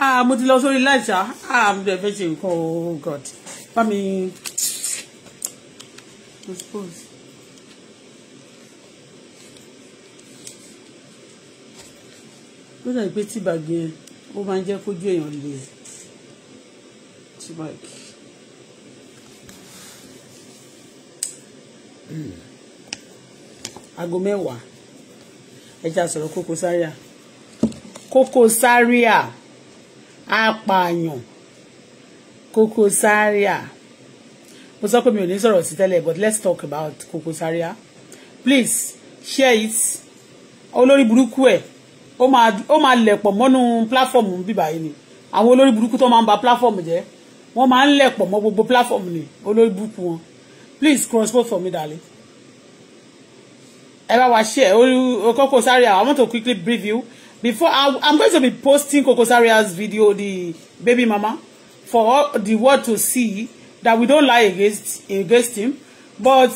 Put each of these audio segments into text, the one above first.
ah mo ti lọ sórí láìsà ah mo bẹ̀rẹ̀ fẹ́ ṣe nǹkan oh god bá mi dispose. ó dàbí pé tí bàgì yẹn ó máa ń jẹ́ kójú èèyàn lè tí bàgì. Hmm. aago mẹ́wàá ẹja sọ̀rọ̀ Koko Zaria Koko Zaria apààyàn Koko Zaria mo sọ pé mi ò ní sọ̀rọ̀ sí tẹ́lẹ̀ but let's talk about Koko please share it olórí burúkú ẹ̀ ó máa ó máa mọ́nú platform bíbá yìí ni àwọn olórí burúkú tó máa ń ba platform jẹ́ wọ́n máa ń lẹ̀pọ̀ mọ́ gbogbo platform ni olórí burúkú wọn please cross post for me darling ẹ bá wa share Koko I want to quickly brief you Before I, I'm going to be posting Kokosaria's video, the baby mama, for all the world to see that we don't lie against against him. But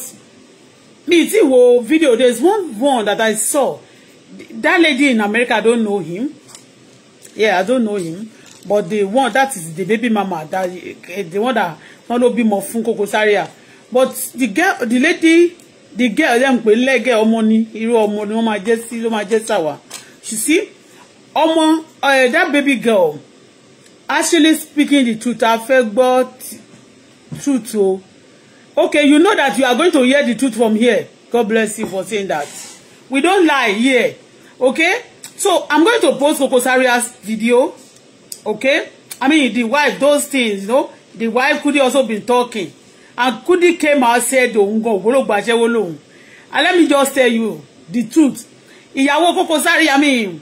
me see wo video. There's one one that I saw. That lady in America, I don't know him. Yeah, I don't know him. But the one that is the baby mama, that eh, the one that wọn ló bímọ fún Coco Zaria but the girl the lady the girl them leg lẹgẹ ọmọ ni irú ọmọ ni wọn máa jẹ sí ló you see ọmọ uh, that baby girl actually speaking the truth I fẹ́ gbọ́ truth o okay you know that you are going to hear the truth from here God bless you for saying that we don't lie here okay so I'm going to post Koko video okay I mean the wife those things you know the wife Kudi also been talking and Kudi came out said òun gan ògbólógbò àṣẹwó lòun and let me just tell you the truth ìyàwó Koko Zaria I mean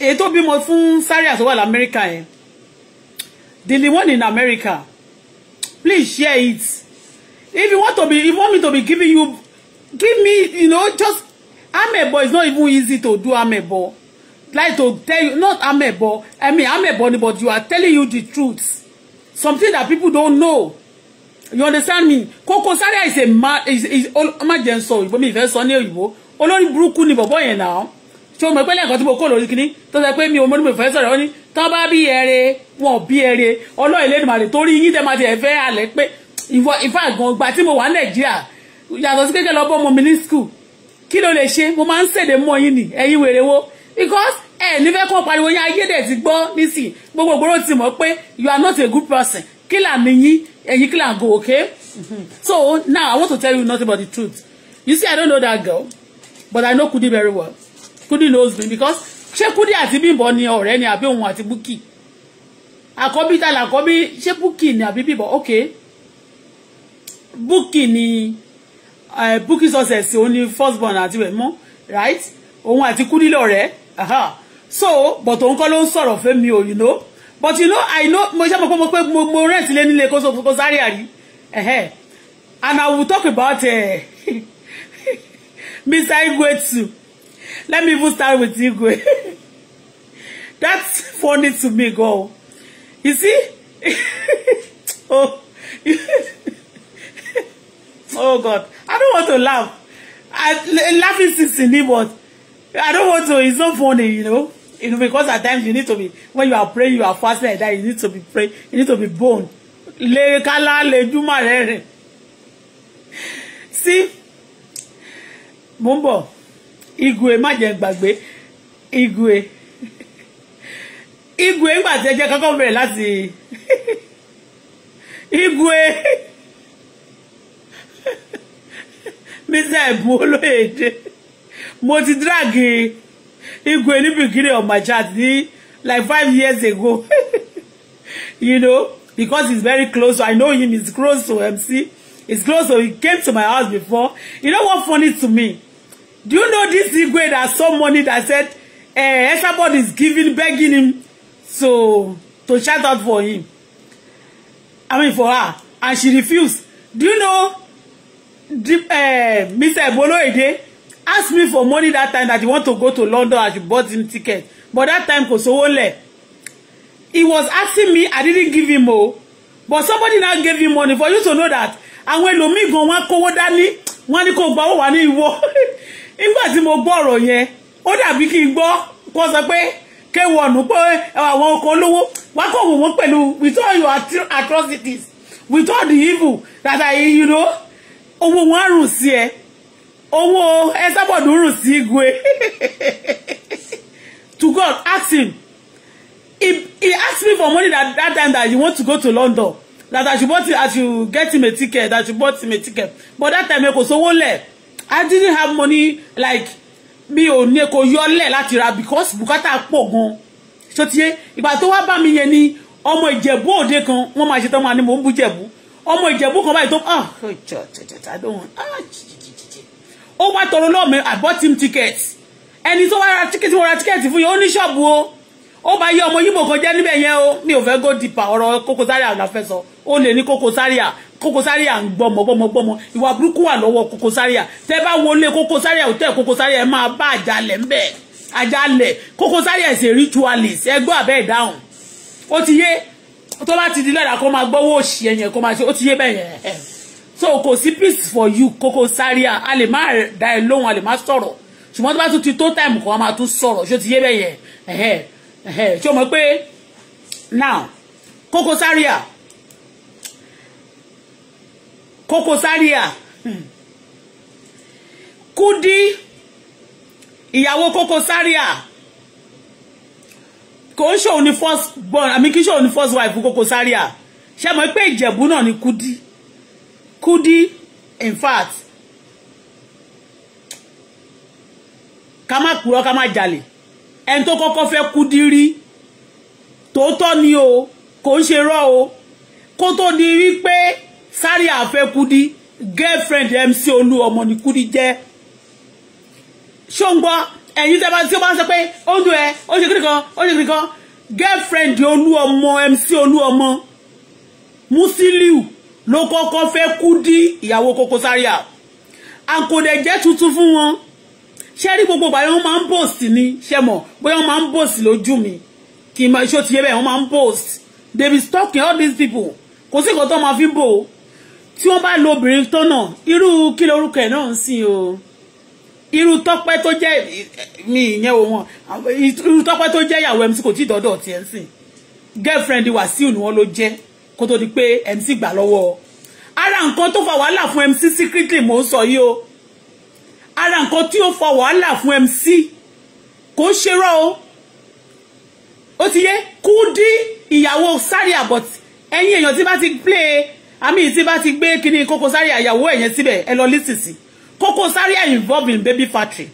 èyí tó bímọ fún Zaria tó wà lamẹ́ríkà yẹn the one in America please share it if you want to be if you want me to be giving you give me you know just amebo is not even easy to do amebo like to tell you not amebo I mean amebo but you are telling you the truth something that people don't know you understand me Koko Zaria is a man is is ọmọ jẹ n sọ òyìnbó mi ìfẹ́ sọ ní òyìnbó olórí burúkú ni bọ̀bọ̀ yẹn náà ṣé o mọ̀ pé lẹ́ẹ̀kan tí mo kó lórí kínní tó sọ pé mi ò mọ̀ nípa ìfẹ́ sọ̀rọ̀ ó ní tán bá bí ẹ̀rẹ̀ wọn ò bí ẹ̀rẹ̀ ọlọ́ọ̀ Elédùmarè torí yín tẹ́ máa ti ẹ̀fẹ́ alẹ́ pé ìwọ ìfẹ́ àgàn ọgbà tí mo wà ní Nàìjíríà yàtọ̀ sí kékeré ọbọ̀ ọmọ mi ní skul kí ló lè ṣe mo máa ń ṣèdè mọ́ yín ni ẹ̀yin wèrè wo because ẹ nífẹ̀ẹ́ kó pariwo yín ayédè ti gbọ́ are not good so now I want to tell you nothing but the truth you see I don't know that girl but I know Kudi very well Kudi knows me because ṣé Kudi àti Bímbọ́ ni ọ̀rẹ́ ni àbí òun àti Búkì àkọ́bí tá làkọ́bí ṣé Búkì ni àbí Bímbọ́ ok Búkì ni Búkì success òun ni first born àti rẹ̀ mọ́ right òun àti Kudi lọ̀rẹ́ so but òun kọ́ ló ń sọ̀rọ̀ fẹ́ mi ò you know but you know I know mo ṣe mọ̀ pé mo pé mo mo rent lé nílé kó sáré àrí and I will talk about uh, Mr. Igwe too. Let me even start with Igwe. That's funny to me, girl. You see? oh. oh, God. I don't want to laugh. I, laughing since in but I don't want to. It's not funny, you know? You know, because at times you need to be, when you are praying, you are fasting like that, you need to be praying, you need to be born. See? Mumbo igwe má jẹ́ gbàgbé igwe igwe ńgbà tí ẹ jẹ́ kọ́kọ́ bẹ̀rẹ̀ láti igwe mísà ẹ̀bù olóyèdè mo ti díràgì igwe ni beginning of my chat ní like five years ago you know because he's very close so I know him he's close to MC he's close so he came to my house before you know what funny to me Do you know this Igwe that some money that said uh, eh, Esabod is giving, begging him so to shout out for him? I mean for her. And she refused. Do you know the, uh, eh, Mr. Eboloede asked me for money that time that he want to go to London and she bought him ticket. But that time kò sówó lẹ̀. He was asking me, I didn't give him more. But somebody now gave him money for you to know that. And when gan go one, dání, wọn ní kò gbà owó wà ní nígbà tí mo gbọ́ ọ̀rọ̀ yẹn ó dàbí kí n gbọ́ kó sọ pé kéwọ̀nù pé àwọn ọkọ̀ olówó wá kó wò wọ́n pẹ̀lú with all your atrocities with all the evil that I you know owó wọn á rùn sí ẹ owó ẹ sábọ̀dù rùn sí igwe to God ask him he he ask me for money that that time that he want to go to London that I you bought him I should get him a ticket that you bought him a ticket but that time ẹ kò sówó lẹ̀. I didn't have money like mi ò ní kò yọlẹ̀ láti ra because Bukata pọ̀ gan so tiye ìgbà tó wá bá mi yẹn ni ọmọ Ìjẹ̀bú Òde kan wọ́n máa ṣe tán máa ní mò ń bú Jẹ̀bú ọmọ Ìjẹ̀bú kan báyìí tó ah jọ jọ jọ I don't ah ó wá tọrọ lọ́ọ̀mẹ́ I bought him ticket ẹni tó wá ra tíkẹ́tì wọ́n ra tíkẹ́tì fún yẹn ó ní ṣọ́ọ̀bù o ó bá yé ọmọ yíbò kan jẹ́ níbẹ̀ yẹn o mi ò fẹ́ go deeper ọ̀rọ̀ Koko Zaria la fẹ́ sọ ó lè ní Koko Zaria Koko Zaria ń gbọmọ gbọmọ gbọmọ ìwà burúkú wà lọ́wọ́ Koko Zaria tẹ bá wọlé Koko Zaria òtẹ́ Koko Zaria ẹ máa bá àjálẹ̀ ńbẹ̀ àjálẹ̀ Koko Zaria is a ritualist ẹ gbọ́ àbẹ́ ìdáhùn ó ti yé tó bá ti di lọ́dà kó máa gbọ́wọ́ òṣì ẹ̀yẹn kó máa ṣe ó ti yé bẹ́ẹ̀ yẹn so kò sí peace for you Koko Zaria a lè má da ẹ lóhùn a lè má sọ̀rọ̀ ṣùgbọ́n tó bá tún ti tó time kan a máa tún sọ̀rọ̀ ṣó ti yé bẹ́ẹ̀ yẹn ṣó mọ̀ pé now Koko Kokosaria, hmm. Kudi ìyàwó kokosaria. Zaria kò ń ṣòun ní first born àmì kí ṣòun ní first wife Koko Zaria ṣe mọ̀ pé Ìjẹ̀bú náà ni Kudi Kudi in fact ká má kúrò ká má jalè ẹni tó kọ́kọ́ fẹ́ Kudi rí tòótọ́ ni o kò ń ṣe rọ́ o kó tó di wípé Zaria Afẹ́kúdí girlfriend MC Olú ọmọ ni Kúdí jẹ́ ṣóńgbọ́ ẹ̀yin tẹ́ bá tí ó bá ń sọ pé ó ń dùn ẹ́ ó ṣe kíríkan girlfriend Olú ọmọ MC Olú ọmọ Musiliu ló kọ́kọ́ fẹ́ Kúdí ìyàwó Koko Zaria àkòdẹ̀ jẹ́ tuntun fún wọn ṣé rí gbogbo ìgbà yẹn wọ́n máa ń post ni ṣe mọ̀ bóyá wọ́n máa ń post lójú mi kì í máa ti yé bẹ́ẹ̀ wọ́n máa ń post they be stalking all these people kò sí nǹkan tó máa fi bò ó tí wọ́n bá lo obìnrin tó náà irú kí lorúkọ ẹ̀ náà ń sìn o irú tọ́pẹ́ tó jẹ́ mi ìyẹn o wọn irú tọ́pẹ́ tó jẹ́ ìyàwó MC kò tí ì dọ́dọ̀ tiẹ̀ ń sìn girlfriend Wàsíù ni wọ́n ló jẹ́ kó tó di pé MC gbà lọ́wọ́ ara nǹkan tó fa wàhálà fún MC secretly mò ń sọ yìí o ara nǹkan tí ó fa wàhálà fún MC kò ṣe rọ o ó ti yé Kúdí ìyàwó Sárì Àbọ̀tì ẹ̀yin èèyàn tí bá ti play àmì tí bá ti gbé kíní Koko Zaria àyàwó ẹ̀yẹn síbẹ̀ ẹ lọ lísì sí Koko Zaria involve in baby factory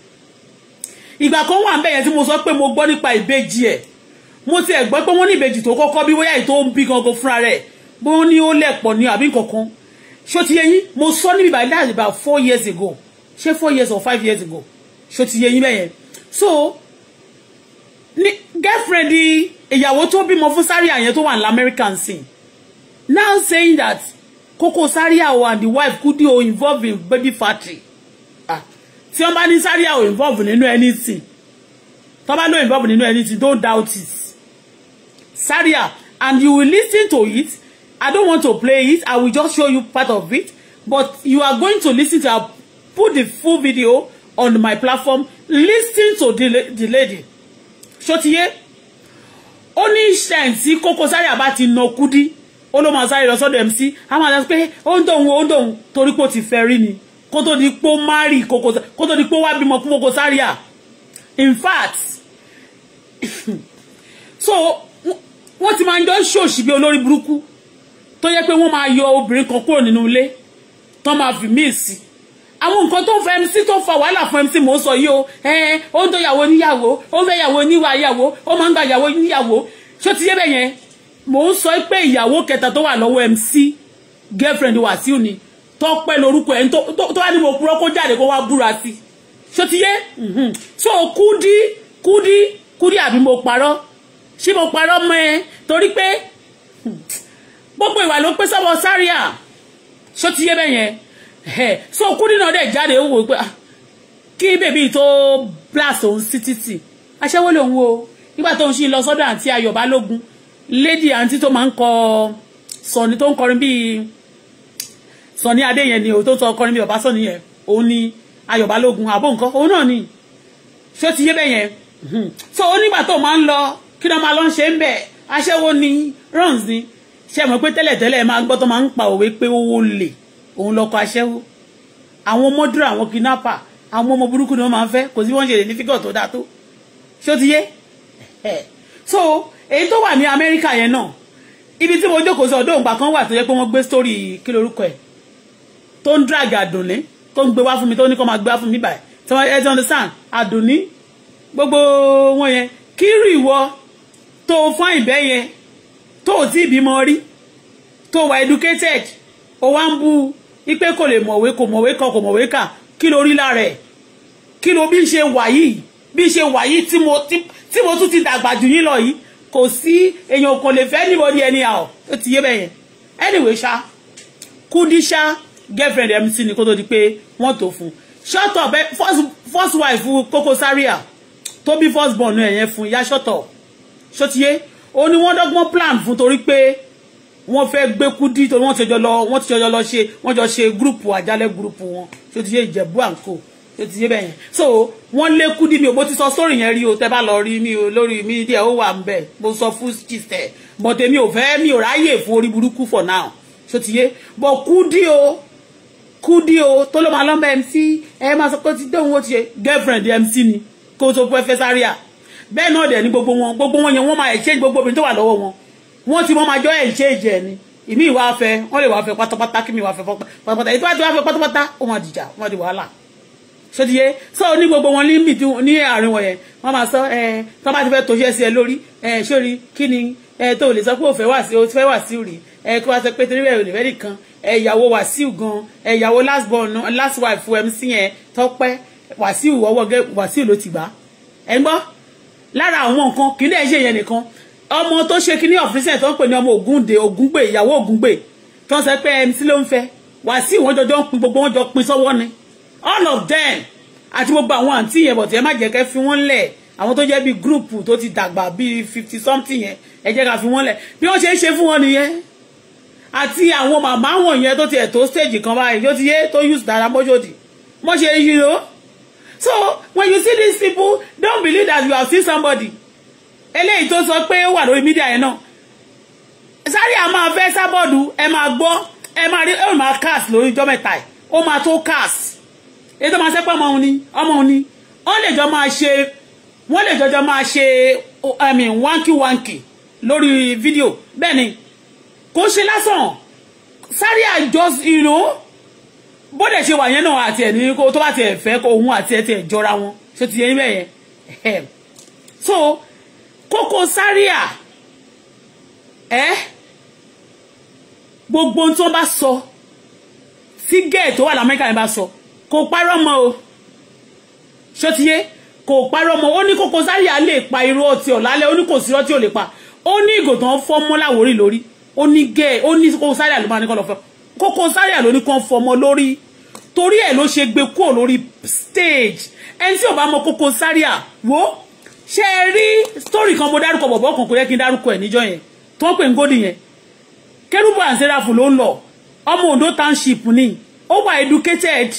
ìgbà kan wà bẹ́ẹ̀ yẹn tí mo sọ pé mo gbọ́ nípa ìbejì ẹ̀ mo ti ẹ̀ gbọ́ pé wọ́n ní ìbejì tó kọ́kọ́ bí bóyá ètò ń bí gangan fúnra rẹ̀ bó ní ó lẹ̀pọ̀ ní àbí kankan ṣó ti yé yín mo sọ níbi ìbàdí láti about four years ago She four years or five years ago ṣó ti yé yín bẹ́ẹ̀ yẹn so ní girlfriend ìyàwó tó bímọ fún Zaria yẹn tó wà ní American sin now saying that Koko Zaria and the wife could Kudi involved in baby factory. Ah. Tí wọ́n bá ní Zaria involved nínú anything. Tó bá no involved nínú anything, don't doubt it. Saria, and you will listen to it. I don't want to play it. I will just show you part of it. But you are going to listen to, I'll put the full video on my platform. Listen to the, the lady. Ṣó ti yé? Ó ní ṣẹ̀ǹsì Koko Zaria bá ti nà Kudi ó ló máa sáré lọ sọ́dọ̀ MC a máa sọ pé ó ń dòun ó ń dòun torí pé ó ti fẹ́ rí ni kó tó di pé ó má rí kó tó di pé ó wá bímọ fún Koko Zaria in fact so wọ́n ti máa ń jọ ṣòṣì bí olórí burúkú tó yẹ pé wọ́n máa yọ obìnrin kan kúrò nínú ilé tán máa fi míì sí àwọn nǹkan tó ń fa mc tó ń fa wàhálà fún mc mò ń sọ yìí o ó ń tó yàwó níyàwó ó ń fẹ́ yàwó níwà yàwó ó máa ń gba yàwó níyàwó ṣó ti yé bẹ́ẹ̀ yẹn mò ń sọ pé ìyàwó kẹta tó wà lọ́wọ́ MC girlfriend Wàsíù ni Tọ́pẹ́ lórúkọ ẹ̀ tó wá ní mo purọ́ kó jáde kó wá búra sí ṣó ti yé mhm. so Kudi Kudi Kudi àbí mo parọ́ ṣé mo parọ́ mọ́ ẹ torí pé hmm, gbogbo ìwà ló pé sọ́wọ́ sáríà ṣó ti yé bẹ́yẹn so Kudi náà dẹ̀ jáde ó wò pé ah, kí bèbí tó blast òun sí títì aṣẹ́wó lòun o nígbà tó ń ṣe lọ sọ́dọ̀ àǹtí Ayọ̀ Balógun lady àǹtí tó máa ń kọ sọ̀ni tó ń kọrin bíi sọ̀ni adéyẹn ni òun tó ń sọ kọrin bíi ọ̀básọ̀ni yẹn òun ni ayọ̀bálógun àbó nǹkan òun náà ni ṣé ti yé bẹ́yẹn hmm. so ó nígbà tó máa ń lọ kí ló máa lọ ṣe ń bẹ̀ aṣẹ́wó ni runs ni ṣe mọ̀ pé tẹ́lẹ̀tẹ́lẹ̀ máa ń gbọ́ tó máa ń pa òwe pé owó lè òun lọ́kọ aṣẹ́wó àwọn mọ́dúrà àwọn kidnapper àwọn ọmọ burúkú ni wọ́n máa ń fẹ́ kò sí wọ́n ṣe lè ní fígọ̀ tó dáa tó ṣé ó ti yé so èyí tó wà ní amẹ́ríkà yẹn náà ibi tí mo jókòó sí ọ̀dọ̀ òǹgbà kan wà tó yẹ pé wọ́n gbé sórí kí lorúkọ ẹ̀ tó ń drag àdùnní tó ń gbé wá fún mi tó ní kó máa gbé wá fún mi báyìí tí wọ́n ẹ ti understand àdùnní gbogbo wọn yẹn kírù ìwọ tó fún ìbẹ́ yẹn tó ò tí ì rí tó wà educated ó wá ń bu ipe kò lè mọ̀wé kò mọ̀wé kan kò mọ̀wé kà kí ló rí lára ẹ̀ kí ló bí ń ṣe wà yìí bí ń ṣe wà yìí tí mo tún ti dàgbà jù yín lọ yìí kò sí èèyàn kò lè fẹ́ anybody anyhow ó ti yé bẹ́yẹn anyway ṣá Kudi ṣá girlfriend MC ni kó tó di pé wọ́n tó fún shut up eh, first first wife Koko Zaria tó bí first born náà yẹn fún ìyá shut up ṣó ti yé ó ní wọ́n dọ́gbọ́n plan fún torí pé wọ́n fẹ́ gbé Kudi torí wọ́n ti jọ lọ wọ́n ti jọ lọ ṣe wọ́n jọ ṣe gúrùpù àjálẹ̀ gúrùpù wọn ṣó ti yé Ìjẹ̀bú àǹkó ó ti yé bẹ́yẹn so wọ́n lé kú níbi mo ti sọ story yẹn rí o tẹ́ bá lọ rí mi o lórí mi díẹ̀ ó wà ń bẹ̀ mo sọ fún chistẹ̀ but èmi ò fẹ́ mi ò ráyè fún orí burúkú for now so ti yé but Kudi o Kudi o tó ló máa lọ́mọ MC ẹ máa sọ pé ó ti dóhun ó ti ṣe girlfriend MC ni kó tó pẹ́ fẹ́ sáré à bẹ́ẹ̀ náà dẹ̀ ni gbogbo wọn gbogbo wọn yẹn wọ́n máa exchange gbogbo obìnrin tó wà lọ́wọ́ wọn wọ́n ti mọ́ máa jọ exchange ẹ̀ ni ìmí ìwà afẹ́ wọ́n lè wà afẹ́ pátápátá kí mi ìwà afẹ́ pátápátá ìtọ́jú afẹ́ pátápátá ó máa dìjà ó máa di wàhálà ṣé ti yé sọ ní gbogbo wọn ní mìdí ní àárín wọn yẹn wọn máa sọ ẹ tó bá ti fẹ́ tojú ẹ sí ẹ lórí ẹ sórí kí ni ẹ tó lè sọ pé ò fẹ́ wá sí o ti fẹ́ wá sí rí ẹ kí wá sọ pé torí ẹ ò lè fẹ́ nìkan ẹ ìyàwó Wàsíù gan ẹ ìyàwó last born last wife MC yẹn Tọ́pẹ́ Wàsíù ọwọ́ gẹ Wàsíù ló ti gbà ẹ ń gbọ́ lára àwọn nǹkan kì í dẹ̀ ṣe yẹn nìkan ọmọ tó ṣe kíní ọ̀fíìsẹ̀ tó ń pè ní ọmọ Ògúndé Ògúngbè ìyàwó Ògúngbè tó ń sọ pé MC ló ń fẹ́ Wàsíù wọn jọjọ ń pin gbogbo wọn jọ pin sọ́wọ́ ni all of them àti gbogbo àwọn àǹtí yẹn bọ̀tí ẹ má jẹ́ kẹ́ fi wọ́n lẹ̀ àwọn tó jẹ́ bíi gúrùpù tó ti dàgbà bíi fifty something yẹn ẹ jẹ́ ká fi wọ́n lẹ̀ bí wọ́n ṣe ń ṣe fún wọn nìyẹn àti àwọn màmá wọ̀nyẹn tó ti ẹ̀ tó stage kan báyìí yóò ti yé tó use dára mọ́jọ́dì mo ṣe yí lọ so when you see these people don't believe that you have seen somebody eléyìí tó sọ pé ó wà lórí mídíà yẹn náà sáré a máa fẹ́ sábọ́ọ̀dù ẹ máa gbọ́ ẹ máa rí ẹ máa cast lórí ijọ́ mẹ́ta ẹ̀ ó máa tó cast èyí tó máa sẹ́pẹ́ ọmọ òun ni ọmọ òun ni ó lè jọ máa ṣe wọ́n lè jọjọ máa ṣe ẹ̀mí wánkíwánkì lórí fídíò bẹ́ẹ̀ ni kò just, you know, àjọ ìró bóde ṣe wà yẹn náà àti ẹni to tó bá tiẹ̀ fẹ́ kó òun àti ẹ̀ tiẹ̀ jọra wọn ṣé ti yẹ yín bẹ́ẹ̀ so kókó Saria. Eh. ẹ́ gbogbo ohun tí wọ́n bá sọ sí gẹ́ẹ̀ tó wà lamẹ́ríkà yẹn bá So kò parọ́ mọ́ o ṣó ti yé kò parọ́ mọ́ ó ní Koko Zaria lè pa irú ọtí ọ̀lálẹ́ ó ní kò sí ọtí ò ó ní ìgò tán fọ́ lórí ó ní gẹ́ ó ní Koko Zaria ló máa ní kọ́ lọ fẹ́ Koko Zaria ló ní lórí torí ẹ̀ ló ṣe gbé kúrò lórí stage ẹni tí ò bá mọ Koko Zaria wo ṣe é rí story kan mo dárúkọ bọ̀bọ̀ kan kò yẹ kí n dárúkọ ẹ̀ níjọ́ yẹn tó ń pè ń gódì yẹn kérúbù and seraphim ló ń lọ ọmọ Ondo township ni ó wà educated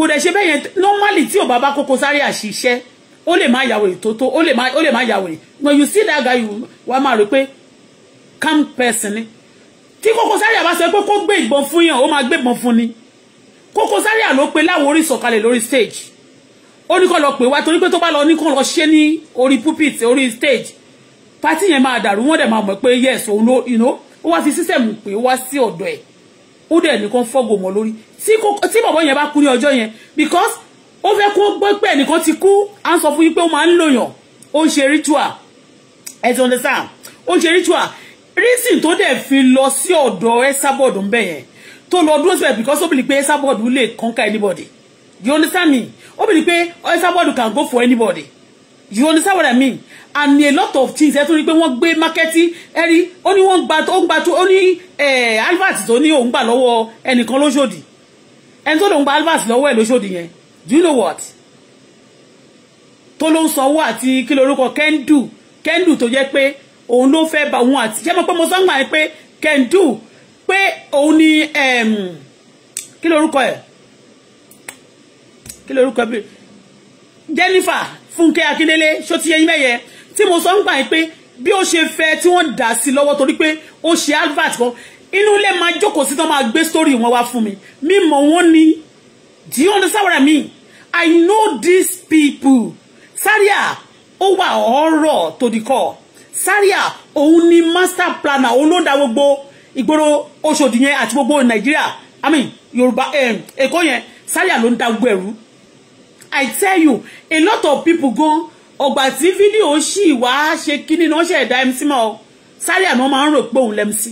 kò dẹ̀ ṣe bẹ́yẹn normally tí ò bá bá Koko Zaria ṣiṣẹ́ ó lè má yàwèrè tó tó ó lè má yàwèrè when you see that guy you wá máa rò pé calm person ni tí Koko Zaria bá sọ pé kó gbé ìbọn fún yàn ó máa gbé ìbọn fún ni Koko Zaria ló pe láwọn orí sọ̀kalẹ̀ lórí stage ó ní kó lọ pè wá torí pé tó bá lọ ní kó lọ ṣe ní orí pulpit orí stage party yẹn máa dàrú wọ́n dẹ̀ máa mọ̀ pé yes òun ló you know ó wá fi system pè wá sí ọ̀dọ̀ ẹ̀ ó dẹ̀ nìkan fọ́gò mọ́ lórí tí bọ̀bọ̀ yẹn bá kú ní ọjọ́ yẹn because ó fẹ́ kó gbọ́ pé ẹnìkan ti kú à ń sọ fún yín pé ó máa ń lòyàn ó ń ṣe ritual ẹ ti understand ó ń ṣe ritual reason tó dẹ̀ fi lọ sí ọ̀dọ̀ Esabod ń bẹ̀ yẹn tó lọ dúró síbẹ̀ because ó bìlì pé Esabod lè conquer anybody you understand me ó bìlì pé Esabod can go for anybody you understand what I mean and a lot of things ẹ tún rí pé wọ́n gbé marketing ẹ rí ó ní wọ́n gba ó ń gba tó ó ní albert tó ní òun gbà lọ́wọ́ ẹnìkan lóṣòdì ẹni tó lòun gba albert lọ́wọ́ ẹ̀ lóṣòdì yẹn do you know what tó ló ń sanwó àti kí lorúkọ kendu kendu tó jẹ́ pé òun ló fẹ́ bá òun àti ṣé mo pé mo sọ́ngbà yẹn pé kendu pé òun ni kí lorúkọ ẹ̀ kí lorúkọ ẹ̀ Jennifer Fúnkẹ́ Akíndélé ṣó ti yẹ yín mẹ́yẹ tí mo sọ ń gbà yín pé bí ó ṣe fẹ́ tí wọ́n dà sí lọ́wọ́ torí pé ó ṣe advert kan inú ilé máa jókòó sí tán máa gbé story wọn wá fún mi mi mọ̀ wọ́n ni do you understand what I mean I know these people Zaria ó wà ọ̀rọ̀ tó di kọ́ Zaria òun ni master planner olóńdà gbogbo ìgboro Oṣòdì yẹn àti gbogbo Nàìjíríà I mean Yorùbá eh, Èkó yẹn Zaria ló ń da gbogbo ẹ̀rú I tell you a lot of people go. ọgbà tí fídíò ṣì wá ṣe kíní náà ṣe ẹ̀dá MC mọ́ ọ sáré àná máa ń rò pé òun lẹ́mísí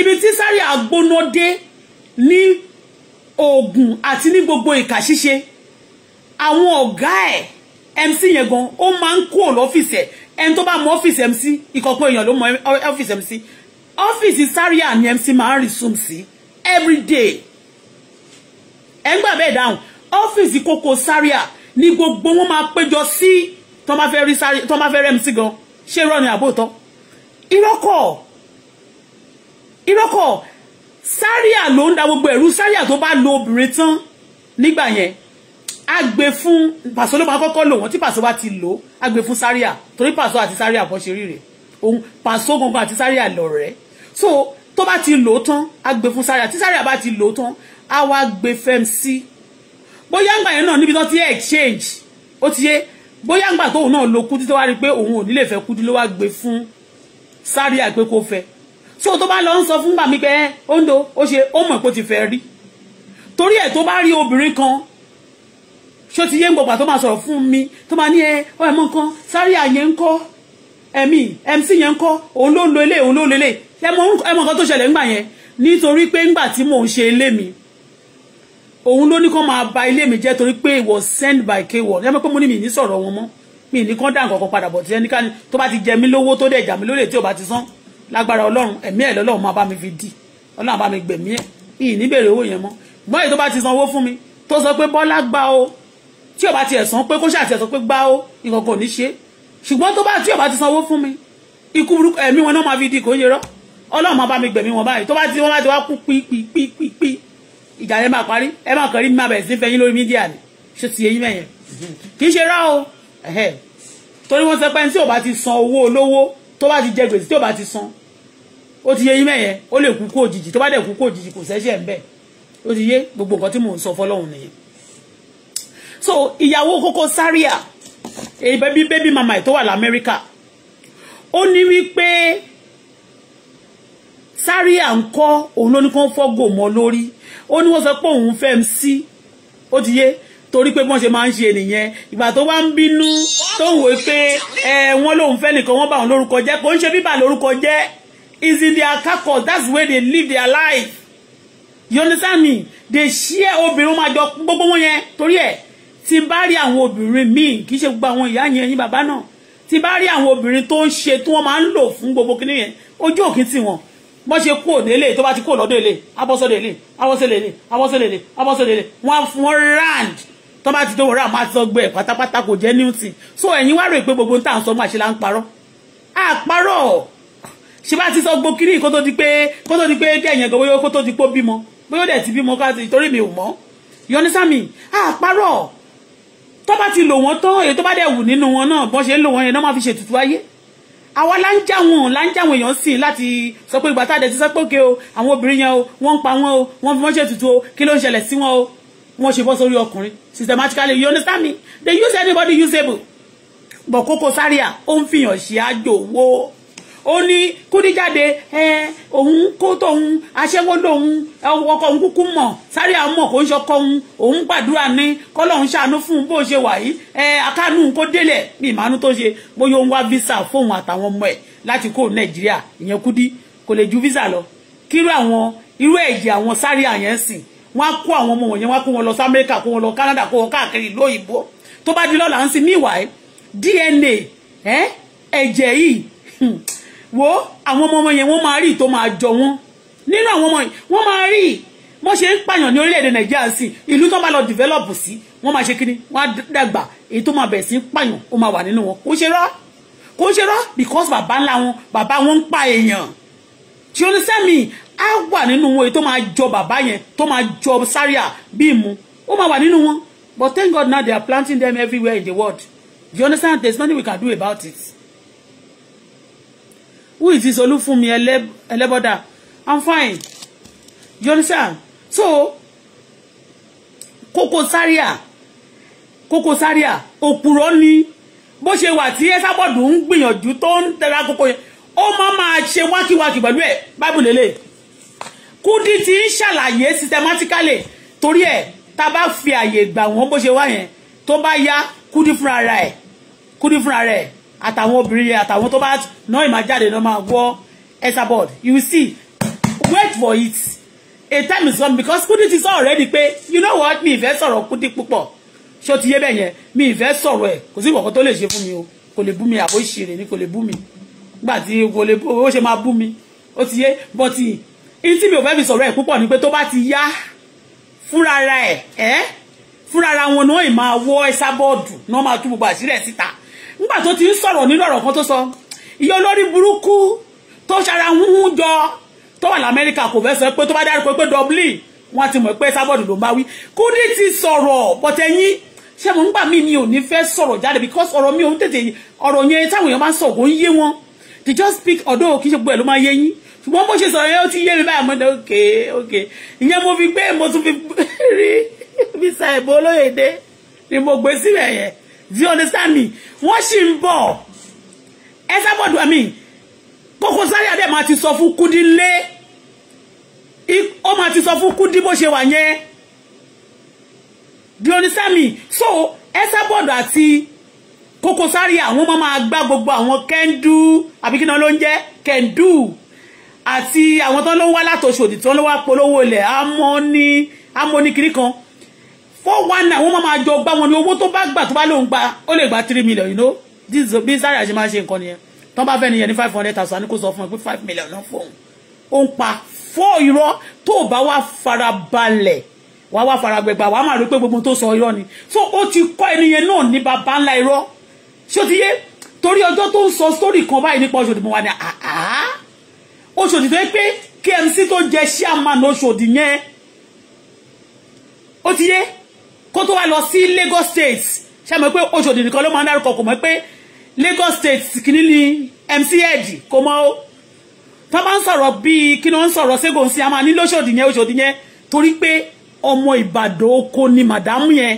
ibi tí sáré àgbóná dé ní oògùn àti ní gbogbo ìkà ṣíṣe àwọn ọ̀gá ẹ̀ MC yẹn gan ó máa ń kúrò lọ́fíìsì ẹ̀ ẹni tó bá mọ ọ́fíìsì MC ìkọ̀pọ̀ èèyàn ló mọ ọ́fíìsì MC ọ́fíìsì sáré àní MC máa ń resume sí every day ẹ̀ ń gbà bẹ́ẹ̀ dáhùn ọ́fíìsì Koko Zaria ni gbogbo wọn máa péjọ sí tó máa fẹ́ rí sáré tó máa fẹ́ rẹ́mi sí gan ṣé irọ́ ni àbótọ́ irọ́kọ̀ irọ́kọ̀ Zaria ló ń da gbogbo ẹ̀rú Zaria tó bá lo obìnrin tán nígbà yẹn a gbé fún pàṣọ ló máa kọ́kọ́ lò wọ́n tí pàṣọ bá ti lò a gbé fún Zaria torí pàṣọ àti Zaria bọ́ ṣe ríre òun pàṣọ gangan àti Zaria lọ̀rẹ́ so tó bá ti lò ó tán a gbé fún Zaria tí Zaria bá ti lò tán a wá gbé fẹ́m sí bóyá ńgbà yẹn náà níbi tó ti exchange ó ti yé bóyá ńgbà tóun náà lo kú títí wá rí pé òun ò nílè fẹ́ kú ló wá gbé fún sáré àgbé kó fẹ́ tí o tó bá lọ ń sọ fún gbà mí pé ondo ó ṣe ó mọ̀ pé ó ti fẹ́ rí torí ẹ̀ tó bá rí obìnrin kan ṣó ti yé ń gbọ̀gbà tó máa sọ̀rọ̀ fún mi tó máa ní ẹ ọ ẹ̀ mọ̀ nǹkan sáré àyẹ̀ ń kọ́ ẹ̀mí mc yẹn ń kọ́ òun ló ń lo ilé òun ló ń lo ilé ẹ mọ̀ nǹkan tó ṣẹlẹ̀ ńgbà yẹn nítorí pé ńgbà tí mò ń ṣe ilé òun ló ní kó máa ba ilé mi jẹ́ torí pé it was sent by K1 yẹ́n mi pé mo ní mi ní sọ̀rọ̀ wọn mọ́ mi ní kán dá nǹkan padà bọ̀ tí ẹni tó bá ti jẹ mí lówó tó dẹ̀ jà mí lólè tí ò bá ti san lágbára ọlọ́run ẹ̀mí ẹ̀ lọ́lọ́run máa bá mi fi dì ọlọ́run bá mi gbẹ̀mí ẹ̀ mi ní bèrè owó yẹn mọ́ ìgbọ́n èyí tó bá ti san owó fún mi tó sọ pé bọ́lá gbà o tí ò bá ti ẹ̀sán pé kó ṣàtì ẹ̀sán pé gbà o nǹkan kò ní ṣe ṣùgbọ́n tó bá tí ò bá ti san owó fún mi ikú burúkú ẹ̀mí wọn náà máa fi dì kò ń yẹrọ ọlọ́run máa bá mi gbẹ̀mí wọn báyìí tó bá ti wọ́n bá ti wá kú pípípípípí ìjà lẹ́ máa parí ẹ máa kàn rí mi máa bẹ̀rẹ̀ sí fẹ́yìn lórí mídíà ni ṣé ti eyín mẹ́yẹn kì í ṣe rá o torí wọ́n sọ pé ẹni tí ò bá ti san owó olówó tó bá ti jẹ gbèsè tí ò bá ti san ó ti eyín mẹ́yẹn ó lè kú kó òjijì tó bá dẹ̀ kú kó òjijì kò sẹ́ṣẹ̀ ń bẹ̀ ó ti yé gbogbo nǹkan tí mò ń sọ fọlọ́hún nìyẹn so ìyàwó Koko Zaria èyí bẹ́bí bẹ́bí mama ẹ̀ tó wà lamẹ́ríkà ó ní wípé Zaria ń kọ́ òun ló ní kó ń fọ́ gòmọ́ lórí ó ní wọ́n sọ pé òun fẹ́ MC ó ti yé torí pé wọ́n ṣe máa ń ṣe nìyẹn ìgbà tó wá ń bínú tó ń wò pé ẹ wọ́n lòun fẹ́ nìkan wọ́n bá òun lórúkọ jẹ́ kò ń ṣe bíbà lórúkọ jẹ́ is in their kakọ that's where they live their life you understand me they share obìnrin máa jọ gbogbo wọn yẹn torí ẹ̀ tí bá rí àwọn obìnrin míì kì í ṣe gbogbo àwọn ìyá yẹn ẹ̀yin bàbá náà tí bá rí àwọn obìnrin tó ń ṣe tí wọ́n máa ń lò fún gbogbo kinní ojú òkín tì wọ́n wọ́n ṣe kú òde lè tó bá ti kú lọ́dọ̀ èlé abọ́sọ̀dọ̀ èlé abọ́sọ̀dọ̀ èlé abọ́sọ̀dọ̀ èlé abọ́sọ̀dọ̀ èlé wọ́n fún wọn rand tó bá ti tó wọ́n rà máa sọ gbẹ pátápátá kò jẹ́ newton so ẹ̀yin wá rò pé gbogbo tá à ń sọ máa ṣe là ń parọ́ àparọ́ ṣe bá ti sọ gbó kiri kó tó di pé kó tó di pé kẹ́yìn ẹ̀gọ́ bóyá kó tó di pé ó bímọ bóyá ó dẹ̀ ti bímọ ká torí mi ò mọ́ yọnísàmì àparọ́ tó bá ti lò wọ́n tán èyí tó bá dẹ̀ wù nínú wọn náà bọ́n ṣe ń lò wọ́n yẹn náà má fi ṣètùtù ayé àwa la ń já la ń já èèyàn sí láti sọ pé ìgbà ti sọ pé òkè o àwọn obìnrin yẹn o wọ́n ń pa wọn o wọ́n fi wọ́n ṣe o kí ló ń ṣẹlẹ̀ sí wọn o wọ́n ṣe bọ́ sórí ọkùnrin systematically you understand me they use anybody usable but Koko Zaria ó ń fìyàn ṣe àjò owó ó ní Kúdíjáde ẹ òun kó tóun aṣẹ́wó lòun ọkọ òun kúkú mọ̀ sáré àmọ̀ kò ń ṣọkọ òun òun gbàdúrà ní kọ́lọ́hún ṣàánú fún un bó ṣe wà yìí ẹ akánú kó délẹ̀ ní ìmánú tó ṣe bóyá òun wá visa fóun àtàwọn ọmọ ẹ̀ láti kó Nàìjíríà ìyẹn Kúdí kò lè ju visa lọ kírú àwọn irú ẹ̀jẹ̀ àwọn sáré àyẹn sìn wọ́n á kó àwọn ọmọ wọ̀nyẹn wọ́n á kó wọn lọ sí Amẹ́ríkà kó wọn lọ Canada kó wọn káàkiri ìlú òyìnbó tó bá di lọ́la ń sin meanwhile DNA ẹ̀jẹ̀ yìí hmm, wo àwọn ọmọ ọmọ yẹn wọ́n máa rí tó máa jọ wọ́n nínú àwọn ọmọ yẹn wọ́n máa rí wọ́n ṣe ń pààyàn ní orílẹ̀-èdè nàìjíríà sí ìlú tó bá lọ dìvẹ́lọ́pù sí wọ́n máa ṣe kíní wọ́n á dàgbà èyí tó máa bẹ̀rẹ̀ sí pààyàn ó máa wà nínú wọn kò ṣe rọ́ kò ṣe rọ́ because bàbá ńlá wọn bàbá wọn ń pa èèyàn ṣe oníṣẹ́mi á wà nínú wọn èyí tó máa jọ bàbá yẹn tó máa jọ sáríà bíi mu ó máa wà nínú wọn but thank God now they are planting them everywhere in the world you understand there is nothing we can do about it who is this olúfúnmi ẹlẹ́bọ̀dà i'm fine you understand so Koko Saria, Koko Saria, òpùrọ́ ni bó ṣe wà tí Esabod ń gbìyànjú tó ń tẹra kókó yẹn ó máa máa ṣe wákìwákì pẹ̀lú ẹ̀ báìbù lélẹ̀ Kudi ti ń ṣàlàyé systematically torí ẹ̀ tá Ba, bá fi àyè gbà wọ́n bó ṣe wá yẹn tó bá yá Kudi fúnra rẹ̀ Kudi fúnra rẹ̀ àtàwọn obìnrin àtàwọn tó bá ná ìmá jáde náà máa wọ ẹsà board you see wait for it a time is come because Kudi ti sọ already pé you know what mi ìfẹ́ sọ̀rọ̀ Kudi púpọ̀ ṣé o ti yé bẹ́ẹ̀ yẹn mi ìfẹ́ sọ̀rọ̀ ẹ̀ kò sí ìwọ̀kan tó lè ṣe fún mi o kò lè bú mi àbó ìṣirè ni kò lè bú mi nígbà tí kò lè bú ó ṣe máa bú mi ó ti yé but in mi ò fẹ́ fi sọ̀rọ̀ ẹ̀ púpọ̀ ni pé tó bá ti yá fúnra ẹ̀ ẹ́ fúnra wọn náà ì máa wọ ẹsà bọ́ọ̀dù náà máa tú gbogbo àṣírí síta nígbà tó ti ń sọ̀rọ̀ nínú ọ̀rọ̀ kan tó sọ iye olórí burúkú tó ṣara ń hún jọ tó wà lamẹ́ríkà kò fẹ́ sọ pé tó bá dárúkọ pé dublin wọ́n ti mọ̀ pé sábọ̀dù ló bá wí Kúdí ti sọ̀rọ̀ bọ̀tẹ́yìn ṣé mo ń gbà mí mi ò ní fẹ́ sọ̀rọ̀ jáde because ọ̀rọ̀ mi ò ń tètè ọ̀rọ̀ yẹn táwọn èèyàn máa ń sọ kò ń yé wọn they just speak ọ̀dọ́ kì í ṣe gbogbo ẹ̀ ló máa yé yín ṣùgbọ́n bó ṣe sọ̀rọ̀ yẹn ó ti yé mi báyìí mo ní òkè òkè ìyẹn mo fi gbé mo tún fi rí visa ìbò olóyèdè ni mo gbé síbẹ̀ yẹn do you understand me wọ́n sì ń bọ̀ ẹ sábọ̀dù àmì Koko Zaria dẹ̀ máa ti sọ fún Kudi lé ó máa ti sọ fún Kudi bó ṣe wà yẹn do you understand me so ẹ sábọ̀dù àti Koko Zaria àwọn máa máa gbá gbogbo àwọn kẹ́ńdú àbí kí náà ló ń jẹ́ kẹ́ńdú àti àwọn tó ń lọ wá látòṣòdì tó ń lọ wá polówó ilẹ̀ amóní kan four one nine wọ́n máa jọ gbá wọn ní owó tó bá gbà tó bá lóun gba ó lè gba three million you know this bí Zaria ṣe máa ṣe nǹkan nìyẹn tó bá fẹ́ nìyẹn ní five hundred thousand ní kò sọ fún ẹ pé five million náà fóun ó ń pa fọ́ irọ́ tó bá wá farabalẹ̀ wá wá faragbẹ̀gbà wá máa rí pé gbogbo tó sọ irọ́ ni so ó ti kọ́ ẹni yẹn náà ní baba ńlá irọ́ ṣé o ti yé torí ọjọ́ tó ń sọ sórí kan báyìí nípa Ọ̀ṣọ́dì mo wà ní àhá Ọ̀ṣọ́dì pé KMC tó jẹ chairman Ọ̀ṣọ́dì yẹn ó ti yé kó tó wá lọ sí Lagos state ṣe mọ̀ pé Òṣòdì nìkan ló máa ń dárúkọ kò mọ̀ pé Lagos state kìíní ni MC Ed kò mọ̀ ó tó bá ń sọ̀rọ̀ bíi kí ni wọ́n ń sọ̀rọ̀ ségun sí a máa ní lóṣòdì yẹn Òṣòdì yẹn torí pé ọmọ Ìbàdàn oko ni màdámù yẹn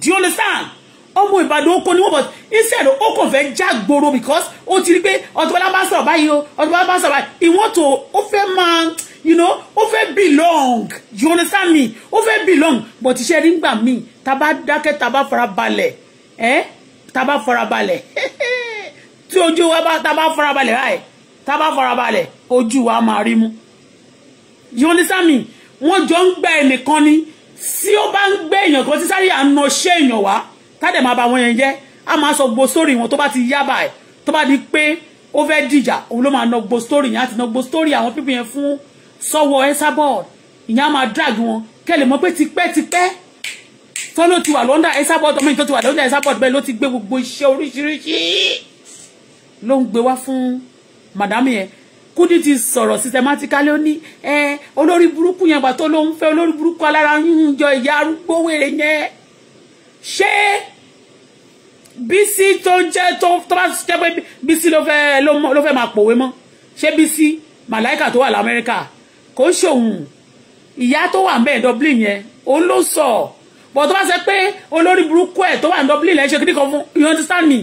do you understand ọmọ Ìbàdàn oko ni wọ́n bọ̀ instead ó kàn fẹ́ jágboro because ó ti rí pé Auto Bola bá sọ̀rọ̀ báyìí o Auto Bola bá sọ̀rọ̀ báyìí ìwọ́n tó ó fẹ́ máa you know ó fẹ́ belong you understand me ó fẹ́ belong but iṣẹ́ rí ngbà míì tá bá dákẹ́ tá bá fara balẹ̀ ẹ́ tá bá fara balẹ̀ tí ojú wa bá tá bá fara balẹ̀ báyìí tá bá fara balẹ̀ ojú wa máa rí mú you understand me wọ́n jọ ń gbẹ ẹnìkan ni tí ó bá ń gbé èèyàn kan tí sáré à ń nà ṣé èèyàn wá tádẹ̀ máa ba wọn yẹn jẹ́ a máa sọ gbo sórí wọn tó bá ti yá báyìí tó bá di pé ó fẹ́ dìjà òun ló máa nà gbo yẹn àti nà gbo àwọn pípín yẹn fún sọ́wọ́ Esabod ìyẹn á máa drag wọn kẹlẹ̀ mọ́ pé tipẹ́tipẹ́ tó ló ti wà lọ́ndà Esabod ọmọ ìtọ́ ti wà lọ́ndà Esabod bẹ́ẹ̀ ló ti gbé gbogbo iṣẹ́ oríṣiríṣi ló ń gbé wá fún màdámì yẹn Kudi ti sọ̀rọ̀ systematically ó ní ẹ olórí burúkú yẹn gbà tó ló ń fẹ́ olórí burúkú alára ń jọ ìyá arúgbó wèrè yẹn ṣé Bísí tó ń jẹ́ tó tọ́lá jẹ́ pé Bísí ló fẹ́ máa pòwe mọ́ ṣé Bísí màláìkà tó wà lamẹ́ríkà kò ń ṣòun ìyá tó wà mẹ́ẹ̀ dublin yẹn òun ló sọ bọ̀ tó bá ṣe pé olórí burúkú ẹ̀ tó wà ní dublin lẹ́ ṣe kíní kan fún you understand me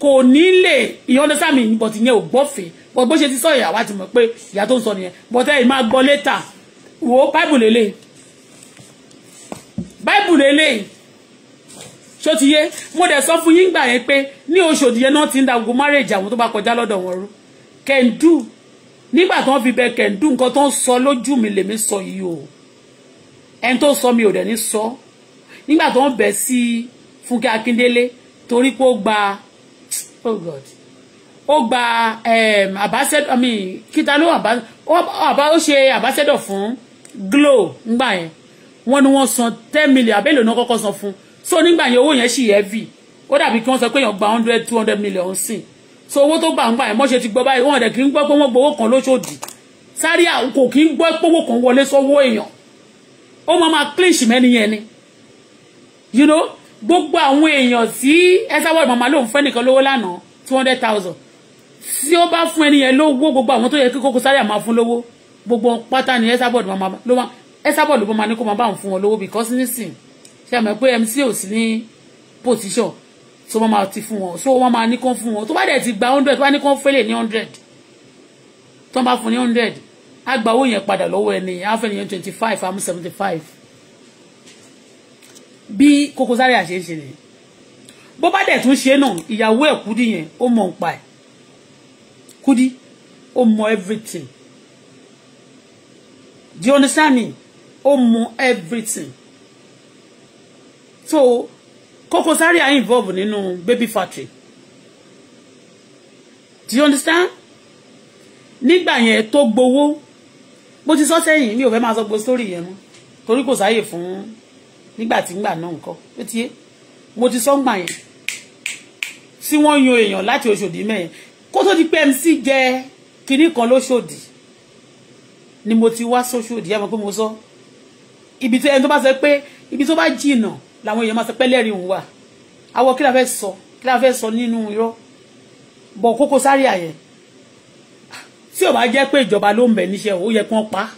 kò ní lè you understand me but ìyẹn ò gbọ́fẹ̀ but bó ṣe ti sọ ìyàwó àti mọ̀ pé ìyá tó ń sọ nìyẹn but ẹ̀ máa gbọ́ later wò bible lélẹ̀ bible lélẹ̀ ṣó mo dẹ̀ sọ fún yín gbà yẹn pé ní oṣù òdìyẹ náà ti ń da gbogbo marriage àwọn tó bá kọjá lọ́dọ̀ wọn rú can do nígbà tó ń fi bẹ́ẹ̀ kẹ̀ǹdú nǹkan tó ń sọ lójú mi lèmi sọ yìí o ẹni tó sọ mi ò dẹ̀ ní sọ nígbà tó ń bẹ̀ sí Fúnkẹ́ Akíndélé torí pé ó gba oh god ó gba àbáṣẹ́dọ̀ ehm, I mean kíta ló ó ṣe àbáṣẹ́dọ̀ fún Glo ńgbà yẹn wọ́n ní wọ́n san ten million abẹ́lẹ̀ náà kọ́kọ́ san fún so nígbà yẹn owó yẹn sì heavy ó dàbí kí wọ́n sọ pé èèyàn gba hundred two hundred million sí i so owó tó gbà ń gbà ẹ̀ mọ́ṣe ti gbọ́ báyìí wọ́n dẹ̀ kì í gbọ́ pé wọ́n gbowó kan lóṣòdì sáré àwọn kò kì í gbọ́ pówó kan wọlé sọ́wọ́ èèyàn ó máa máa clinch mẹ́ni ni you know gbogbo àwọn èèyàn tí ẹsáwọ́ọ̀dì màmá lòun fẹ́ nìkan lówó lánàá two hundred thousand tí ó bá fún ẹni yẹn lówó gbogbo àwọn tó yẹ kí Koko Zaria máa fún lówó gbogbo pátá ni ẹsábọ̀dì màmá ló máa ẹsábọ̀dì ló máa ní kó máa bá because nísìn ṣe àmọ́ pé MC ò sí ní position so wọ́n máa ti fún wọn so wọ́n máa ní kán fún wọn tó bá dẹ̀ ti gba hundred tó bá ní kán fẹ́lẹ̀ ní hundred tó bá fún ní hundred á gba owó yẹn padà lọ́wọ́ ẹni á fẹ́ nìyẹn twenty five àmú seventy five bí Koko Zaria ṣe ń ṣe nìyẹn bó bá dẹ̀ tún ṣe náà ìyàwó ẹ̀ Kudi yẹn ó mọ̀ ń pa ẹ̀ Kudi ó mọ̀ everything do you understand me ó mọ̀ everything so. Koko Zaria involve nínú baby factory do you understand nígbà yẹn tó gbowó bó ti sọ sẹ́yìn mi ò fẹ́ máa sọ gbogbo story yẹn mọ́ torí kò sáyè fun. nígbà tí ngbà náà nǹkan ó ti yé mo ti sọ ngbà yẹn tí wọ́n yan èèyàn láti Ọ̀ṣọ́dì mẹ́yẹn kó tó di pé MC jẹ kinní kan lóṣòdì ni mo ti wá sóṣòdì yá mọ̀ pé mo sọ ibi tó ẹni tó bá sọ pé ibi tó bá jìnnà làwọn èèyàn máa sọ pé lẹ́rìí òun wà àwọn kí la fẹ́ sọ kí la fẹ́ sọ nínú irọ́ bọ̀ Koko Zaria yẹn tí ò bá jẹ́ pé ìjọba ló ń bẹ̀ níṣẹ́ ó yẹ kí wọ́n pa á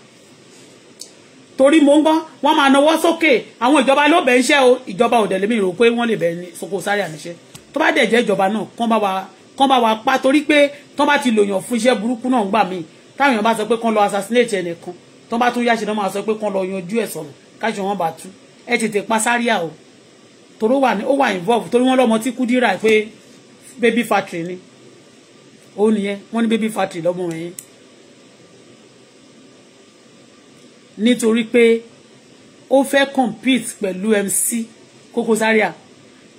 torí mo ń gbọ́ wọ́n máa nawọ́ sókè àwọn ìjọba ló bẹ̀ níṣẹ́ o ìjọba ò dẹ̀ lémi rò pé wọ́n lè bẹ̀ ní Koko Zaria níṣẹ́ tó bá dẹ̀ jẹ́ ìjọba náà kán bá wa kán bá wa pa torí pé tán bá ti lòyàn fún iṣẹ́ burúkú náà gbà míì táwọn èèyàn bá sọ pé kán lọ assassinate ẹnìkan tán bá tún yáṣẹ náà máa sọ pé kán lọ yanjú ẹ̀ sọ̀rọ̀ káṣọ wọn bá tú ẹ tètè pa sáríà o tòró wà ní ó wà involve torí wọ́n lọ́mọ tí Kúdírà pé baby factory ni ó nìyẹn wọ́n ní baby factory lọ́mọ yẹn nítorí pé ó fẹ́ compete pẹ̀lú MC Koko Zaria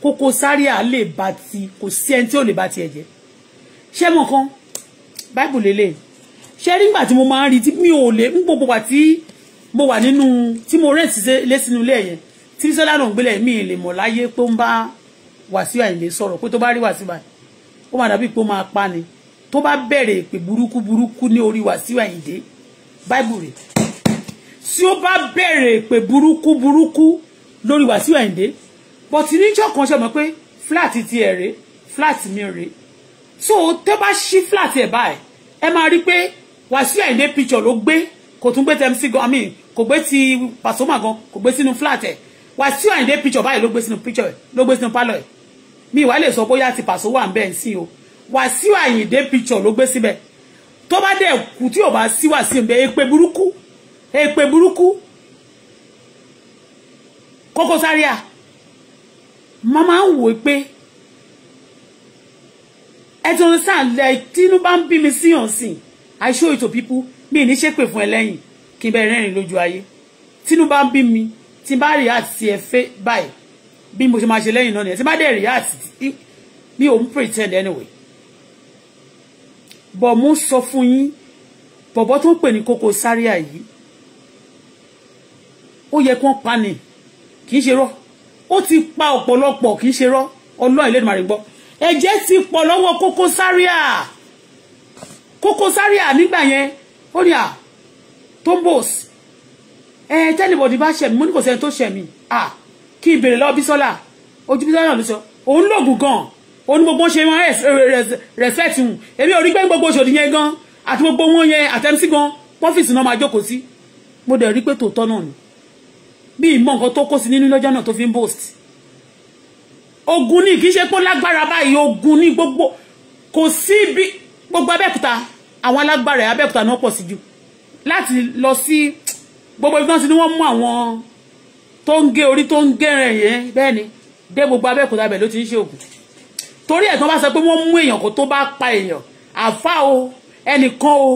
Koko Zaria lè bá ti kò sí ẹni tí ò lè bá ti ẹ̀jẹ̀ ṣé mọ̀ kan báìbù lélẹ̀ ṣé nígbà tí mo máa ń rí tí mi ò lè ń gbogbo wà mo wà nínú tí mo rent lé sínú ilé yẹn tí Bísọ́lá náà ń gbélé mi lè mọ̀ láyé pé ó ń bá Wàsíù Àyìndé sọ̀rọ̀ pé tó bá rí Wàsíù báyìí ó máa dàbí pé ó máa pa ni tó bá bẹ̀rẹ̀ èpè burúkú burúkú ní orí Wàsíù Àyìndé báìbù rẹ̀ tí ó bá bẹ̀rẹ̀ èpè burúkú burúkú lórí Wàsíù Àyìndé bọ̀tí níjọ́ kan ṣe mọ̀ pé fúláàtì ti ẹ̀ rèé mi rèé so tó shi flat e ẹ̀ báyìí ẹ máa rí pé Wàsíù Àyìndé picture ló gbé kò tún gbé ti MC gan i mean kò gbé ti Pasuma gan kò gbé sínú flat ẹ̀ Wàsíù Àyìndé picture báyìí ló gbé sínú picture ẹ̀ ló gbé sínú pálọ̀ ẹ̀ mi ìwà lè sọ bóyá ti Paso wà ń bẹ́ẹ̀ sí o Wàsíù Àyìndé picture ló gbé síbẹ̀ tó bá dẹ̀ kù tí ò bá sí Wàsíù ń bẹ èpè burúkú èpè burúkú Koko Zaria ma máa ń wò pé ẹjọ́ sáà lẹ tínú bá ń bí mi síyàn sìn I show it to people mi ní ṣépè fún ẹ lẹ́yìn kí n bẹ rẹ́rìn lójú ayé tínú bá ń bí mi tí n bá rí àti ẹ fẹ́ báyìí bí mo ṣe máa ṣe lẹ́yìn náà nìyẹn tí bá dẹ̀ rí àti mi ò ń pretend anyway bọ̀ mo sọ fún yín bọ̀bọ̀ tó ń pè ní Koko Zaria yìí ó yẹ kí wọ́n pa ni kì í ṣe rọ́ ó ti pa ọ̀pọ̀lọpọ̀ kì í ṣe rọ́ ọlọ́run lẹ́nu màrí gbọ́ ẹ̀jẹ̀ ti pọ̀ lọ́wọ́ Koko Zaria Koko Zaria nígbà yẹn ó ní à tombos ẹ tẹ́lifọ̀dì bá ṣẹ̀mí mo ní kò sẹ́ni tó ṣẹ̀mí à kí n bèrè lọ́wọ́ Bísọ́lá ojú Bísọ́lá náà ló sọ òun lògùn gan òun gbogbo ṣe wọn respect hùn èmi ò rí pé gbogbo ṣòdì yẹn gan àti gbogbo wọn yẹn àtẹ̀mísí gan pọ́fíìsì náà máa jókòó sí mo dẹ̀ rí pé tòótọ́ náà ni bí ìmọ̀ nǹkan tó kó sí nínú lọ́jọ́ náà tó fi ń boast ogun ní kì í ṣe pé lágbára báyìí ogun ní gbogbo kò sí bí gbogbo Abẹ́òkúta àwọn alágbára ẹ̀ abẹ́òkúta náà pọ̀ sí jù láti lọ sí gbogbo ibi tí wọ́n mú àwọn tó ń gé orí tó ń gẹ̀rẹ̀ yẹn bẹ́ẹ̀ ni dé gbogbo abẹ́òkúta bẹ̀ ló ti ń ṣe ògùn torí ẹ̀ tí wọ́n bá sọ pé wọ́n mú èèyàn kó tó bá pa èèyàn àfa o ẹnìkan o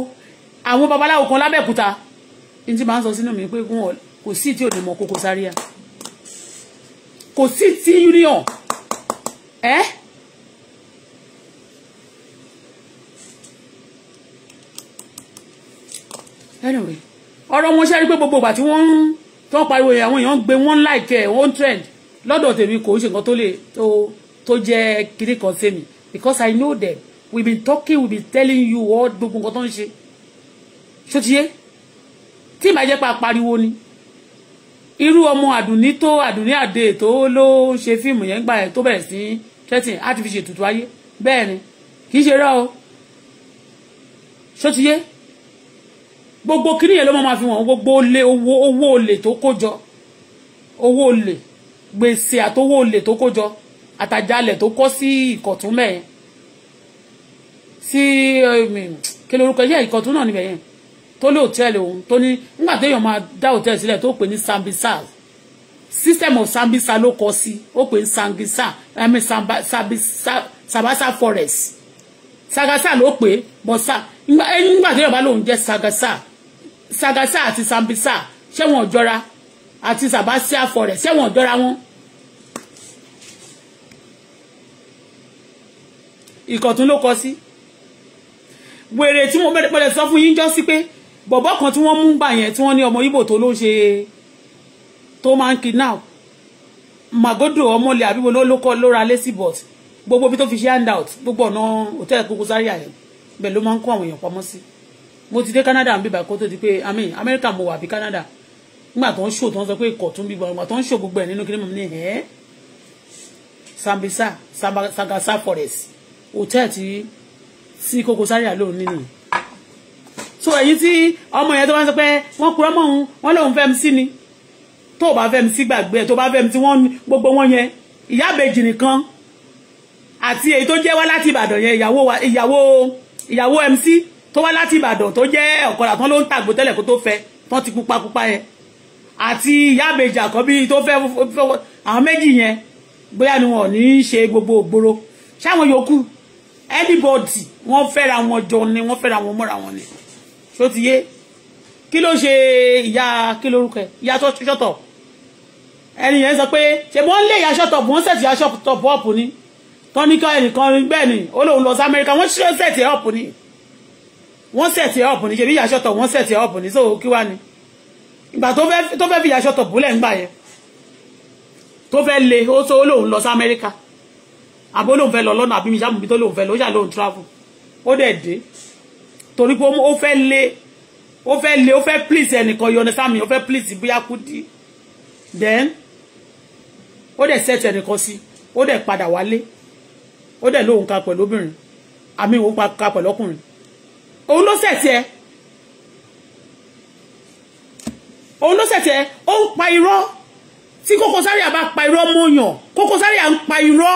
àwọn babaláwo kan lábẹ́òkúta ní ti máa ń sọ sínú mi pé kò sí tí ò ní mọ Koko kò sí tí union ẹ́ eh? anyway ọ̀rọ̀ wọn ṣe rí pé gbogbo ìgbà tí wọ́n ń tí wọ́n pariwo àwọn èèyàn ń gbé wọ́n like ẹ̀ wọ́n trend lọ́dọ̀ tèmi kò ṣe nǹkan tó lè tó tó jẹ́ kiri kan sí mi because I know them we been talking we been telling you all gbogbo nǹkan tó ń ṣe ṣó ti yé tí ìbá jẹ́ pa pariwo ni irú ọmọ àdùnní tó àdùnní àdè tó ló ń ṣe fíìmù yẹn gbà ẹ̀ tó bẹ̀rẹ̀ sí threatening á ti fi ṣètùtù ayé bẹ́ẹ̀ ni kì í ṣe rẹ́ o ṣó ti yé gbogbo kiri yẹn ló máa fi wọ́n gbogbo olè owó owó olè tó owó olè gbèsè àtowó olè tó kó jọ tó kọ́ sí ìkọ̀tún mẹ́ẹ̀ sí um, kí lorúkọ yẹ ìkọ̀tún náà níbẹ̀ yẹn tó lé hòtẹ́ẹ̀lì òun tó ní nígbà máa dá hòtẹ́ẹ̀lì sílẹ̀ tó pè ní sambisa system of sambisa ló kọ sí ó pè ní sangisa I mean sabasa forest sagasa ló pè bọ́sà nígbà bá sagasa sagasa àti sambisa ṣé wọn ò jọra àti sabasia forest ṣé wọn ò jọra wọn. ìkọ̀tún ló kọ sí wèrè tí mo bẹ̀rẹ̀ sọ fún yín jọ sí pé bọ̀bọ̀ kan tí wọ́n mú gbà yẹn tí wọ́n ní ọmọ Ìgbò tó ló ń ṣe tó máa ń kidnap Magodo ọmọlẹ̀ àbíbo ló ra lé sí bọ̀t gbogbo bí tó fi ṣe handout gbogbo ọ̀nà hòtẹ́ẹ̀lì Koko Zaria yẹn bẹ́ẹ̀ ló máa ń kó àwọn èèyàn pamọ́ sí mo ti dé Canada ń bíbà kó tó di pé I mean America mo wà bí Canada nígbà tó ń ṣò tó ń sọ pé ìkọ̀tún bíbọ̀ nígbà tó ń ṣò gbogbo ẹ̀ nínú kí ni mo ní ẹ̀ Sambisa Sagasa forest hotel ti sí Koko Zaria lóun nínú so èyí tí ọmọ yẹn tó wá sọ pé wọ́n kúrọ́ mọ́ òun wọ́n lòun fẹ́ mi sí ni tó o bá fẹ́ mi sí gbàgbé ẹ̀ tó o bá fẹ́ mi sí wọ́n gbogbo wọn yẹn ìyá àbèjì nìkan àti èyí tó jẹ́ wá láti Ìbàdàn yẹn ìyàwó ìyàwó ìyàwó MC tó wá láti Ìbàdàn tó jẹ́ ọ̀kọ̀là tán ló ń tàgbó tẹ́lẹ̀ kó tó fẹ́ tán ti pupa pupa yẹn àti ìyá àbèjì àkọ́bí tó fẹ́ àwọn méjì yẹn bóyá ni wọn ò ní í ṣe gbogbo ògbóró ṣáwọn yòókù anybody wọ́n fẹ́ra wọn jọ ni wọ́n fẹ́ra wọn mọ́ra wọn ni ṣó ti yé kí ló ṣe ìyá kí lórúkọ ẹ ìyá tó ṣọ́tọ̀ ẹni yẹn sọ pé ṣe wọ́n lé ìyá ṣọ́tọ̀ wọ́n ṣẹ̀tì ìyá ṣọ́tọ̀ bọ́ọ̀pù ni tọ́níkà ẹnìkan bẹ́ẹ̀ ni ó lóun lọ sí Amẹ́ríkà wọ́n ṣẹ̀tì ẹ̀ ọ̀pù ni wọ́n set up ní ṣe bí ìyá ṣọ́tọ̀ wọ́n set up ní so kí wá ni ìgbà tó fẹ́ fi ìyá ṣọ́tọ̀ búlẹ̀ ń gbà yẹn tó fẹ́ le ó tó lóun lọ sí Amẹ́ríkà àbó lóun fẹ́ lọ lọ́nà àbí mi sáà mi tó lóun fẹ́ lọ ó ṣà lóun travel ó dẹ̀ dé torí pé ó fẹ́ le ó fẹ́ le ó fẹ́ please ẹnìkan yọ ọ̀nẹ́sà mi ó fẹ́ please bóyá Kudi then ó dẹ̀ set ẹnìkan sí ó dẹ̀ padà wálé ó dẹ̀ lóun ka pẹ̀lú obìnrin àmì òun ka pẹ̀lú ọkùnrin òun ló sẹ̀tì ẹ òun ló sẹ̀tì ẹ ó ń pa irọ́ tí Koko Zaria bá pa irọ́ mọ́yàn Koko Zaria ń pa irọ́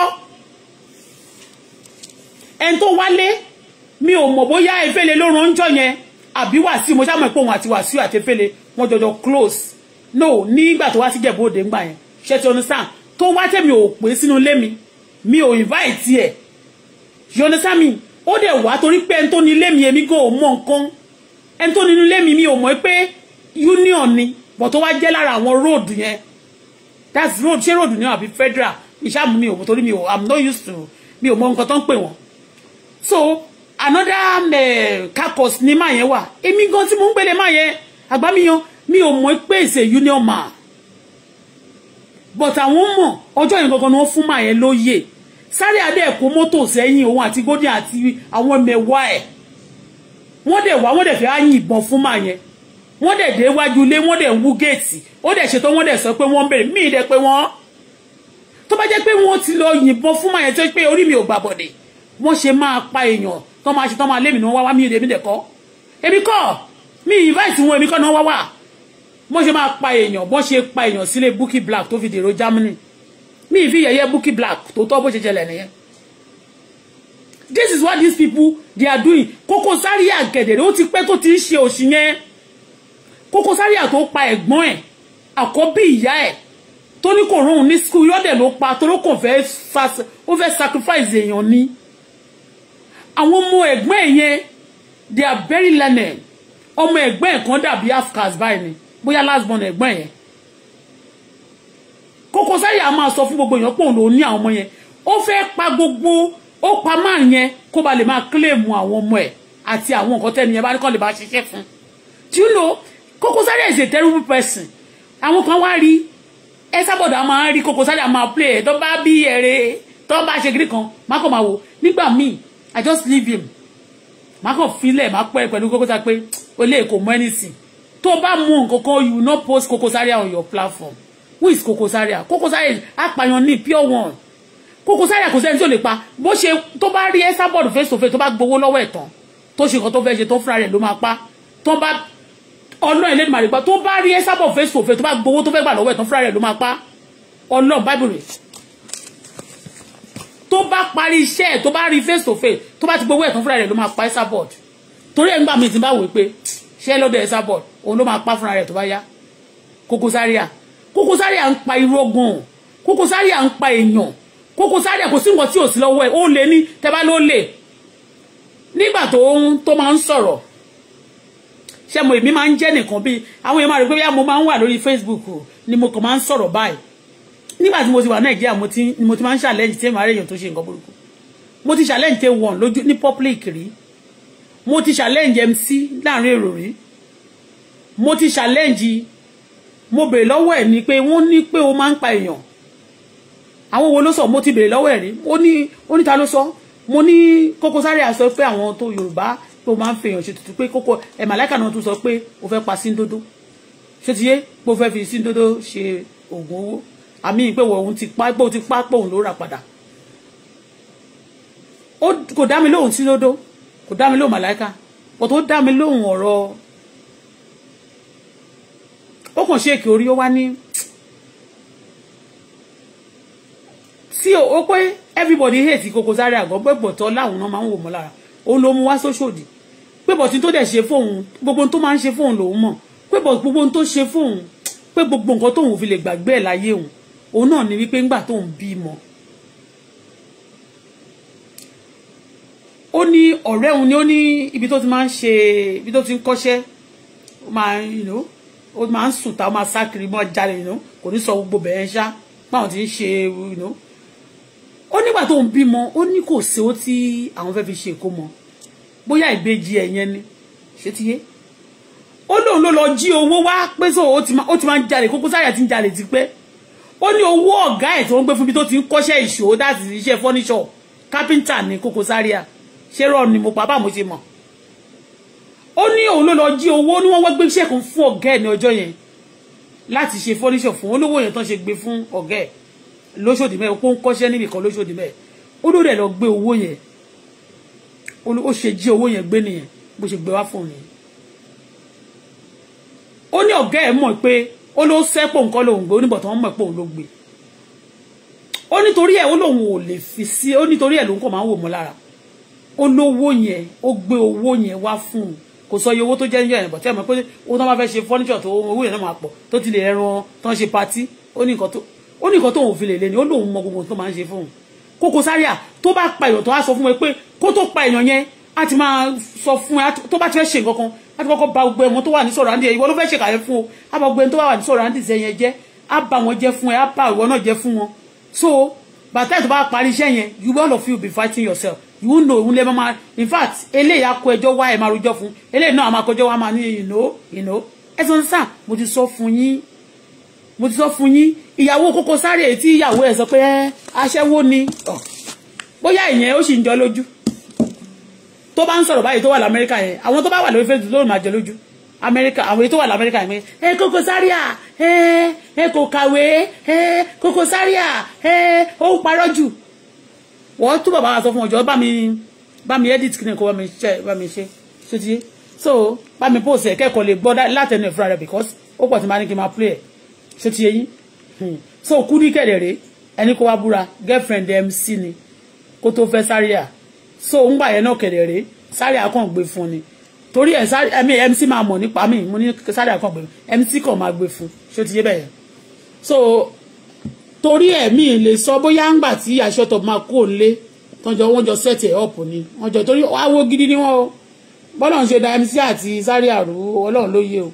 ẹni tó wálé mi ò mọ̀ bóyá efele ló ran jọ yẹn àbí Wàsíù mo ṣáà mọ̀ pé òun àti Wàsíù àti efele wọn jọjọ close no nígbà tó wá sí Ìjẹ̀bú Òde ńgbà yẹn ṣe ti understand tó wá tẹ̀mí ò pé sínú ilé mi mi ò invite ẹ̀ you understand me ó dẹ̀ wá torí pé ẹni tó ní ilé mi èmi gan ò mọ nǹkan ẹni tó nínú ilé mi mi ò mọ̀ pé union ni but ó wá jẹ́ lára àwọn road yẹn that's road ṣé road ni àbí federal ìṣàmù mi ò mọ̀ torí mi ò i'm not used to mi ò mọ nǹkan tó ń pè wọ́n so another uh, eh, carcass ni máa yẹn wà èmi gan tí mo ń gbélé máa yẹn àgbámiyan mi ò mọ̀ pé it's a union man but àwọn mọ̀ ọjọ́ yẹn gangan ni wọ́n fún máa yẹn lóye sáré adé ẹ̀kọ́ mọ́tò sẹ́yìn òun àti gòdì àti àwọn mẹ́wàá ẹ̀ wọ́n dẹ̀ wá wọ́n dẹ̀ fẹ́ á yin ìbọn fún màá yẹn wọ́n dẹ̀ dé wájú ilé wọ́n dẹ̀ wú géètì ó dẹ̀ ṣetán wọ́n dẹ̀ sọ pé wọ́n bẹ̀rẹ̀ míì dẹ̀ pé wọ́n tó bá jẹ́ pé wọ́n ti lọ yìnbọn fún màá yẹn tó pé orí mi ò gbàbọ̀dẹ̀ wọ́n ṣe máa pa èèyàn tó máa ṣe tó máa lémi ní wá mí èdè dẹ̀ kọ́ èmi kọ́ mi invite wọn èmi kọ́ náà wá wà wọ́n ṣe máa pa èèyàn bọ́n ṣe pa èèyàn sílé Bukky Black tó fi dèrò Germany mi ìfi yẹ̀yẹ́ Bukky Black tó tọ́ bó ṣe ṣẹlẹ̀ this is what these people they are doing Koko Zaria gẹ̀dẹ̀rẹ̀ ó ti pẹ́ tó ti ń ṣe òṣì yẹn Koko Zaria tó pa ẹ̀gbọ́n ẹ̀ àkọ́bí ìyá ẹ̀ tó ní kò rọrùn ní school yọ́dẹ̀ ló pa torí kò fẹ́ ó fẹ́ sacrifice èèyàn ni àwọn ọmọ ẹ̀gbọ́n ẹ̀ they are very learned ọmọ ẹ̀gbọ́n ẹ̀ kan dàbí afghans báyìí ni bóyá last born ẹ̀gbọ́n yẹn Koko Zaria a máa sọ fún gbogbo èèyàn pé òun lòun ní àwọn ọmọ yẹn ó fẹ́ pa gbogbo ó pa máa yẹn kó ba lè máa kílèmù àwọn ọmọ ẹ̀ àti àwọn nǹkan tẹ́ni yẹn bá ní kọ́ lè bá ṣiṣẹ́ fún do you know Koko Zaria is a terrible person àwọn kan wá rí ẹ sábọ̀dọ̀ a máa rí Koko Zaria a máa play ẹ̀ tó bá bí ẹ̀rẹ́ tó bá ṣe gírí kan má kàn máa wò nígbà míì I just leave him má kàn filẹ̀ má pẹ́ pẹ̀lú Koko Zaria pé olè kò mọ anything tó bá mú nǹkan kan you no post Koko Zaria on your platform who is Kokosaria? Kokosaria, Koko Zaria pure one Kokosaria, Zaria kò sẹ́ni tí ò lè pa bó ṣe tó bá rí ẹ́sà bọ́ọ̀dù face to face tó bá gbowó lọ́wọ́ ẹ̀ tán tó ṣe nǹkan tó fẹ́ ṣe tó fúnra rẹ̀ ló máa pa tó bá ọlọ́run ilé ìmàlè pa tó bá rí ẹ́sà bọ́ọ̀dù face to face tó bá gbowó tó fẹ́ gbà lọ́wọ́ ẹ̀ tán fúnra rẹ̀ ló pa ọlọ́run bible rẹ̀ tó bá parí iṣẹ́ ẹ̀ tó face to face tó bá ti gbowó ẹ̀ tán fúnra rẹ̀ ló máa pa ẹ́sà bọ́ọ̀dù torí ẹ̀ ń gbà mí ti bá wò pé ṣé lọ́dọ̀ ẹ́sà bọ́ọ̀dù òun ló máa pa fúnra rẹ̀ tó bá yá Koko Koko Zaria ń pa irọ́ gan Koko Zaria ń pa èèyàn Koko Zaria kò sí nǹkan tí ò sí lọ́wọ́ ẹ̀ ó lè ní tẹ́bá ló lè nígbà tó ń tó máa ń sọ̀rọ̀ ṣé mo èmi máa ń jẹ́ nìkan bíi àwọn èèyàn máa rí pé bóyá mo máa ń wà lórí Facebook ni mo kàn máa ń sọ̀rọ̀ báyìí nígbà tí mo ti wà Nàìjíríà mo ti ni mo ti máa ń ṣàlẹ́yìn tí èèyàn àrẹ́yìn tó ṣe nǹkan burúkú mo ti ṣàlẹ́yìn tẹ wọ̀n lójú ní public rí mo ti ṣàlẹ́yìn MC láàrin èrò rí mo ti ṣàlẹ́yìn mo bèrè lọ́wọ́ ẹ̀ ni pé wọ́n ní pé o máa ń pa èèyàn àwọn wo ló sọ mo ti bèrè lọ́wọ́ ẹ̀ rí ó ní ó ní ta ló sọ mo ní Koko Zaria sọ pé àwọn tó Yorùbá pé o máa ń fi èèyàn ṣe tuntun pé Koko ẹ̀ màláìka náà tún sọ pé o fẹ́ pa síndodo ṣé ti yé pé o fẹ́ fi síndodo ṣe oògùn owó àmì pé òun ti pa pé òun ti pa pé òun ló rà padà kò dá mi lóhùn síndodo kò dá mi lóhùn màláìka kò tó dá mi lóhùn ọ̀rọ̀ ó kàn ṣe èkì orí ó wá ní tí ó pé everybody hate Koko Zaria àgọ́ gbẹ́gbọ̀tọ́ láwọn náà máa ń wò mọ́ lára òun ló mú wá sóṣòdì pé bọ̀tí tó dẹ̀ ṣe fóun gbogbo tó máa ń ṣe fóun lòun mọ̀ pé gbogbo tó ṣe fóun pé gbogbo nǹkan tóun fi lè gbàgbé ẹ̀ láyé òun òun náà ni wípé ńgbà tóun bímọ ó ní ọ̀rẹ́ òun ni ó ní ibi tó ti máa ń ṣe ibi tó ti ń kọ́ṣẹ́ ó máa ń you know o máa ń sùn tá ó máa sá kiri mọ́ jalè nù kò ní sọ gbogbo bẹ̀rẹ̀ ṣá báwọn ti ń ṣe nù. ó nígbà tó ń bímọ ó ní kò sí ó tí àwọn fẹ́ fi ṣe ìkómọ bóyá ìbejì ẹ̀ yẹn ni ṣé ti yé ó lóun ló lọ jí owó wá pé sọ ó ti máa ń jalè kókó sáyà ti ń jalè ti pẹ́ ó ní owó ọ̀gá ẹ̀ tó ń gbé fún ibi tó ti ń kọ́ṣẹ́ ìṣòwò láti iṣẹ́ fọ́níṣọ̀ kápẹ́ńtà ní kókó sáríà ṣé rọ ni mo pa bá mo ṣe mọ̀ ó ní òun ló lọ jí owó ní wọ́n wá gbé iṣẹ́ kan fún ọ̀gá ẹ̀ ní ọjọ́ yẹn láti ṣe fọ́níṣọ̀ fún olówó yẹn tán ṣe gbé fún ọ̀gá ẹ̀ lóṣòdì mẹ́ẹ̀ ó ń kọ́ṣẹ́ níbìkan lóṣòdì mẹ́ẹ̀ ó ló rẹ̀ lọ gbé owó yẹn ó ṣe jí owó yẹn gbé nìyẹn bó ṣe gbé wá fún un yẹn ó ní ọ̀gá ẹ̀ mọ̀ pé ó ló sẹ́pọ̀ nǹkan lòun gbé oníbọ̀ tó ń mọ̀ pé òun ló gbé ó nítorí ẹ̀ ó lòun ò lè fi sí ó nítorí ẹ̀ lòun kò máa ń wò mọ́ lára ó lówó yẹn ó gbé owó yẹn wá fún un kò sọ iye owó tó jẹ́ níjọ́ yẹn bọ̀ tí ẹ mọ̀ pé owó tó máa fẹ́ ṣe fọ́níṣọ̀ tó owó yẹn náà máa pọ̀ tó ti lè ẹran tó ń ṣe patí ó ní nǹkan tó òun fi lè lé ni ó lóun mọ gbogbo tó máa ń ṣe fóun Koko Zaria tó bá pa èèyàn tó á sọ fún ẹ pé kó tó pa èèyàn yẹn á ti máa sọ fún ẹ tó bá ti fẹ́ ṣe nǹkan á ti kọ́kọ́ ba gbogbo ẹ̀wọ̀n tó wà ní sọ̀rọ̀ àǹdí ìwọ ló fẹ́ ṣe kàyẹ fún o á ba gbogbo ẹni tó wà ní sọ̀rọ̀ àǹdí ìṣẹ́yẹn jẹ́ á ba wọn jẹ́ fún ẹ á ba ìwọ náà jẹ́ fún wọn so bàtà ìtọ́ bá parí iṣẹ́ yẹn you one of you be fighting yourself you won't know ilé mama in fact eléyìí akọ ẹjọ́ wá ẹ̀ máa rojọ́ fún eléyìí náà àmọ́ akọjọ́ wá máa ní ìnó ìnó ẹ so sá mo ti sọ fún yín mo ti sọ fún yín ìyàwó Koko sare èyí tí ìyàwó ẹ̀ sọ pé ẹ ni bóyá ìyẹn ó sì ń jọ lójú tó bá ń sọ̀rọ̀ báyìí tó wà lamẹ́ríkà yẹn àwọn tó bá wà lórí Facebook lóòrùn máa jẹ lójú amẹ́ríkà àwọn èyí tó wà lamẹ́ríkà yìí ẹ Koko Zaria ẹ ẹ kò kàwé ẹ Koko Zaria ẹ ó parọ́ jù wọ́n tún bàbá wa sọ fún ọjọ́ bá mi bá mi edit kí ni kò bá mi ṣe bá mi so bá mi post ẹ kẹ́kọ̀ọ́ lè gbọ́ látẹnu ẹ̀ fúnra rẹ̀ because ó pọ̀ tí máa ní kí n máa play ẹ̀ ṣe ti hmm. so kú ní kẹ̀dẹ̀ rèé ẹni kó wá búra girlfriend mc ni kó tó fẹ́ Zaria so ń gbà yẹn náà kẹ̀dẹ̀ rèé Zaria kàn gbé fún ni torí ẹ̀ sáré ẹ̀mí mc máa mọ̀ nípa mi mo ní sáré àkàn pé mc kàn máa gbé fún ṣé o ti yé bẹ́ẹ̀ so torí ẹ̀mí lè sọ bóyá ńgbà tí aṣọ tó máa kó lé tọ́jọ́ wọ́n jọ set ẹ̀ up ni wọ́n jọ torí awo gidi ni wọ́n o bọ́lọ̀ ń ṣe da mc àti sáré àrò ọlọ́run ló yé o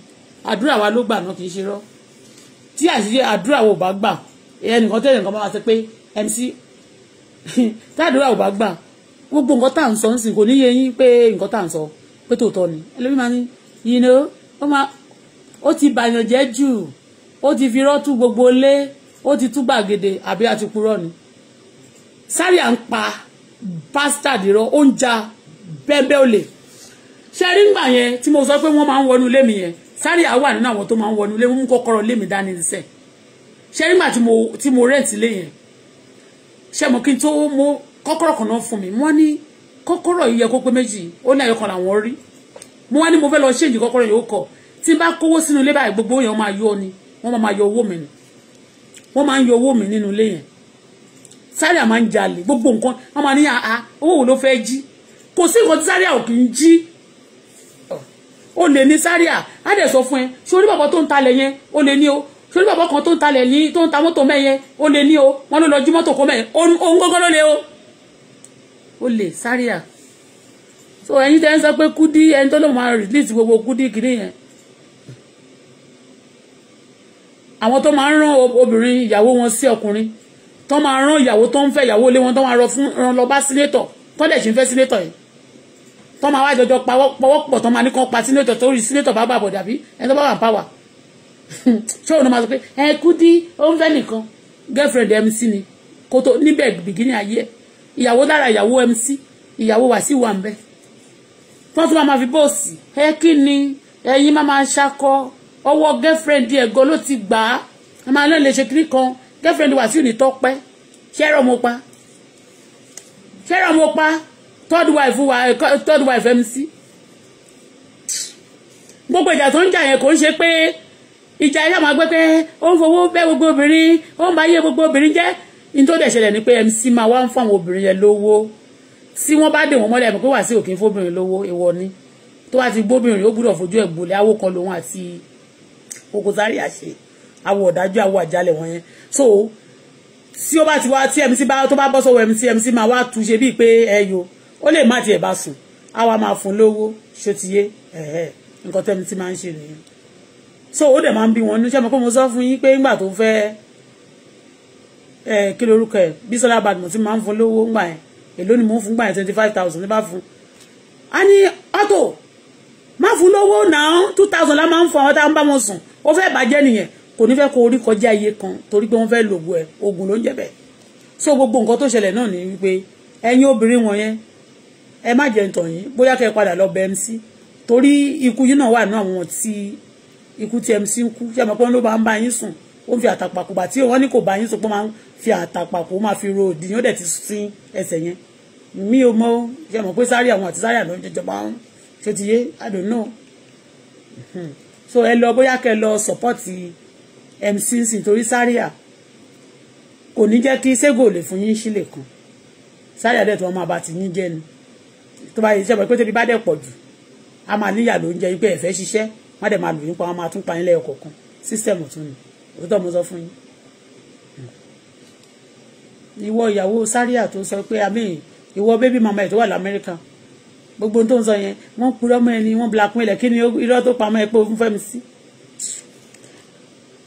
àdúrà wa ló gbà náà kì í ṣe rọ́ tí àṣìṣe àdúrà wo bá gbà ẹnìkan tẹ̀lé nǹkan bá wá sọ pé mc tádùúrà ò bá gbà gbogbo nǹkan tá à ń sọ ń sìn kò níye yín pé nǹkan tá à ń sọ pé tòótọ́ ni ẹlòmíì máa ní you know ó máa ó ti bàyàn jẹ́ jù ó ti fi rọ́tù gbogbo lé ó ti tú gbàgede àbí àti purọ́ ni sáré à ń pa bastard rọ ó ń ja bẹ́ẹ̀bẹ́ olè ṣe rí ngbà yẹn tí mo sọ pé wọ́n máa ń wọnú ilé mi yẹn sáré à wà nínú àwọn tó máa ń wọnú ilé mú kọ́kọ́rọ́ ilé mi dání níṣẹ́ ṣe rí ngbà tí mo rẹ́ǹtì ilé yẹn ṣe mo kí n tó mo kọ́kọ́rọ́ kan náà fún mi wọ́n ní kọ́kọ́rọ́ yìí yẹ kó pé méjì ó ní àyọkàn làwọn rí mo wá ní mo fẹ́ lọ ṣéǹjì kọ́kọ́rọ́ yìí ó kọ̀ tí n bá kówó sínú ilé báyìí gbogbo yẹn máa yọ ni wọ́n máa yọ owó mi ni máa ń yọ owó mi nínú ilé yẹn sáré àmà ń jalè gbogbo nǹkan wọ́n máa ní àá ah, ah, owó wo ló fẹ́ jí kò sí nǹkan tí sáré à kì í jí o lè ní sáré à á dẹ̀ sọ fún ẹ ṣé orí bàbá tó ń talẹ̀ yẹn o lè ní o ṣé orí bàbá kan tó ń talẹ̀ ní tó ń ta mọ́tò mẹ́yẹn o lè ní o wọ́n ló lọ jí mọ́tò kọ́ mẹ́yẹn òun gọ́gọ́ ló lè o olè Zaria so ẹ̀yin tẹ́ ń sọ pé Kudi ẹni tó lóun máa release gbogbo Kudi kìíní yẹn àwọn tó máa ń rán obìnrin ìyàwó wọn sí ọkùnrin tó máa rán ìyàwó tó ń fẹ́ ìyàwó ilé wọn tó máa rán lọ bá sínétọ̀ tó dẹ̀ ṣe ń fẹ́ sínétọ̀ yìí tó máa wá jọjọ pawọ́pọ̀ tó máa ní kan pa sínétọ̀ tó rí sínétọ̀ bá bàbọ̀ dàbí ẹni tó bá wà pàwà ṣé òun máa sọ pé ẹ Kudi ó ń fẹ́ nìkan girlfriend MC ni kó tó níbẹ̀ bìgínì ayé ẹ̀ ìyàwó lára ìyàwó MC ìyàwó wà sí wà ń bẹ wọ́n tún máa fi bóòsì ẹ kí ni ẹ̀yin máa máa ṣakọ ọwọ́ girlfriend ẹ̀gọ́ ló ti gbà á a máa lọ́ọ́ lè ṣe kiri kan girlfriend Wàsíù ní tọ́pẹ́ ṣẹ́rọ̀ mo pa ṣẹ́rọ̀ mo pa third wife wa eh, third wife MC gbogbo ìjà tó ń jà yẹn kò ń ṣe pé ìjà yẹn máa gbé pé ó ń fowó bẹ́ gbogbo obìnrin ó ń bá yé gbogbo obìnrin jẹ́ in tó dẹ̀ ṣẹlẹ̀ ni pé MC máa wá ń fún àwọn obìnrin yẹn lówó tí wọ́n bá dè wọ́n mọ́lẹ̀ mọ́ pé wà sí òkín fóbìnrin lówó èèwọ̀ ni tó bá ti gbóbìnrin ó gbúdọ̀ fojú ẹ̀ gbolẹ̀ awo kan lòun àti okòtárì àṣe awo ọ̀dájú awo àjálẹ̀ wọn yẹn so tí ó bá ti wá tí MC bá tó bá bọ́ sọ́wọ́ MC MC máa wá tu ṣe bíi pé ẹyọ ó lè má tiẹ̀ bá sùn á wá máa fún lówó ṣó ẹ̀ẹ́ nǹkan tẹ́mi ti máa ń ṣe nìyẹn so ó dẹ̀ máa ń bí wọn ní sẹ́mi kó mo sọ fún yín pé ńgbà tó fẹ́ẹ́ Eh, kí lorúkọ ẹ̀ Bísọ́lá Badmus tí máa ń fún lówó ńgbà yẹn èló ni mò ń fún gbà yẹn twenty five thousand ní bá fún a ní Auto má fún lówó náà two thousand la máa ń fún àwọn táwọn bá wọn sùn ó fẹ́ bàjẹ́ nìyẹn kò ní fẹ́ kó orí kọjá iye kan torí pé wọ́n fẹ́ lògbò ẹ̀ oògùn ló ń jẹ́ bẹ́ẹ̀ so gbogbo nǹkan tó ṣẹlẹ̀ náà ni wípé ẹ̀yin obìnrin wọn yẹn ẹ má jẹ́ ntọ̀ yín bóyá kẹ́ ẹ padà lọ bẹ MC torí ikú fi àtàpàpò máa fi ro òdì yóò dẹ̀ ti sin ẹsẹ̀ yẹn mi ò mọ ṣe mọ̀ pé sáré àwọn àti sáré àlọ́ ìjọba ń ṣe ti yé I don't know hmm. so ẹ lọ bóyá kẹ lọ support MC nítorí sáré à kò ní jẹ́ kí ségò lè fún yín sílẹ̀ kan sáré àdẹ̀ tí wọ́n máa bá ti yín jẹ́ ni tó bá yẹ ṣe mọ̀ pé tẹ́bi bá dẹ̀ pọ̀ jù a máa níyà ló ń jẹ́ pé ẹ̀fẹ́ ṣiṣẹ́ wọ́n dẹ̀ máa lò yín pa wọ́n máa tún pa yín lẹ́yọ̀ kọ̀ọ̀kan sísẹ̀mù tún ni òótọ́ mo sọ fún yín ìwọ ìyàwó sáríà tó sọ pé àmì ìwọ bébí mama ẹ̀ tó wà lamẹ́ríkà gbogbo tó ń sọ yẹn wọ́n purọ́ mọ́ ẹni wọ́n black mail ẹ̀ kí ni irọ́ tó pamọ́ ẹ pé o fún sí.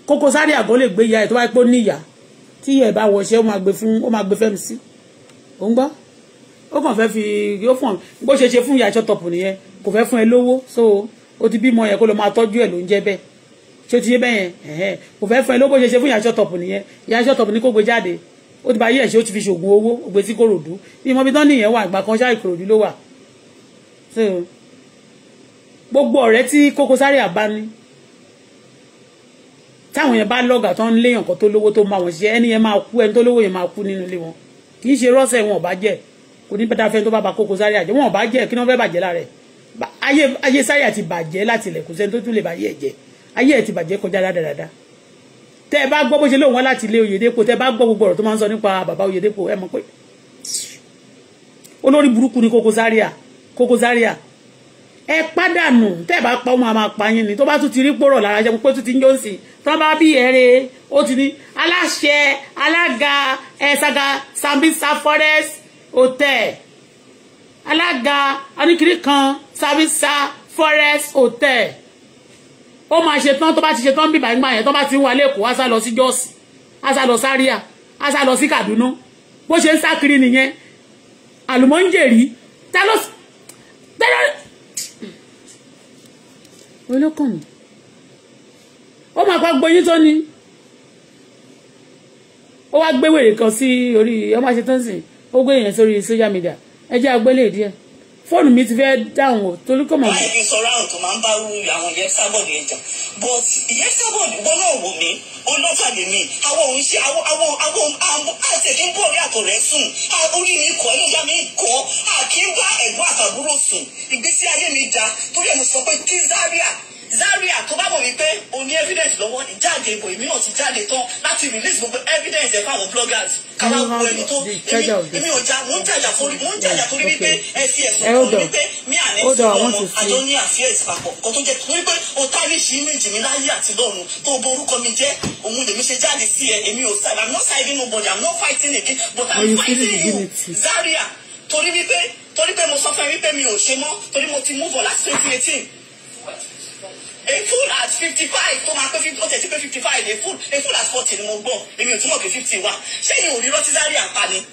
Koko Zaria àgọ́ lè gbé ìyá ẹ̀ tó wáyé pé ó ní ìyá tí ìyá ẹ̀ bá wọṣẹ́ ó máa gbé fún ó máa gbé fẹ́mi sí. ò ń gbọ́ ó kàn fẹ́ fi ó fún bó ṣe ṣe fún ìyá ìṣọ́ nìyẹn kò fẹ́ fún ẹ lówó so ó ti bímọ yẹn kó lọ máa tọ́jú ẹ̀ ló ń jẹ́ bẹ́ẹ̀ ṣé o ti ṣe bẹ́ẹ̀ yẹn kò fẹ́ fún ẹ lówó bó ṣe ṣe fún ìyá ìṣọ́ nìyẹn ìyá ìṣọ́ tọ̀pù ní gbé jáde ó ti bá yí ẹ̀ṣẹ́ ó ti fi ṣògùn owó ó gbé sí kòròdú bí mọ́bí tán nìyẹn wà ìgbà kan ṣáà ìkòròdú ló wà gbogbo ọ̀rẹ́ tí Koko Zaria bá ní táwọn yẹn bá lọ́gà tán léèyàn kan tó lówó tó máa wọ̀n ṣiṣẹ́ ẹni yẹn máa kú ẹni tó lówó yẹn máa kú nínú ilé wọn kì í ṣe rọ́ọ̀sẹ̀ wọn ò bá jẹ́ kò ní pẹ́ta fẹ́ tó bá ba Koko Zaria jẹ́ wọn ò bá jẹ́ kí wọ́n fẹ́ bàjẹ́ lára ẹ̀ ayé Zaria ti bàjẹ́ láti ilẹ̀ kò sẹ́ni tó tún lè bàyẹ́ ẹ̀ jẹ́ ayé ẹ̀ ti bàjẹ́ kọjá dáadáa tẹ́ ẹ bá gbọ́ bó ṣe lóun wá láti ilé Oyedepo tẹ́ ẹ bá gbọ́ gbogbo ọ̀rọ̀ tó máa ń sọ nípa bàbá Oyedepo ẹ mọ̀ pé olórí burúkú ni Koko Zaria Koko Zaria ẹ pádànù tẹ́ ẹ bá pa ọmọ àmà pààyàn ni tó bá tún ti rí pòrọ̀ lára jẹ́ pé tún ti ń jó sí tó bá bí ẹ̀rẹ́ ó ti ní aláṣẹ alága ẹ̀sàgà Sambisa Forest Hotel alága oníkiri kan Sambisa Forest Hotel ó máa ṣe tán tó bá ti ṣe tán bíbá ìgbà yẹn tó bá ti ń wà lẹ́kọ̀ọ́ á sá lọ sí jọ́ọ̀sì á sá lọ sáríà á sá lọ sí Kaduna bó ṣe ń sá kiri nìyẹn àlùmọ́ńjèrì tẹ́lọ́ tẹ́lọ́ olókàn mi ó máa pa gboyún tó ni ó wá gbé wèrè kan sí orí ọmọ ṣe tó ń sìn ó gbé yẹn sórí social media ẹ jẹ́ àgbélé e díẹ̀ fóònù mi ti fẹ́ dáhùn o torí kò mọ̀. báyìí sọ̀rọ̀ àwọn tó máa ń bá rú àwọn ìyẹn sábọ̀dù yẹn jà but ìyẹn sábọ̀dù wọn náà wò mí olóòfà lè mí àwọn òun ṣe àwọn àwọn àwọn àwọn àtẹ̀kí ń bọ̀ orí àtọ̀rẹ́ sùn orí mi kọ́ inú ìyá mi kọ́ àkínbá ẹ̀gbọ́n àtàbúrò sùn ìgbésí ayé mi da torí ẹ̀ mo sọ pé kí Zaria tó bá mọ̀ wípé o ní evidence lọ́wọ́ jáde ìbò èmi náà ti jáde tán láti release gbogbo evidence ẹ̀ fáwọn bloggers káwá gbogbo ẹni tó èmi ò já mò ń jàjà torí mò ń jàjà torí wípé ẹ fi ẹ̀sùn kan wípé mi àná ti lọ́mọ àjọ ní àfíẹ́sì papọ̀ kan tó jẹ́ wípé o tálíṣì méjì mi láyé àti lọ́run tó o borúkọ mi jẹ́ òun lèmi ṣe jáde sí ẹ èmi ò side I'm not siding nobody I'm not fighting again but I'm fighting you Zaria torí wípé torí pé mo sọ fún ẹ wípé mi ò ṣe mọ́ torí mo ti move on láti twenty eighteen a fool at fifty five tó máa pé fifty ó tẹ̀sí pé fifty five a fool a fool at forty ni mo gbọ́ èmi ò túmọ̀ pé fifty wa ṣé ìyẹn ò ní rántí Zaria pa ni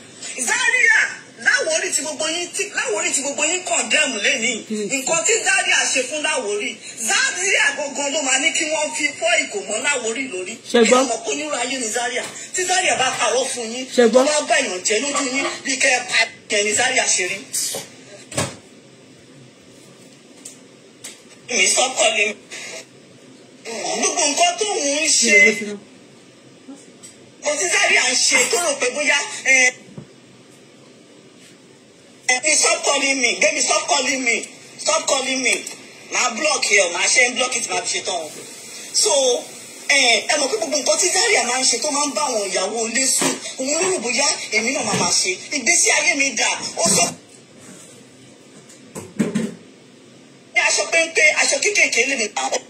Zaria láwòrí tí gbogbo yín tí láwòrí tí gbogbo yín kàn dẹ́mu lẹ́nìí nǹkan tí Zaria ṣe fún láwòrí Zaria gangan ló máa ní kí wọ́n fi fọ́ ìgò mọ́ láwòrí lórí ṣẹgbọ́n ẹ̀rọ kó nírú ayé ni Zaria tí Zaria bá parọ́ fún yín ṣẹgbọ́n tó bá bẹ̀yàn jẹ́ lójú yín bí kẹ́ ẹ pa ẹ̀yìn Zaria ṣe rí. mi calling me. gbogbo nǹkan tó ń ṣe mo ti sáré à ń ṣe tó rò pé bóyá ẹbí stop calling me gbẹmí stop calling me stop calling me màá block yẹ ọ màá ṣe ń block it màá fi ṣe tán o so ẹ mọ̀ pé gbogbo nǹkan tí Zaria máa ń ṣe tó máa ń bá àwọn ìyàwó ilé sùn òun ló rò bóyá èmi náà máa máa ṣe ìgbésí ayé mi dà ó sọ. ní aṣọ péńpé aṣọ kéékèèké lèmi máa wọ̀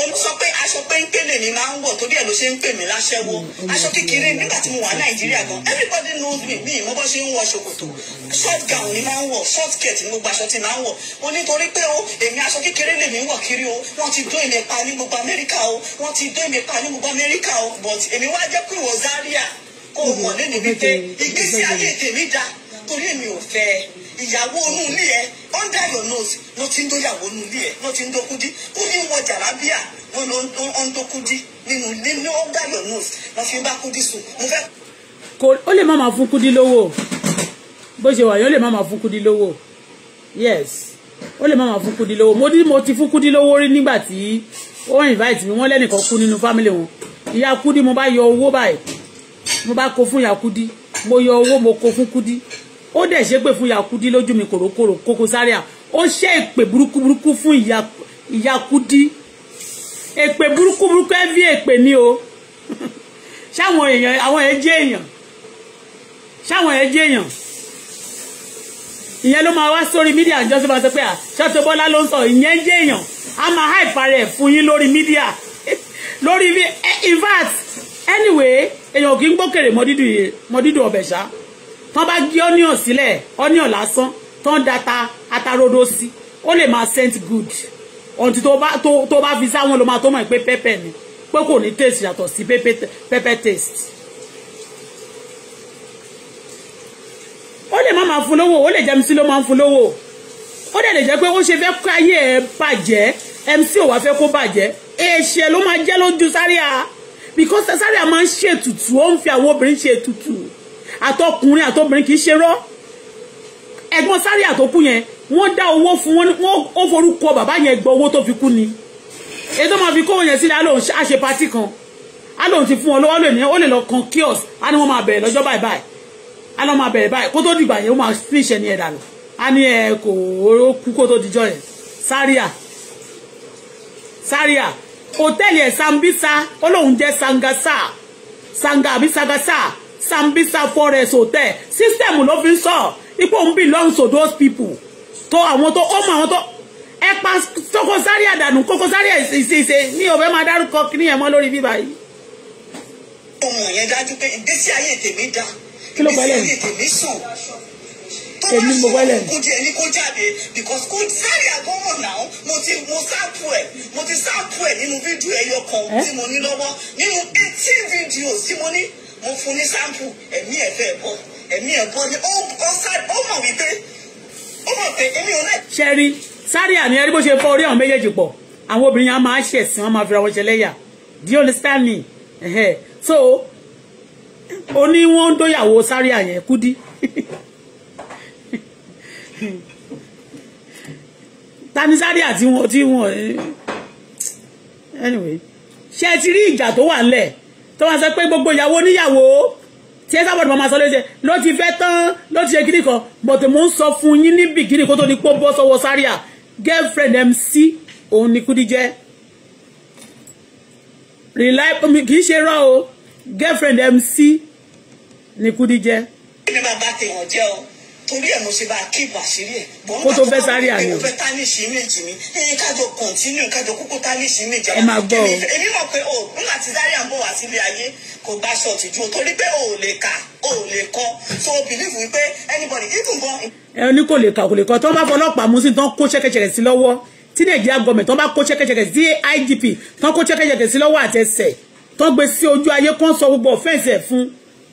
òun sọ pé aṣọ péńpé lèmi máa ń wọ̀ torí ẹ̀ ló ṣe ń pè mí láṣẹ́wó mm, mm, aṣọ kékeré mm. nígbà tí mo wà nàìjíríà gan everybody knows me mi mo bọ́ ṣe ń wọ ṣòkòtò short gown ni máa ń wọ̀ short skirt ni gbogbo aṣọ ti máa ń wọ̀ mo nítorí pé o èmi aṣọ kékeré lèmi ń wọ̀ kiri o wọ́n ti dó èmi pa ní gbogbo amẹ́ríkà o wọ́n ti dó èmi pa ní gbogbo amẹ́ríkà o but èmi wá jẹ́ pé ìwọ Zaria kò mọ̀ lẹ́nu wípé ìgbésí ayé tèmi da torí èmi ò fẹ́ ẹ ìyàwó inú ilé ẹ under your nose ló ti ń dóyàwó inú ilé ẹ ló ti ń dókúdí ó ní wọ jàlábíà wọn ló ń dókúdí nínú nínú under your nose fi ń bá kúdí sùn mo fẹ́. kò ó lè má máa fún kúdí lówó bó ṣe wà yẹn ó lè má máa fún kúdí lówó yes ó lè má máa fún kúdí lówó mo ní mo ti fún kúdí lówó rí nígbà tí ó invite mi wọ́n lẹ́nìkan kú nínú family wọn ìyá kúdí mo bá yọ owó báyìí mo bá kó fún ìyá kúdí mo yọ owó mo kó fún kúdí ó dẹ̀ ṣe pé fún ìyá kúdí lójú mi kòrókòrò Koko Zaria ó ṣe èpè burúkú burúkú fún ìyá kúdí èpè burúkú burúkú ẹ bí èpè ni o ṣáwọn èèyàn àwọn èèyàn jẹ́ èèyàn ṣáwọn èèyàn jẹ́ èèyàn ìyẹn ló máa wá sórí mídíà ìjọsìn máa sọ pé à ṣọ́tò bọ́lá ló ń sọ ìyẹn jẹ́ èèyàn a máa háìpà rẹ̀ fún yín lórí mídíà lórí eh, in fact anyway èèyàn kì í gbókèrè mọ́ dídùn ọbẹ̀ ṣáá tán bá gé onion sílẹ̀ onion lásán tán data atarodo sí ó lè máa scent good ọ̀ntì tó bá fi sáwọn ló máa tó mọ̀ pé pepper ni pé kò ní taste yàtọ̀ sí pepper taste. ó lè má máa fún lówó ó lè jẹ́ MC ló máa ń fún lówó ó dẹ̀ lè jẹ́ pé ó ṣe fẹ́ káyé ẹ̀ bàjẹ́ MC ò wá fẹ́ kó bàjẹ́ èṣe ló máa jẹ́ lójú Zaria because Zaria máa ń ṣètùtù ó ń fi àwọn obìnrin ṣètùtù àtọkùnrin àtọbìnrin kì í ṣe rọ́ ẹ̀gbọ́n sáré àtọkù yẹn wọ́n dá owó fún wọn ó forúkọ bàbá yẹn gbọ́ owó tó fi kú ni ètò máa fi kówó yẹn sílẹ̀ á lóun ṣe pátì kan á lóun ti fún ọ lọ́wọ́ lónìí ó lè lọ kan kiosk á ní wọ́n máa bẹ̀rẹ̀ lọ́jọ́ báyìí báyìí á lọ́ máa bẹ̀rẹ̀ báyìí kó tó dìgbà yẹn ó máa fi ìṣẹ̀ ní ẹ̀dà lọ á ní ẹ kò ó kú kó tó dijọ́ yẹn sáríà sáríà hòtẹ́ẹ̀lì ẹ̀ sambisa ó lóun jẹ́ sangasa sanga àbí sagasa Sambisa Forest Hotel system ló fi ń sọ ipò òun belongs to those people tó àwọn tó ó mọ àwọn tó ẹ pa Koko Zaria àdànù Koko Zaria ìṣiṣẹ́ ní ọ̀fẹ́ máa dárúkọ kí ni ẹ̀ mọ́ lórí bíbá yìí. ohun yẹn dájú pé ìgbésí ayé tèmi dá ìgbésí ayé tèmi sùn èmi mo wẹ́lẹ̀ mi. kò jẹ́ ní kó jáde because kò sáré àgọ́wọ̀ náà mo ti mo sáàpù ẹ̀ mo ti sáàpù ẹ̀ nínú fídíò ẹ̀yọ kan tí mo ní lọ́wọ́ nínú eighteen videos tí mo ní mo fún ní sample ẹ̀mí ẹ̀ fẹ́ bọ́ ẹ̀mí ẹ̀ bọ́ ni ó ó mọ̀ wípé ó mọ̀ pé èmi ò náà. ṣẹ́rí sáré àmì ẹrí bó ṣe fọ orí àwọn méjèèjì pọ̀ àwọn obìnrin yẹn máa ń ṣẹ̀sìn wọn máa fi ra wọn ṣẹlẹ́yà do you understand me so ó ní wọ́n ń dóyàwó sáré àyẹ̀ Kúdí tani sáré àti wọn tí wọn eh, anyway ṣe ti rí ìjà tó wà ńlẹ̀ tó máa sọ pé gbogbo ìyàwó oníyàwó tí ẹ sábọ̀dọ̀ máa sọ léṣe ló ti fẹ́ tán ló ti ṣe kíní kan bọ̀tẹ̀ mò ń sọ fún yín ní bìkíní kó tó ní pọ́ bọ́ sọ́wọ́ sáríà girlfriend MC òun ni Kudi jẹ́ kì í ṣe rọ́ o girlfriend MC ni Kudi jẹ́. kí bàbá tèèyàn jẹ́ o torí ẹ̀ mo ṣe bá a àṣírí ẹ̀. kó tó fẹ́ sáré àná. mo fẹ́ tánìṣì méjì ni ẹyin kájọ kọ̀ntínú kájọ kúkú tánìṣì méjì. ẹ máa gbọ́ o. èmi mọ̀ pé o oh, nígbà tí sáré àmọ́ wá sílé ayé kò gbá ṣọ̀tì ju torí pé o ò lè kà o ò lè kọ so believe wípé anybody even gan. ẹ ní kò lè kà kò lè kọ tó bá fọlọ́pàá mú sí tán kó ṣẹ́kẹ̀ṣẹ̀kẹ̀ sí lọ́wọ́ tí nàìjíríà gọọmẹ̀ tó gbé sí ojú ayé kán sọ gbogbo ọ̀fẹ́ǹsì ẹ̀ fún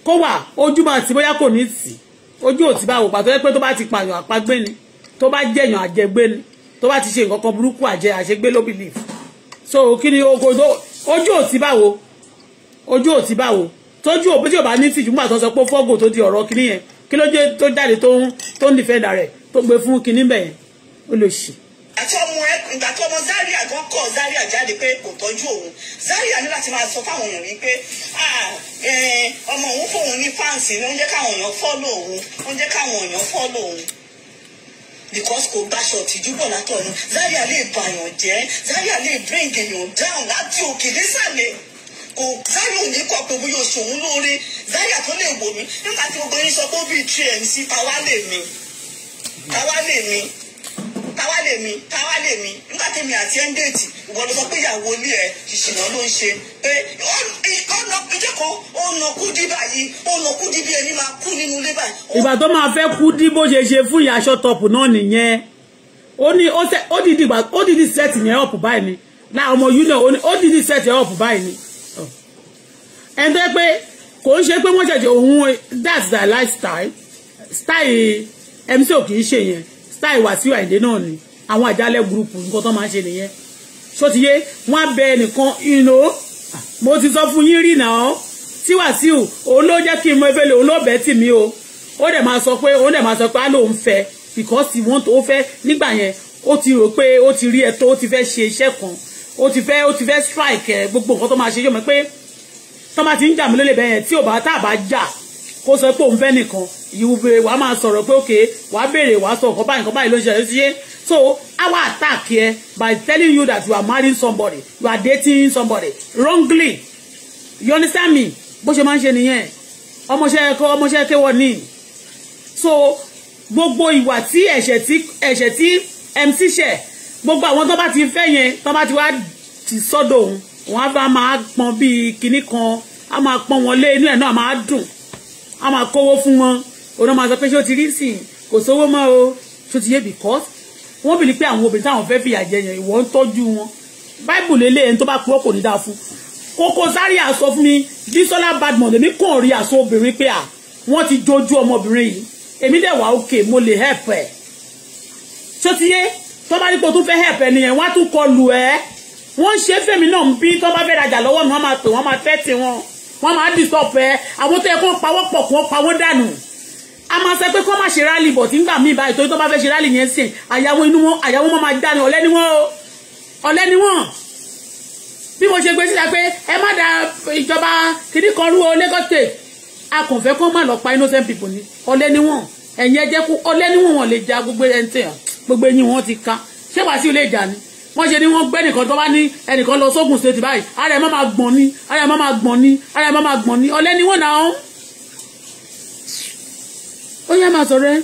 kó wà ojú máa bóyá kò ní tì í ojú ò ti bá wò pàtó pé tó bá ti pààyàn àpagbé ni tó bá jẹ̀yàn àjẹgbé ni tó bá ti ṣe nǹkan kan burúkú àjẹ àṣegbé ló bìlì so kí ni oko ojú ò ti bá wò ojú ò ti bá wò tójú ò bí tí ò bá ní tìjú mú àtọ́sọ pé fọ́gò tó di ọ̀rọ̀ kìnìyẹn kí ló dé tó jáde tó ń tó ń dìfẹ́ndà rẹ̀ tó gbé fún kìnìún bẹ̀yẹn ó lè ṣì àti ọmọ ẹ ìgbà tí ọmọ Zaria gan kọ Zaria jáde pé kò tọ́jú òun Zaria ní láti máa sọ fáwọn èèyàn wípé ọmọ òun fóun ní fáǹsì ni ó káwọn èèyàn fọ́lọ̀ òun ó káwọn èèyàn fọ́lọ̀ òun because kò gbaṣọ òtìjú bọ̀ Zaria lè bàyàn jẹ́ Zaria lè bring èèyàn down láti òkè nísàlẹ̀ kò Zaria ò ní pé bóyá oṣù òun lóore Zaria tó lè wò mí nígbà tí gbogbo yín sọ pé ó bí three mc mi táwa mi. kawalemi kawalemi mi ati ndeti mi nígbà tí mi àti ẹ̀ ń déètì ìwọ ló sọ pé ìyàwó ilé ẹ̀ ṣìṣìnà ló ń ṣe pé ìjẹ́kọ̀ọ́ ó kú dí báyìí ó kú dí bí ẹni máa kú nínú ilé báyìí. ìgbà tó máa fẹ́ kú dí bó ṣe ṣe fún ìyá aṣọ náà nìyẹn ó ní ó dìdí ìgbà ó dìdí sẹ́ẹ̀tì yẹn ọ̀pù báyìí ni láà ọmọ union ó ní ó dìdí sẹ́ẹ̀tì yẹn ọ̀pù báyìí ni. ẹni tó yẹ pé kò ń ṣe pé wọ́n ṣẹ̀ṣẹ̀ òun that's their lifestyle style MC kì í ṣe yẹn style Wàsíù Àyìndé náà ni àwọn àjálẹ̀ gúrùpù nǹkan tó máa ń ṣe nìyẹn ṣó ti yé wọ́n á bẹ ẹnìkan ìnà ah, mo ti sọ fún yín rí náà tí Wàsíù òun ló jẹ́ kí n mọ efele òun ló bẹ́ẹ̀ tì mí o ó dẹ̀ máa sọ pé òun dẹ̀ máa sọ pé á lóun fẹ́ because he want ó fẹ́ nígbà yẹn ó ti rò pé ó ti rí ẹ̀tọ́ ó ti fẹ́ ṣe iṣẹ́ kan ó ti fẹ́ ó ti fẹ́ strike ẹ̀ gbogbo nǹkan tó máa ṣe yóò mọ̀ pé tó máa ti ń jà mí lólè bẹ́ẹ̀ yẹn tí ò bá tá à bá jà kó sọ pé òun fẹ́ nìkan ìwúbe wàá máa sọ̀rọ̀ pé òkè wàá béèrè wàá sọ nǹkan báyìí nǹkan báyìí ló ń ṣẹlẹ̀ ṣe so our attack here by telling you that you are marrying somebody you are dating somebody wrongly you understand me bó ṣe máa ń ṣe nìyẹn ọmọṣẹ́ ẹ̀kọ́ ọmọṣẹ́ kéwọ́ ní so gbogbo ìwà tí ẹ̀ṣẹ̀ tí ẹ̀ṣẹ̀ tí MC ṣẹ̀ gbogbo àwọn tó bá ti fẹ́ yẹn tó bá ti wá ti sọ́dọ̀ òun òun á bá máa pọn bíi kinní kan á máa pọn wọn lé inú ẹ̀ náà máa dùn a máa kówó fún wọn òun máa sọ pé ṣé o ti rí sí kò sówó mọ́ o tó ti yé because wọ́n bìlí pé àwọn obìnrin táwọn fẹ́ fìyà jẹ yẹn ìwọ ń tọ́jú wọn báìbù lélẹ̀ ẹni tó bá purọ́ kò ní dáa fún Koko Zaria sọ fún mi Bisola Badmus èmi kàn rí àṣọ obìnrin pé à wọ́n ti dojú ọmọbìnrin yìí èmi dẹ̀ wá òkè mo lè help ẹ̀ tó ti yé tó bá ní kó tún fẹ́ help ẹ̀ nìyẹn wọ́n á tún kọ lù ẹ́ wọ́n ń ṣe fèmí náà ń bí tó bá fẹ́ rajà lọ́wọ́ mi wọ́n máa pè wọ́n máa tẹ́tì wọn wọ́n máa disturb ẹ àwọn tó yẹ kó pawọ́ pọ̀ kó pawọ́ dànù a máa sọ pé kó má ṣe rálì bọ̀ tí ń gbà mí báyìí torí tó bá fẹ́ ṣe rálì yẹn sìn àyàwó inú wọn àyàwó wọn máa dànù ọ̀lẹ́ ni wọ́n o ọ̀lẹ́ ni wọ́n bí mo ṣe gbé síta pé ẹ má da ìjọba kìnnì kan rú o Lagos state a kàn fẹ́ kó má lọ pa innocent people ni ọ̀lẹ́ ni wọ́n ẹ̀yin ẹ jẹ́ kó ọ̀lẹ́ ni wọ́n wọn lè ja gbogbo ẹ̀ńtẹ̀ gbogbo ẹ̀yìn wọn ti ká ṣé wàá sí ilé ìjà ni wọ́n ṣe ni wọ́n gbé nìkan tó bá ní ẹnìkan lọ sókun state báyìí ara ẹ̀ má máa gbọ̀n ni ara ẹ̀ má máa gbọ̀n ni ara ẹ̀ má máa gbọ̀n ni ọ̀lẹ́ ni wọ́n náà ó yẹ máa sọ̀rọ̀ ẹ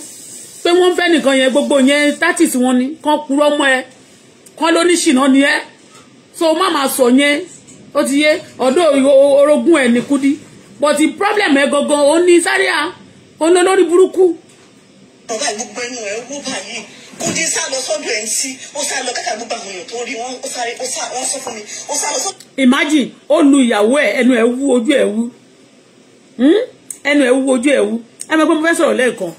pé wọ́n ń fẹ́ nìkan yẹn gbogbo yẹn tátìsì wọn ni kán purọ́ mọ́ ẹ kán ló ní ṣìnà ni ẹ so má máa sọ yẹn ó ti yé ọ̀dọ́ orogún ẹ̀ ní Kudi but the problem ẹ gangan ó ní Zaria ó ní olórí burúkú. ọ̀gá ìgbógbó ẹnu ẹ̀ ó wó Kudi sá lọ sọ́dọ̀ ẹ̀ ń sí lọ kàkà gbogbo àwọn èèyàn tó rí wọn ó sáré ó sá wọn sọ fún mi ó sá lọ sọ́dọ̀. imagine ó lu ìyàwó ẹ ẹnu ẹ wú ojú ẹ wú hmm? ẹnu ẹ wú ojú ẹ wú ẹ mọ̀ pé mo fẹ́ sọ̀rọ̀ lẹ́ẹ̀kan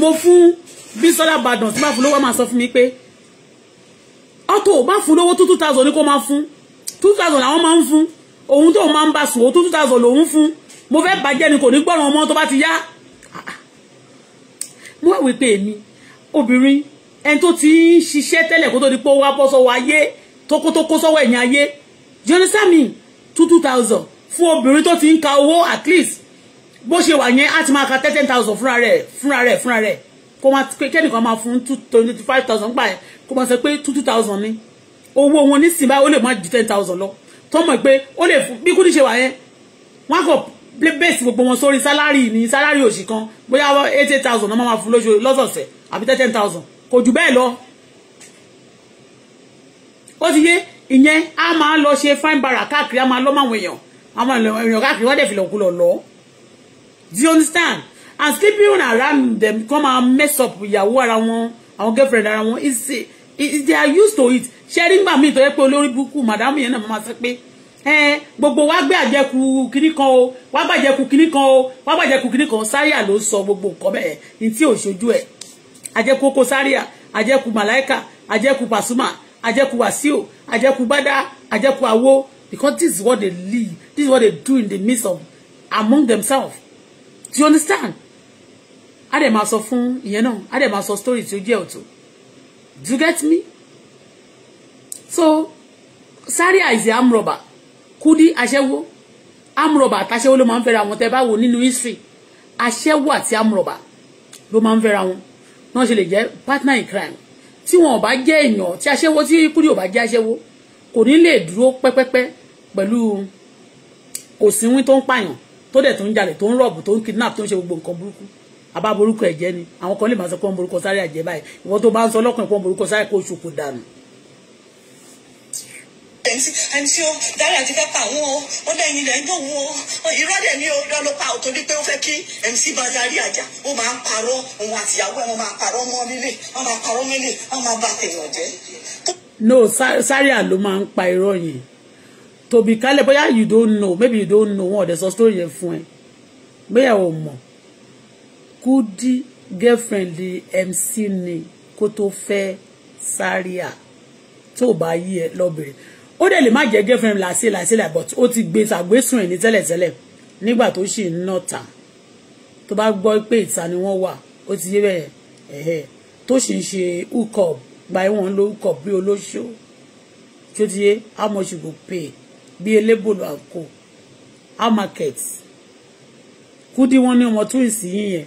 mo fún Bísọ́lá Badàn tí bá fún lówó máa sọ fún mi pé ọtọ bá fún lówó two two thousand ni kò máa fún two thousand làwọn máa ń fún òun tó máa ń bá sùn two thousand lòun fún mo fẹ́ bàjẹ́ ni kò ní gbọ́ràn ọmọ tó bá ti yá ah, ah. mo wá wí pé èmi obìnrin ẹni tó ti ń ṣiṣẹ́ tẹ́lẹ̀ kó tó di pé ó wá bọ́ sọ́wọ́ ayé tókó tó kó sọ́wọ́ ẹ̀yìn ayé you two two thousand fún obìnrin tó ti ń ka owó at least bó ṣe wà yẹn á ti máa ka ten thousand fúnra rẹ̀ fúnra rẹ̀ fúnra rẹ̀ kó máa kẹ́nìkan máa fún twenty five thousand gbà yẹn kó máa sọ pé two two thousand ni owó wọn nísìnyí báyìí ó lè má ju ten thousand lọ tó mọ̀ pé ó lè fún bí kúndìṣe wà yẹn wọn kò bẹ́ẹ̀sì gbogbo wọn sórí sálárì ní sálárì òṣì kan bóyá eight thousand náà máa fún lóṣooṣù lọ́sọ̀ọ̀sẹ̀ àbí ten thousand kò jù bẹ́ẹ̀ lọ ó ti yé ìyẹn a máa lọ ṣe fine bara káàkiri a máa lọ́ máwọn èèyàn a máa lọ èèyàn káàkiri wọ́n dẹ̀ fi lọ́kú lọ lọ do you understand and sleeping around them come and mess up ìyàwó ara wọn àwọn girlfriend ara wọn is Is they are used to it ṣe rí nígbà míì tó yẹ pé olórí burúkú màdámù yẹn náà máa sọ pé ẹ gbogbo wa gbé àjẹkù kínní kan o wa gbàjẹkù kínní kan o wa gbàjẹkù kínní kan sáyà ló sọ gbogbo nǹkan bẹ́ẹ̀ ní tí ò ṣojú ẹ̀ àjẹkù Koko Zaria àjẹkù Malaika àjẹkù Pasuma àjẹkù Wasiu àjẹkù Bada àjẹkù Awo because this is what they live this is what they do in the midst of among themselves do you understand a dẹ̀ máa sọ fún ìyẹn náà a dẹ̀ máa sọ story tí ó jẹ́ ọ̀tọ̀ do you get me so Saria is the arm robber Kudi aṣẹ́wó arm robber àtàṣẹ́wó ló máa ń fẹ́ra wọn tẹ́ bá wò nínú history aṣẹ́wó àti arm robber ló máa ń fẹ́ra wọn náà ṣe lè jẹ́ partner in crime tí wọn ò bá jẹ́ èèyàn tí aṣẹ́wó tí Kúdí ò bá jẹ́ aṣẹ́wó kò ní lè dúró pẹ́pẹ́pẹ́ pẹ̀lú kò síwín tó ń pààyàn tó dẹ̀ tó ń jalè tó ń rọ̀bù tó ń kidnap tó ń ṣe gbogbo nǹkan burúkú àbá borúkọ ẹ̀jẹ̀ ni àwọn kan lè máa sọ pé wọ́n borúkọ sáré àjẹ́ báyìí ìwọ́n tó bá ń sọ ọlọ́kùnrin pé wọ́n borúkọ sáré kó oṣù kò dànù àǹtí àǹtí o dárí àti fẹ́ pa àwọn o wọ́n lẹ́yìn ilẹ̀ ń dùn o irọ́ dẹ̀ ni o irọ́ ló pa o torí pé fẹ́ kí MC Bazari àjà ó máa ń parọ́ òun àtìyàwó ẹ̀ wọ́n máa parọ́ mọ́ nílé wọ́n máa parọ́ nílé wọ́n máa bà tèèyàn jẹ́. no Zaria ló máa ń pa irọ́ yẹn tòbí kálẹ̀ bóyá you don't know maybe you don't know wọn ò dẹ̀ sọ story yẹn fún ẹ bóyá ò mọ̀ Kudi girlfriend MC ni kó tó fẹ́ Zaria tó bá yí ẹ lọ́bìnrin ó dẹ̀ lè má jẹ́ girlfriend làṣẹ làṣẹ là but ó ti gbé tàgbésùn ẹ̀ ní tẹ́lẹ̀tẹ́lẹ̀ nígbà tó sì ń nà tà tó bá gbọ́ pé ìta ni wọ́n wà ó ti yé bẹ́ẹ̀ tó sì ń ṣe hookup gba ẹ̀wọ̀n ń lo hookup bí olóṣó tí ó ti yé how much you go pay bí elébòlò àkó how market kúdí wọ́n ní ọmọ twins yín yẹn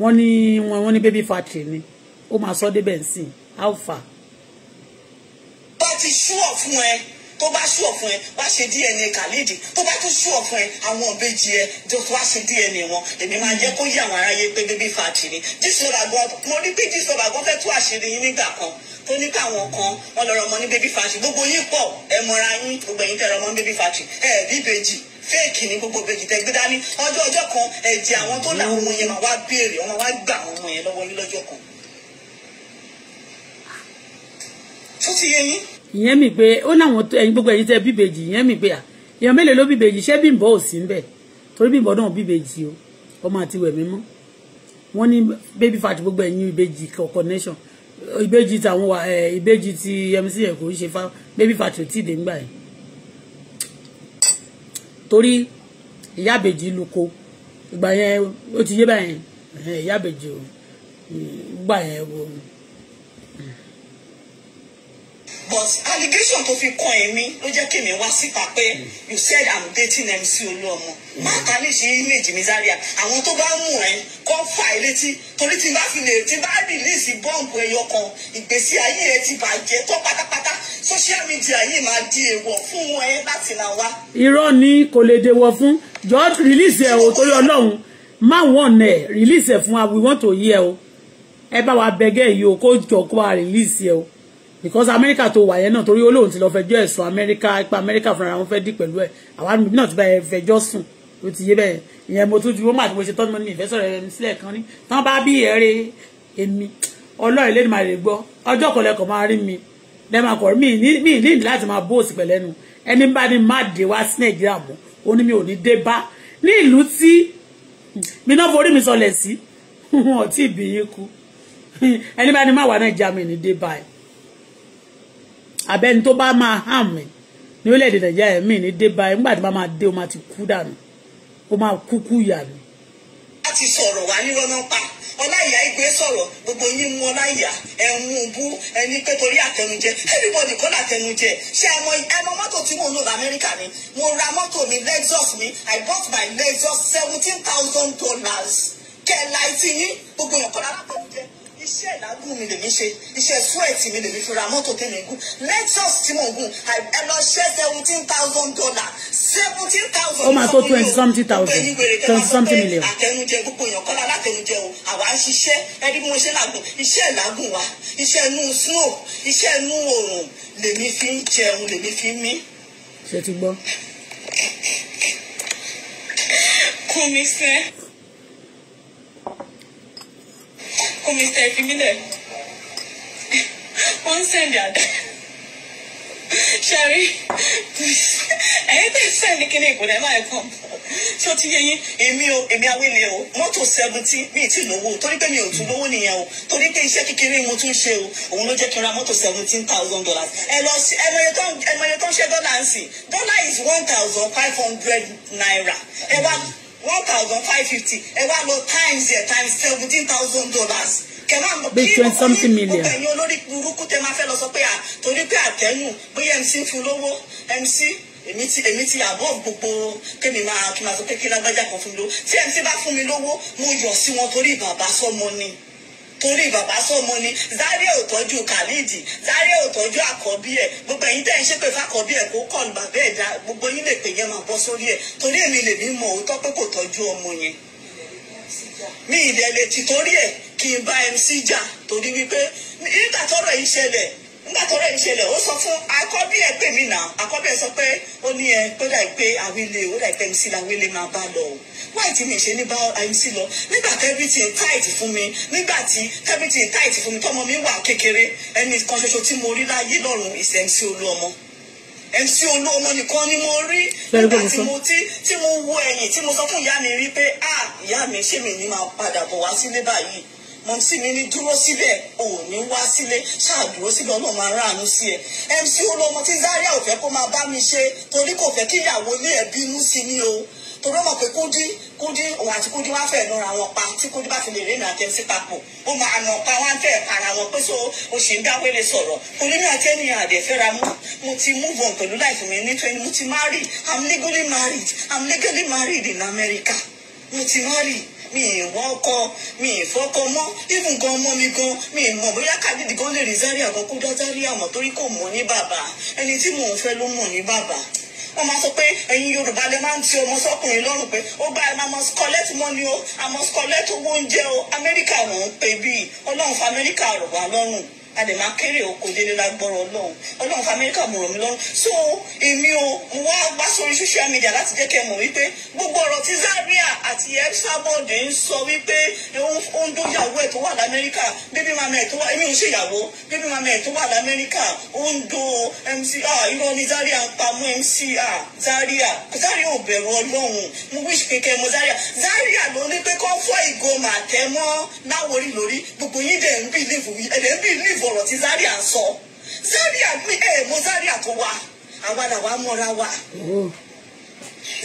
wọ́n ní wọ́n ní baby factory ni ó máa sọ débẹ̀ nsìn how far ti ṣúọ̀ fún ẹ tó bá ṣúọ̀ fún ẹ wá ṣe DNA kàlídì tó bá tún ṣúọ̀ fún ẹ àwọn ìbejì ẹ tó wá ṣe DNA wọn èmi máa jẹ́ kó yí àwọn aráyé pé bébí fàtì ni dísòlàgọ́ mo rí pé dísòlàgọ́ fẹ́ tú àṣírí yín nígbà kan tó ní káwọn kan wọn lọ rọmọ ní bébí fàtì gbogbo yín pọ̀ ẹ mọra yín gbogbo ẹ̀yin tẹ́ rọmọ ní bébí fàtì ẹ bí ìbejì fẹ́ẹ̀kì ní gbogbo ìbejì tẹ́ gbé dání ọjọ́ ọjọ́ kan ẹ̀jẹ̀ àwọn tó là ọmọ yẹn wá béèrè wọn wá gbà àwọn ọmọ yẹn lọ́wọ́ yín lọ́jọ́ kan. tó ti yín ìyẹn mi pé ó náwọn ẹyin gbogbo ẹyin tẹ bíbejì ìyẹn mi pé à èèyàn mélòó ló bíbejì ṣé bímbọ ò sí nbẹ torí bímbọ náà bíbejì o ọmọ àti ìwẹ̀ mímọ́ wọ́n ní baby fat gbogbo ẹyin ìbejì connection ìbejì tàwọn wà ẹ ìbejì ti mc yẹn ṣe fa baby fat ò tí ì dé ńgbà yìí torí ìyá ìbejì luko ìgbà yẹn ó ti yé báyẹn ìyá ìbejì ò gbà yẹn o but allegation tó fi kan èmi ló jẹ́ kí èmi wá síta pé you said i'm dating MC Olúọmọ má kà lè ṣe image mi Zaria àwọn tó bá mú ẹ kọ́ fà é létí torí tí bá fi lè tí bá rìlíìsì bọ́ǹbù ẹyọ kan ìgbésí ayé ẹ ti bàjẹ́ tó pátápátá social media yìí máa di èèwọ̀ fún wọn ẹ láti là wá. irọ́ ni kò lè dèwọ̀ fún just release ẹ̀ o torí ọlọ́run má wọ̀n ẹ̀ release ẹ̀ fún wa we want to hear o ẹ bá wa bẹ̀gẹ́ yìí o kó jọ kó wa release ẹ̀ o because America tó wà yẹn náà torí olóhùn ti lọ fẹjọ́ ẹ̀sùn America ipa America fúnra wọn fẹ́ dì pẹ̀lú ẹ̀ àwa níbi náà ti bá ẹ fẹjọ́ sùn ó ti yé bẹ́ẹ̀ ìyẹn mo tún ju ó mà tí mo ṣe tọ́jú mi ìfẹ́ sọ̀rọ̀ ẹni sílẹ̀ kan ní tán bá bí ẹ̀rẹ́ èmi ọlọ́rin lẹ́nu máa lè gbọ́ ọjọ́ kan lẹ́kọ̀ọ́ máa rí mi lẹ́nu máa kọ̀ mí ní ìdí láti máa bó òsì pẹ̀lẹ́nu ẹni bá ní má dé wá sí Nàìjíríà mọ́ ó ní mi ò ní dé bá ní ìlú tí mi náà forí mi sọlẹ̀ sí wọn ò tí ì bí yín kú ẹni bá ní má wà náà já mi ní dé abẹ́ni tó bá máa hàn mí ní orílẹ̀-èdè nàìjíríà yẹn mí ní dé báyìí nígbà tí bá máa dé o máa ti kú dànù o máa kúkú yà mí. a ti sọ̀rọ̀ wá nírọ́ náà pa ọláìyá igbe sọ̀rọ̀ gbogbo yín mú ọláìyá ẹ mú bú ẹni pé torí àtẹnujẹ everybody kọ́ látẹnujẹ ṣé ẹ mọ ẹ mọ mọ́tò tí mò ń lò lamẹ́ríkà ni mo ra mọ́tò mi lexus mi i bought my lexus seventeen thousand dollars kẹ́ẹ̀ láì sí yín gbogbo yẹn kọ́ látẹnujẹ iṣẹ́ ìlágùn mi lèmi ṣe iṣẹ́ sweat mi lèmi fi ra mọ́tò tèmi gùn lexus tí mo gùn ẹ lọ ṣe seventeen thousand dollar seventeen thousand. ó máa tó twenty something thousand twenty something million. àtẹnujẹ gbogbo èèyàn kọ́lá látẹnujẹ o àwa ń ṣiṣẹ́ ẹni bí mo ṣe làgùn iṣẹ́ ìlágùn wa iṣẹ́ inú snow iṣẹ́ inú oòrùn lèmi fi ń jẹun lèmi fi ń mí. ṣe ti gbọ́. kùmí sẹ́. Come, mi sẹ́ fi mí lẹ̀ wọ́n ń sẹ́ndì àdá ṣẹ́rí ẹ̀yin tẹ̀ sẹ́ndì kí ni ìpínlẹ̀ máa kọ́ ṣé o ti yé yín èmi o èmi awele o seventy mi ì tí ì lówó torí pé mi ò tún lówó nìyẹn o torí pé iṣẹ́ kékeré mo tún ṣe o òun ló jẹ́ kí n seventeen thousand dollars ẹ lọ sí ẹmọye tó ń ṣe dọ́là ń sìn Dollar is one thousand five hundred naira ẹ wá one thousand five fifty ẹ wá lọ times ẹ times seventeen thousand dollars kẹfà bí twenty something million. ọkọ ẹ̀yin olórí burúkú tẹ máa fẹ́ lọ sọ pé à torí pé àtẹnu bóyá mc ń fún lówó mc èmi ti èmi ti àbọ̀ gbogbo kémi máa kí n máa sọ pé kí lágbájá kan fún mi lówó tí mc bá fún mi lówó mo yọ̀ sí wọn torí bàbá sọmọ ni torí bàbá sọmọ ni Zaria ò tọ́jú Khalid Zaria ò tọ́jú àkọ́bí ẹ̀ gbogbo ẹ̀yin tẹ́ ń ṣépè fàkọ́bí ẹ̀ kó kọ́ ní bàbá ẹ̀ dá gbogbo yín lè pè yẹn máa bọ́ sórí ẹ̀ torí èmi lèmi mọ̀ òótọ́ pé kò tọ́jú ọmọ yẹn mi ìdẹ̀lẹ̀ tìtorí ẹ̀ kì í bá MC jà torí wípé nígbà tọ́rọ̀ yìí ṣẹlẹ̀ nígbà tó rẹ̀ ń ṣẹlẹ̀ ó sọ fún akọ́bí ẹ̀ pè mí náà akọ́bí ẹ̀ sọ pé ó ní ẹ tó dà pé àwílé ó dà pé MC làwílé máa bá lọ o wáì tí mi ṣe ní bá MC lọ nígbà everything tight fún mi nígbà tí everything tight fún mi tọmọ mi wà kékeré ẹni kan ṣoṣo tí mo rí láyé lọ́rùn is MC Olúọmọ MC Olúọmọ nìkan ni mo rí nígbà tí mo ti tí mo wo ẹ̀yìn tí mo sọ fún ìyá mi rí pé ah ìyá mi ṣé mi ní máa padà bọ̀ wá sílé báyìí mọ̀mísí mi ní dúró síbẹ̀ ò ní wá sílé ṣáà dúró síbẹ̀ ọlọ́run máa ráàánú sí ẹ MC olómọ tí Zaria ò fẹ́ kó máa bá mi ṣe torí kò fẹ́ kí ìyàwó ilé ẹ̀ bínú sí mi o torí ó pé Kúdí Kúdí òun àti Kúdí wá fẹ́ lọ́ra wọn pa tí Kúdí bá fi lè rí ìrìn àjẹ sí papọ̀ ó máa nà pa wọn fẹ́ para wọn pé so o ṣì ń dáwélé sọ̀rọ̀ onímọ̀ akẹ́niyàn àdẹ̀fẹ́ra mú mo ti move on pẹ̀lú láìfún mi ní twenty mo ti marry I'm legally married I'm legally married in America mo ti marry mi ì wọ́n kọ́ mi ì fọ́kọ́ mọ́ even gan mọ́ mi gan mi ì mọ̀ bóyá kàdídì gan lè rí Zaria gan kó dá Zaria mọ̀ torí kò mọ̀ ní bàbá ẹni tí mò ń fẹ́ ló mọ̀ ní bàbá wọ́n máa sọ pé ẹ̀yin yorùbá lè máa ń ti ọmọ sọ́kùnrin lọ́rùn pé ó gba ẹ̀ máa collect money o àmọ́ collect owó oúnjẹ o amẹ́ríkà wọ́n ń pè bíi ọlọ́run fún amẹ́ríkà rọ̀ wá lọ́rùn a dẹ̀ máa kéré oko délé lágbọ́rọ̀ ọlọ́run ọlọ́run fún amẹ́ríkà mo ràn lọ́rùn so èmi o mo wá wá sórí social media láti jẹ́ kẹ́ ẹ mọ̀ wípé gbogbo ọ̀rọ̀ tí Zaria àti EFCABOD ń sọ wípé ó ń dún ìyàwó ẹ̀ tó wà lamẹ́ríkà bébí mama ẹ̀ tó wà èmi ò ṣe ìyàwó bébí mama ẹ̀ tó wà lamẹ́ríkà ó ń do MCR irọ́ ni Zaria ń pamọ́ MCR Zaria Zaria ò bẹ̀rù ọlọ́run mo wíṣ kékeré mo Zaria Zaria ló ní pé kọ́ fọ́ ìgò màtẹ́mọ́ láwòrí lórí gbogbo yín dẹ̀ ń bìlíìfù gbogbo ọ̀rọ̀ tí Zaria sọ Zaria mi ẹ̀ mọ Zaria tó wa àwa làwa mọ́ra wa mm-hmm.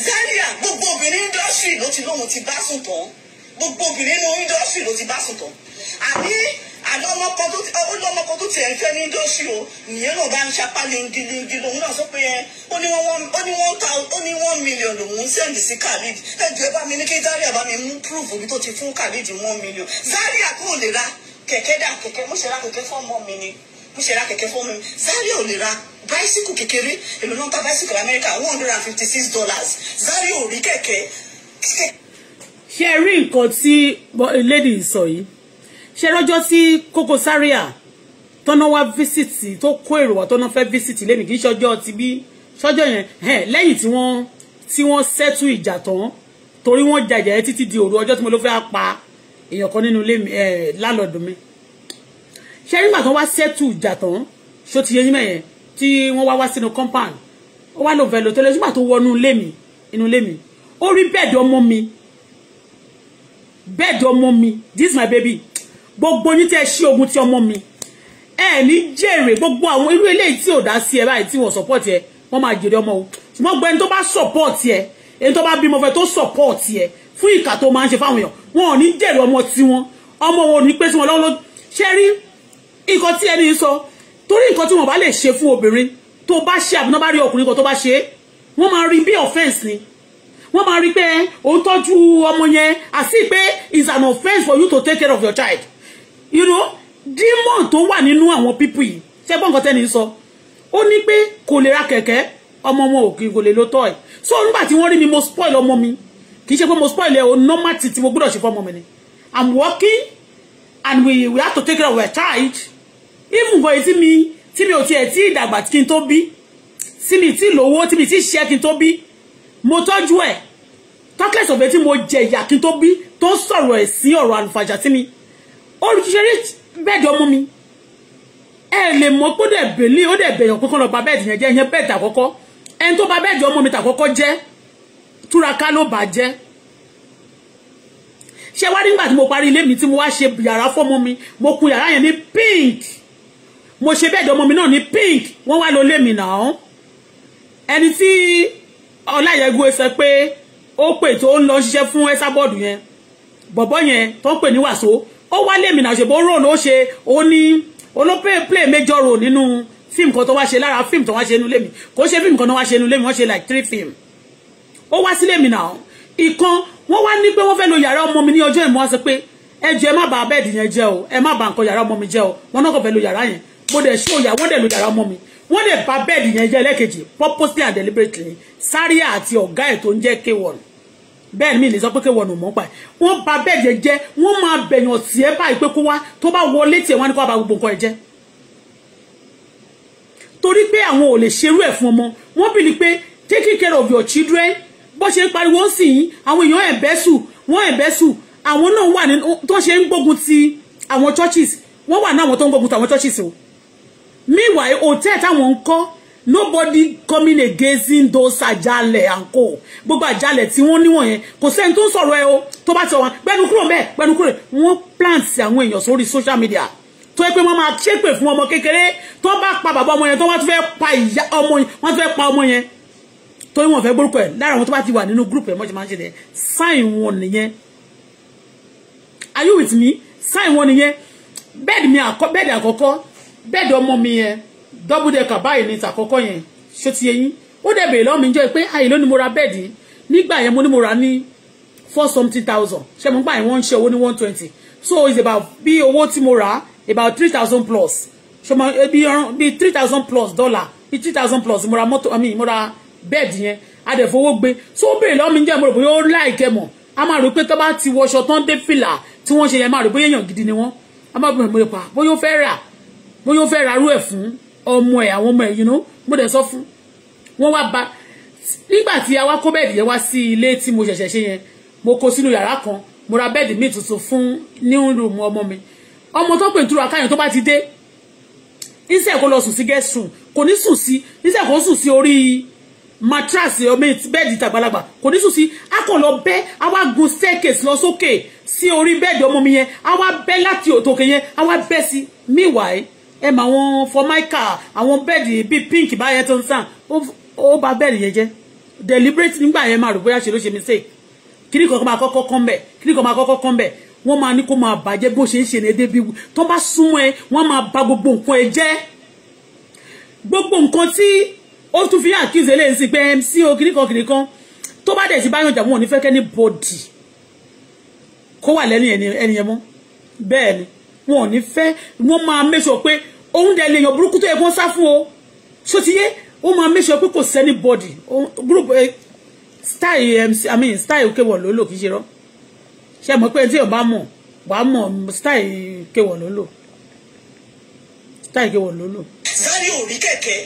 Zaria gbogbo obìnrin indọ́sírì ló ti lóun ti bá sùn tán gbogbo obìnrin inú indọ́sírì ló ti bá sùn tán àbí ọlọ́mọkọ tó tiẹ̀ ń fẹ́ ní dọ́sí o nìyẹn náà bá ń sapá lingilingi lòun náà sọ pé ẹ ó ní wọ́n ta ó ní one million lòun ń sẹ́ndì sí Khalid ẹ̀jọ̀ ẹ bá mi ní kí Zaria bá mi mú proof omi tó ti fún Khalid one million Zaria kò lè ra kẹ̀kẹ́ dà kẹ̀kẹ́ mo ṣe ra kẹ̀kẹ́ fún ọmọ mi ni mo ṣe ra kẹ̀kẹ́ fún ọmọ mi Zaria ò lè ra báísíkù kékeré èlò náà ta báísíkù lamẹ́ríkà one hundred and fifty six dollars Zaria ò rí kẹ̀kẹ́. ṣé rí nǹkan tí lady sọ yìí ṣé lọ́jọ́ tí Koko Zaria tọ́nà wá fíṣítì tó kó èrò wá tọ́nà fẹ́ fíṣítì lẹ́nu kì í ṣọjọ́ ti bí ṣọjọ́ yẹn lẹ́yìn tí wọ́n tí wọ́n ṣẹ́tù ìjà tán torí wọ́n jàjà ẹ títí di òru ọjọ́ tí mo ló fẹ́ pa á èèyàn kan nínú ilé mi ẹ lálọ́dún mi ṣé nígbà tó wá sẹ́tù ìjà tán ṣó ti yẹ yín mẹ́yẹn tí wọ́n wá wá sínú compound ó wá lòun fẹ́ lò tẹ́lẹ̀ nígbà tó wọnú ilé mi inú ilé mi ó rí bẹ́ẹ̀dì ọmọ mi bẹ́ẹ̀dì ọmọ mi this my baby gbogbo yín tẹ́ ṣí ogun ti ọmọ mi ẹ ní jèrè gbogbo àwọn irú eléyìí tí ò dá sí ẹ báyìí tí wọ́n support ẹ wọ́n máa jèrè ọmọ o ṣùgbọ́n gbẹ́ni tó bá support ẹ ẹni tó bá bímọ fẹ́ tó support ẹ fún ìkà tó máa ń ṣe fáwọn èèyàn wọn ò ní jèrè ọmọ tiwọn ọmọ wọn ò ní pé sí wọn lọ́wọ́ ṣe rí nǹkan tí ẹni sọ torí nǹkan tí wọn bá lè ṣe fún obìnrin tó bá ṣe àbúná bá rí ọkùnrin kan tó bá ṣe é wọn máa rí bí offence ni wọn máa rí pé òun tọ́jú ọmọ yẹn àti pé it's an offence for you to take care of your child you know demon tó wà nínú àwọn pípù yìí ṣẹ́gbọ́n nǹkan tẹ́ni sọ ó ní pé kò lè ra kẹ̀kẹ́ ọmọ wọn ò kì í kò lè lo tọ́ so nígbà tí wọ́n rí mi mo spoil ọmọ mi kì í ṣe mo spoil ẹ o normal ti tí mo gbọ́dọ̀ ṣe fọ́mọ mi ni i'm working and we we have to take care of our child even for etí mi tí mi ò tiẹ̀ tí ìdàgbà kí n tó bí tí mi tí lówó tí mi tí ṣe kí n tó bí mo tọ́jú ẹ̀ tọ́kẹ́sì ọ̀bẹ tí mo jẹ ìyà kí n tó bí tó sọ̀rọ̀ ẹ̀ sí ọ̀rọ̀ àlùfàjà sí mi olùṣeré bẹ́ẹ̀dì ọmú mi ẹ lè mọ pé ó dẹ̀ bèlè ó dẹ̀ bẹ̀yàn pé kọ́ lọ bà bẹ́ẹ̀dì yẹn jẹ́ ìyẹn bẹ́ẹ̀dì àkọ́kọ́ ẹni tó bà bẹ́ẹ̀dì ọmọ mi tàkọ́kọ́ jẹ́ túraká ló bàjẹ́ ṣé wá nígbà tí mo parí ilé mi tí mo wá ṣe yàrá fọ́mọ mi mo ku yàrá yẹn ní pink mo ṣe bẹ́ẹ̀dì ọmọ mi náà ní pink wọ́n wá lọ lé mi náà ẹni tí ọláyẹgùn ẹ sọ pé ó pè tó ń lọ ṣiṣẹ́ fún ẹ́sà bọ́ọ̀dù yẹn bọ̀bọ́ yẹn tó ń pè ní wàsó ó wá lé mi náà ṣèbó rò ló ṣe ó ní olópè play major role nínú fíìmù kan tó wá ṣe lára fíìmù tó wá ṣe nínú lé mi kò ṣe fíìmù kan tó wá ṣe nínú mi wọ́n ṣe like three films ó wá sílé mi náà ìkan wọ́n wá ní pé wọ́n fẹ́ lo yàrá ọmọ mi ní ọjọ́ ìmọ̀ wọ́n sọ pé ẹ jẹ́ ẹ má bà bẹ́ẹ̀dì yẹn jẹ́ o ẹ má bà nǹkan yàrá ọmọ mi jẹ́ o wọ́n náà kàn fẹ́ lo yàrá yẹn mo dẹ̀ ṣó yà wọ́n dẹ̀ lo yàrá ọmọ mi wọ́n dẹ̀ bà bẹ́ẹ̀dì yẹn jẹ́ lẹ́ẹ̀kejì purposely and deliberately Zaria àti ọ̀gá ẹ̀ tó ń jẹ́ kéwọ̀n bẹ́ẹ̀ mi lè sọ pé kéwọ̀n ò mọ́ pa ẹ̀ wọ́n bà bẹ́ẹ̀dì yẹn jẹ́ wọ́n máa bẹ̀yàn sí ẹ báyìí pé kó wá tó bá wọlé tiẹ̀ wọ́n á ní kó wá bà gbogbo nǹkan ẹ̀ jẹ́ torí pé àwọn ò lè ṣerú ẹ̀ fún ọmọ wọ́n bìlí pé taking care of your children bó ṣe ń pariwo sí yìí àwọn èèyàn ẹ̀bẹ́sù wọ́n ẹ̀bẹ́sù àwọn náà wà ní tó ṣe ń gbógun ti àwọn churches wọ́n wà ní àwọn tó ń gbógun ti àwọn churches o meanwhile hotel táwọn ń kọ́ nobody coming against those àjálẹ̀ àǹkó gbogbo àjálẹ̀ tí wọ́n níwọ̀n yẹn kò sẹ́ni tó ń sọ̀rọ̀ ẹ o tó bá ti ọ̀wọ́n gbẹnu kúrò bẹ́ẹ̀ gbẹnu kúrò wọ́n plant àwọn èèyàn sórí social media tó yẹ pé wọ́n máa ṣépè fún ọmọ kékeré tó bá pa bàbá ọmọ yẹn tó wọ́n ti fẹ́ pa ìyá ọmọ yẹn wọ́n ti fẹ́ pa ọmọ yẹn torí wọn fẹ́ gbórúkọ ẹ̀ lára àwọn tó bá ti wà nínú gúrùpù ẹ̀ mọ́ṣẹ́ máa ń ṣe dẹ̀ sáìn wọn nìyẹn are you with me sáìn wọn nìyẹn bẹ́ẹ̀dì mi àkọ́ bẹ́ẹ̀dì àkọ́kọ́ bẹ́ẹ̀dì ọmọ mi yẹn double decker báyìí ní ìtàkọ́kọ́ yẹn ṣó ti yẹyìn ó dẹ̀ bèèrè lọ́mọ ìjọ pé àyè ló ni mo ra bẹ́ẹ̀dì nígbà yẹn mo ní mo ra ní four something thousand ṣé mo gbà yẹn wọ́n ń ṣe owó ní one twenty so it's about bí owó tí mo ra about three thousand plus ṣe mo bí three thousand plus dollar bí three thousand plus mo ra mọ́tò I mean mo ra bẹ́ẹ̀dì yẹn adẹ̀fowó gbé so ó béèrè lọ́mí jẹ́ mọ̀rọ̀ bóyá ó láìkẹ́ mọ̀ a máa rò pé tó bá ti wọṣọ tán dé fìlà tí wọ́n ṣe yẹn máa rò bóyá èèyàn gidi ni wọ́n a máa bẹ̀rẹ̀ mọ̀rẹ̀ pa bóyá ó fẹ́ rà bóyá ó fẹ́ ra arú ẹ̀ fún ọmọ ẹ̀ àwọn ọmọ ẹ̀ yìí mo dẹ̀ sọ fún wọ́n wá ba nígbà tí a wá kó bẹ́ẹ̀dì yẹn wá sí ilé tí mo ṣẹ̀ṣẹ̀ ṣe yẹn mo kó sínú yàrá kan mo ra bẹ́ẹ̀dì míì tuntun fún new room ọmọ mi ọmọ tó pè ń túra káyọ̀ tó bá ti dé iṣẹ́ kó lọ sùn sí guest room kò ní sùn sí iṣẹ́ kó sùn sí orí matras ọmọ etí bẹ́ẹ̀dì tàgbàlagbà kò ní sùn sí a kàn lọ bẹ́ a wá gun staircase lọ sókè sí orí bẹ́ẹ̀dì ọmọ mi yẹn a wá bẹ́ láti òtòkè yẹn a wá bẹ́ sí meanwhile ẹ mà wọn fọmáìkà àwọn bẹ́ẹ̀dì bíi pink ba tó ń sàn ó bà bẹ́ẹ̀dì yẹn jẹ́ deliberate nígbà yẹn máa rò bóyá ṣe ló ṣe mistake kíní kan máa kọ́kọ́ kán bẹ̀ kíní kan máa kọ́kọ́ kán bẹ̀ wọ́n máa ní kó máa bàjẹ́ bó ṣe ń ṣe ní edé bí tó bá súnmọ́ ẹ wọ́n máa gbogbo nǹkan ẹ jẹ́ gbogbo nǹkan tí ó tún fi accuse eléyìí sí pé MC o kìnìkan kìnìkan tó bá dẹ̀ ti bá yàn jà wọn ò ní fẹ́ kẹ́ni bọ́dì kó wà lẹ́yìn ẹni yẹn mọ́ bẹ́ẹ̀ ni wọn ò ní fẹ́ wọ́n máa mẹ́sọ̀ pé oúnjẹ lè yàn burúkú tó yẹ kó ń sá fún o ṣó ti yé ó máa mẹ́sọ̀ pé kò sẹ́ni bọ́dì group eh, style MC I mean style kéwọ̀ ló lò kì í ṣe rọ́ ṣe mọ̀ pé tí o mọ̀ wàá mọ̀ style kéwọ̀ ló lò style kéwọ̀ ló lò. sáré òrí kẹ̀kẹ́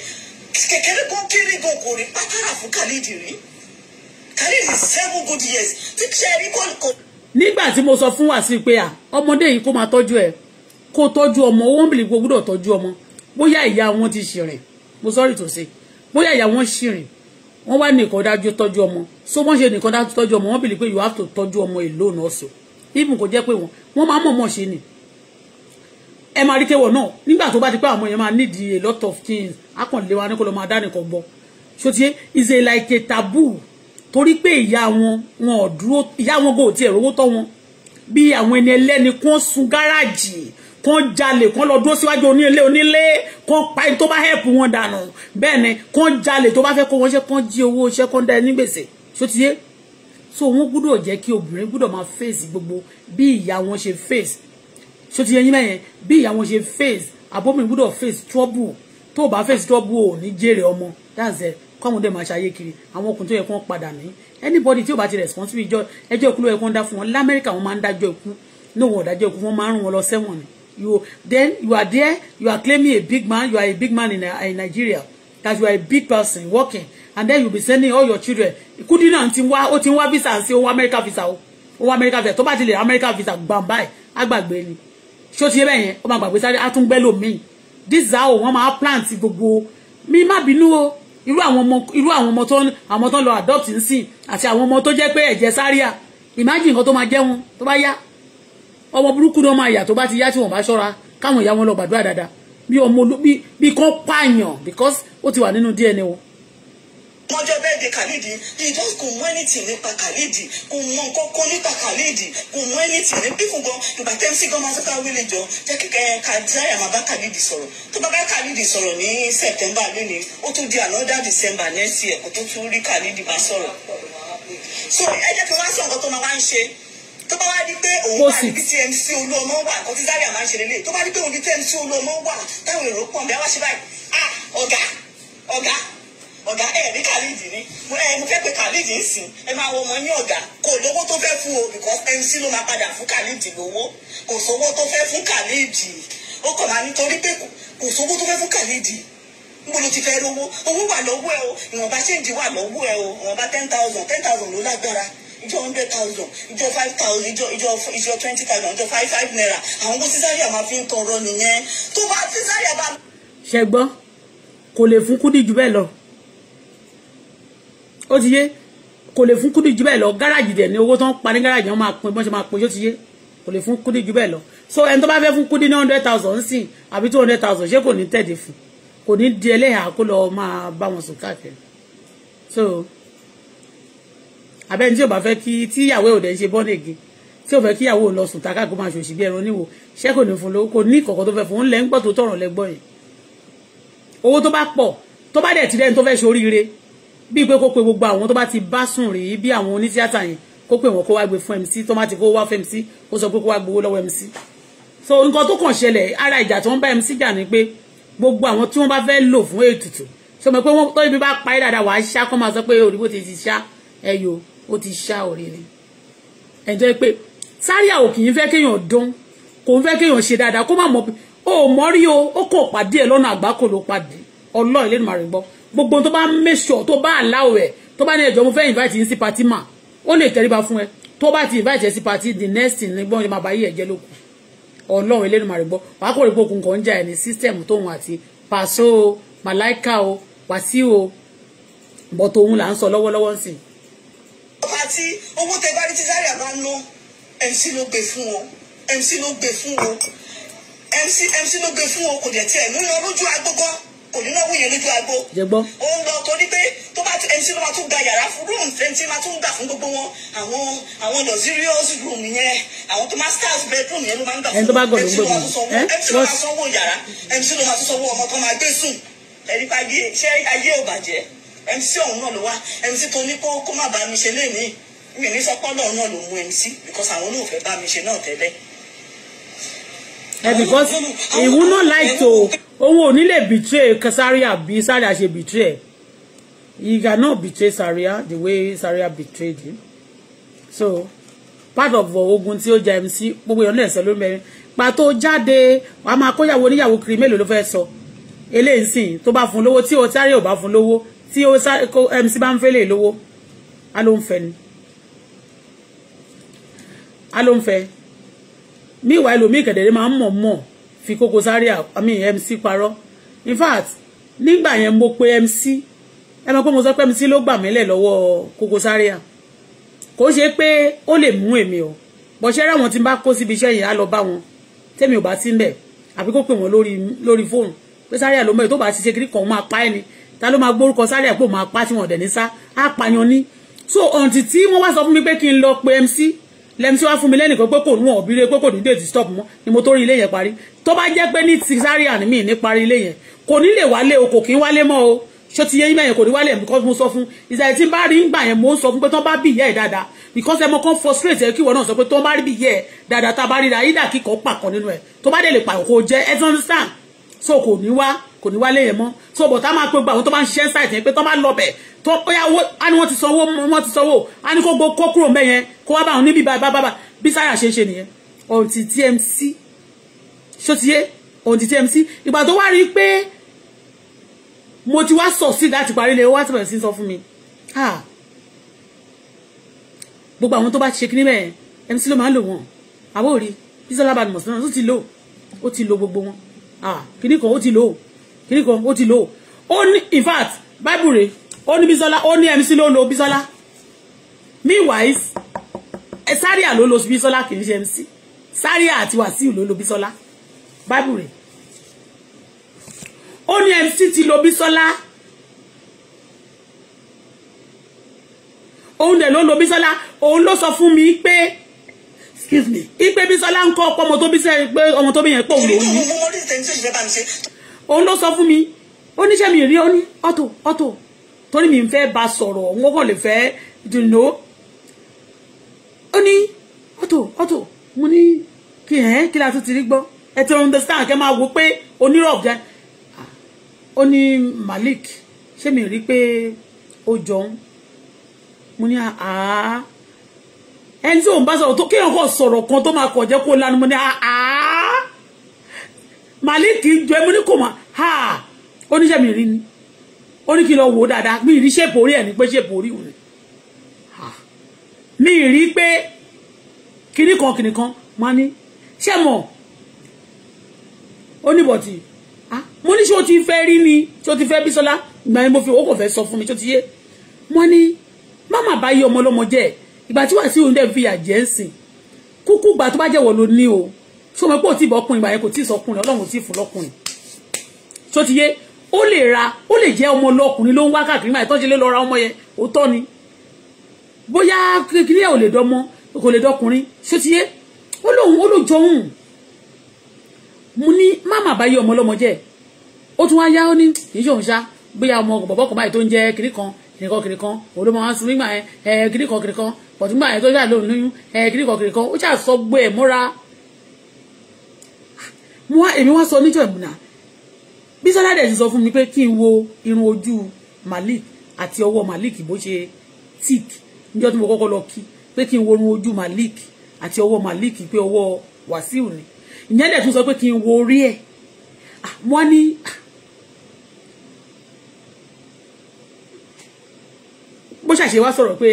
kékeré kan kéré gan kò rí pátárà fún Khalid rí Khalid seven good years tí sẹ́rí kò kò. nígbà tí mo sọ fún Wàsíù pé à ah, ọmọdé yìí kó máa tọ́jú ẹ kó tọ́jú ọmọ owó ń bìlì gbọ́dọ̀ tọ́jú ọmọ bóyá ìyá wọn ti ṣìrìn mo sọ́rí tó ṣe bóyá ìyá wọn ṣìrìn wọ́n wá nìkan dájú tọ́jú ọmọ so wọ́n ṣe nìkan dájú tọ́jú ọmọ wọ́n bìlì pé you have to tọ́jú ọmọ alone also even kò jẹ́ pé wọ́n wọ́n máa mọ̀ọ́mọ̀ ṣe ni ẹ máa rí tẹ́wọ̀ náà nígbà tó bá ti pé àwọn yẹn máa need a lot of things akànlé wa ní kó lọ máa dání kan gbọ́ ṣòtí is a like a taboo torí pé ìyá wọn wọn ò dúró ìyá wọn kò tiẹ̀ rówó tọ́ wọn bí àwọn ẹni ẹlẹ́ni kan sun gáràjì kan jalè kan lọ dúró síwájú onílé onílé kan pa ẹni tó bá help wọn dànù bẹ́ẹ̀ ni kan jalè tó bá fẹ́ kó wọn ṣe kan jí owó ṣe kan dá ẹni gbèsè ṣòtí yé so wọn gbúdọ̀ jẹ́ kí obìnrin gbúdọ̀ máa face gbogbo bí ìyá wọn ṣe face So ti yẹ yín mẹ́yẹn bí ìyàwó ṣe face abómi gbọ́dọ̀ face trouble tó bá face trouble ò ní jèrè ọmọ that's it kọ́ àwọn dẹ̀ máa ṣayé kiri àwọn ọkùnrin to yẹ kó padà ní anybody tí ò bá ti responsible ìjọ ẹjọ́ ìkú ló yẹ kó ń dá fún wọn lamẹ́ríkà wọn máa ń dájọ́ ikú ní òun ọ̀dájọ́ ikú wọn máa ń ni you then you are there you are claiming a big man you are a big man in, uh, in Nigeria that you are a big person working and then you be sending all your children kudi náà ti wá ó ti wá visa sí owó America visa o owó America visa tó bá ti lè America visa gbàmbáì àgbàgbé ni ṣó ti yé bẹ́ẹ̀ yẹn ó máa gbàgbé sáré átúngbẹ́ lòmíì dísà ò wọ́n máa plant gbogbo mi má bínú o irú àwọn ọmọ irú àwọn ọmọ tó àwọn tó lọ adopt nsìn àti àwọn ọmọ tó jẹ́ pé ẹ̀jẹ̀ sáríà imagine nǹkan tó máa jẹ́ wọn tó bá yá ọmọ burúkú náà máa yà tó bá ti yá tí wọ́n bá ṣọ́ra káwọn ìyá wọn lọ gbàdúrà dáadáa bí ọmọ bí bí kan pààyàn because ó ti wà nínú DNA wọn mọ́jọ́ bẹ́ẹ̀dẹ̀ khalidi he just kò mọ anything nípa khalidi kò mọ nǹkan kan nípa khalidi kò mọ anything nípa ìfún ìgbà tẹ́ ń sí gan sọ́kà wílé jọ jẹ́ kíkẹ́ eh, kadzaya máa bá khalidi sọ̀rọ̀ tó bá bá khalidi sọ̀rọ̀ ní september lónìí ó tún di another december next year tó tún rí khalidi bá sọ̀rọ̀ so ẹ jẹ́ kí wọ́n sọ nǹkan tó máa wá ń ṣe tó bá wá di pé òun wà níbi tí olúọmọ wà nǹkan tí zaria máa ń ṣe lélẹ̀ tó bá di pé òun níbi tí olúọmọ wà táwọn èrò pọ̀ mẹ́ wá ṣe báyìí ah ọ̀gá ọ̀gá ọ̀gá ẹ̀ ní khalid ni mo ẹ̀ mo fẹ́ pe khalid ń sìn ẹ máa wọ ọmọ ní ọ̀gá kò lówó tó fẹ́ fún o because mc ló máa padà fún khalid lówó kò sówó tó fẹ́ fún khalid ó kàn máa nítorí pé kò sówó tó fẹ́ fún khalid níbo ló ti fẹ́ rówó owó wà lọ́wọ́ ẹ o ìwọ̀nba ṣéǹjì wà lọ́wọ́ ẹ o ìwọ̀nba ten thousand ten thousand ló lágbára ìjọ hundred thousand ìjọ five thousand ìjọ ìjọ ìjọ twenty thousand ìjọ five five naira àwọn owó sísáríà máa fi ń tọrọ nìyẹn tó bá sísáríà bá. ṣẹgbọ́n kò lè fún kúdí jù bẹ́ẹ̀ lọ ó ti yé kò lè fún Kudi jù bẹ́ẹ̀ lọ gáràjì dẹ̀ ní owó tó ń pa ní gáràjì wọn máa pin bọ́n ṣe máa pin ó ti yé kò lè fún Kudi jù bẹ́ẹ̀ lọ so ẹni tó bá fẹ́ fún Kudi ní hundred thousand sí àbí two hundred thousand ṣé kò ní tẹ̀dé fún kò ní di ẹlẹ́yà kó lọ máa bá wọn sùn káàkiri so abẹ́ni tí ò bá fẹ́ kí tíyàwó ò dẹ̀ ṣe bọ́ọ̀nì gé tí ò fẹ́ kíyàwó lọ sùn tákà kó tó bá dẹ̀ ti rẹ́ni tó fẹ́ ṣoríire bíi pé kó pe gbogbo àwọn tó bá ti bá sùn rí bí àwọn onítíátà yẹn kó pè wọ́n kó wá gbé fún MC tó má ti kó wá fún MC kó sọ pé kó wá gbowó lọ́wọ́ MC so nǹkan tó kàn ṣẹlẹ̀ ara ìjà tó ń bá MC jà ni pé gbogbo àwọn tí wọ́n bá fẹ́ lò fún ètùtù ṣe mọ̀ pé wọ́n tó ibi bá parí dáadáa wàá ṣá kó máa sọ pé òrìbó ti ti ṣá ẹyọ ó ti ṣá òrìrì ẹ̀jọ́ pé Zaria ò kì í fẹ́ kéèyàn dún kò ń fẹ́ kéèyàn ṣe dáadáa kó má mọ̀ ó mọ́rí o ó kò pàdé ẹ̀ lọ́nà àgbákò ló pàdé ọlọ́ọ̀ ilé ìmọ̀ àrègbọ́ gbogbo tó bá make sure tó bá allow ẹ tó bá ní ẹjọ́ mo fẹ́ invite yín sí party ma. ó lè tẹríba fún ẹ tó bá ti invite ẹ sí party the next thing ni gbọ́n ma bá yí ẹ̀jẹ̀ lókun ọlọ́run eléyìí máa rí gbọ́ wàá kó rí pé kan ń jà ẹ̀ ní system tóun àti pàṣọ o màláìka o wàsíù o bọ́tò òun là ń sọ lọ́wọ́lọ́wọ́ sí. àti owó tẹ bá rí tí Zaria máa ń ná MC ló gbé fún wọn MC ló gbé fún wọn MC MC ló gbé fún wọn kò dẹ̀ tiẹ̀ ló yan lójú agbọ́gọ́ kò yẹn lójú agbo. jẹgbọ́. ó ń lọ torí pé tó bá ẹni tí ló máa tún gba yàrá fún room ẹni tí máa tún gbà fún gbogbo wọn àwọn àwọn luxurious room yẹn àwọn tó máa stars bedroom yẹn ló máa ń gbà fún. ẹni tó bá gbọdọ̀ ń gbọdọ̀ ẹni tí máa sanwó yàrá ẹni tí ló máa tún sanwó ọmọ tó máa gbé sùn ẹni pa ayé ṣé ayé ò bàjẹ́ MC ọ̀hún náà ló wá MC tó ní kó kó má bá mi ṣe léèmí mi ní sọ pọ́lọ̀ because àwọn náà ò fẹ́ bá òun ò ní lè betray Zaria bí Zaria ṣe betray he cannot betray Zaria the way Zaria betrayed him so part of ogun tí ó ja MC gbogbo èèyàn náà sọ ló mẹ́rin pàtó jáde wàá máa kóyàwó oníyàwó kiri mélòó ló fẹ́ sọ eléyìí sìn tó bá fún lówó tí ó sáré ò bá fún lówó tí ó sáré MC bá ń fẹ́ lè lówó a ló ń fẹ́ ni a ló ń fẹ́ mi ìwà ẹlòmíì kẹ̀dẹ̀rẹ́ máa ń mọ̀ mọ̀ fi Koko Zaria i mean MC parọ́ in fact nígbà yẹn mo pe MC ẹ mọ̀ pé mo sọ pé MC ló gbà mílẹ̀ lọ́wọ́ Koko Zaria kò ṣe pé ó lè mú èmi o bọ̀ṣẹ́ rẹ̀ wọn ti bá kó síbi iṣẹ́ yẹn á lọ bá wọn tẹ́mi ò bá sí mbẹ̀ àbí kó pè wọ́n lórí lórí fóònù pé Zaria ló mọ̀ èyí tó bá ti ṣe kiri kan máa pa ẹni ta ló máa gbórúkọ Zaria pé òun máa pa tí wọn ọ̀dẹ̀ ní sá á pààyàn ní so ọ̀ǹtì tí wọ́n wá sọ fún mi pé kí n lọ pe MC lẹ́mísí wá fún mi lẹ́nìkan pé kò níwọ̀n òbí rẹ pé kò ní dèjì stop mọ́ ni mo tó rí ilé yẹn parí tó bá jẹ́ pé ní ti Zaria ni mí ní parí ilé yẹn kò ní lè wálé o kò kí ń wálé mọ́ o ṣó ti yé yín mẹ́yìn kò ní wálé because mo sọ fún ìsàlẹ̀ tí n bá rí ń gbà yẹn mo ń sọ fún pé tán bá bì yẹ́ ẹ̀ dáadáa because ẹmọ kan frustrate ẹ kí ìwọ náà sọ pé tán bá rí bì yẹ́ ẹ̀ dáadáa tá a bá rí ra ìdá kíkọ́ pàkọ́ nínú ẹ̀ tó bá dẹ̀ lè pàkọ́ kò jẹ́ ẹ tán sàn so kò ní wá kò ní wálé yẹn mọ́ so bọ̀ tá máa pe gbà àwọn tó bá ń ṣiṣẹ́ ṣáìtì yẹn pé tán bá lọ bẹ̀ tó bóyá owó á ní ti sanwó wọ́n ti sanwó á ní kó gbó kó kúrò mẹ́ yẹn kó wá bá àwọn níbi bàbá bàbá bí sáyà ṣe ń ṣe nìyẹn ti TMC so ti yé ọ̀hún ti TMC ìgbà tó wá rí i pé mo ti wá sọ̀ sí láti parí lè wá tìbẹ̀rẹ̀ sí sọ fún mi gbogbo àwọn tó bá ṣe kíní bẹ́ẹ̀ MC ló máa ń lò wọ́n àbórí Bísọ́lá bá mọ̀sán náà ó ti lò ó ti lò gbogbo wọn kíní kan ó ti lò kíní kan ó ti lò ó in fact Bible rèé Only ní Only MC Lolo lo meanwhile Saria Lolo lo Bísọ́lá kì í MC Saria? àti Wàsíù Lolo lo Bísọ́lá báìbù rẹ̀ MC Tilo lo Only Lolo dẹ̀ Only lo Bísọ́lá òun ló sọ fún mi pé excuse me ipe Bísọ́lá ń kọ́ ọkọ ọmọ tó bí sẹ́ pé ọmọ tó bí yẹn pọ̀ lòun ni òun ló sọ fún mi oníṣẹ́ mi rí ọ́ní torí mi ń fẹ́ bá sọ̀rọ̀ wọ́n kàn lè fẹ́ dùnú. ó ní ọ̀tò ọ̀tò mo ní kí ẹ̀ kí la tún ti rí gbọ́ ẹ ti understand kẹ́ máa wò pé onírọ̀ jẹ́ ó ní Malik ṣé mi rí pé ó jọun mo ní àá ẹni tí òun bá sọ̀rọ̀ tó kéèyàn kọ̀ sọ̀rọ̀ kan tó máa kọ̀ jẹ́ kó lanu mo ní àá Malik jọ ẹ mo ní kò mà á oníṣẹ́ mi rí ni ó ní kí lọ wò dáadáa mi rí ṣèpò orí ẹ̀ ní pé ṣèpò orí òun mi rí pé kinní kan kinní kan máa ní ṣé mọ̀ ó ní bọ̀tì mo ní ṣé o ti fẹ́ rí ni ṣé o ti fẹ́ Bísọ́lá ìgbà yẹn mo fi owó kò fẹ́ sọ fún mi ṣé o ti yé mo ní má má bá yí ọmọ ọlọ́mọ jẹ́ ìgbà tí wàá sí òun fi yà ń sìn kúkú gbà tó bá jẹ̀wọ̀ ló ní o ṣé o mọ̀ pé o ti bọ̀ ọkùnrin ìgbà yẹn kò tí ì sọkùnrin ọlọ́run ò tí ì fún lọ́kùnrin ṣé o ti yé ó lè ra ó lè jẹ́ ọmọ lọkùnrin ló ń wá káàkiri máa ìtọ́jú lé lọ ra ọmọ yẹn òótọ́ ni bóyá kékeré ò lè dọmọ kò lè dọkùnrin ṣó ti yé ó lóun ó lóun jọhún mo ní má má bá yí ọmọ ọlọ́mọ jẹ́ ó tún wá yá ó ní kì í ṣe òun ṣá bóyá ọmọ bọ̀bọ̀ kan báyìí tó ń jẹ́ kiri kan kìrìkan kìrìkan òun ló máa ń sun nígbà yẹn ẹ kìrìkan kìrìkan pọ̀tù nígbà yẹn tó ṣáà lóun lóyún ẹ kìrìkan kìrìkan ó ṣáà sọ gbé ẹ̀ mọ́ra èmi wá sọ níjọ́ ìmúna Bísọ́lá dẹ̀ ti sọ fún mi pé kí n wo irun ojú Malik àti ọwọ́ Malik bó ṣe tick níjọ́ tí mo kọ́kọ́ lọ kí pé kí n wo irun ojú Malik àti ọwọ́ Malik pé ọwọ́ Wàsíù ni ìyẹn dẹ̀ tún sọ pé kí n wo orí ẹ̀ wọ́n ní. bó ṣàṣe wá sọ̀rọ̀ pé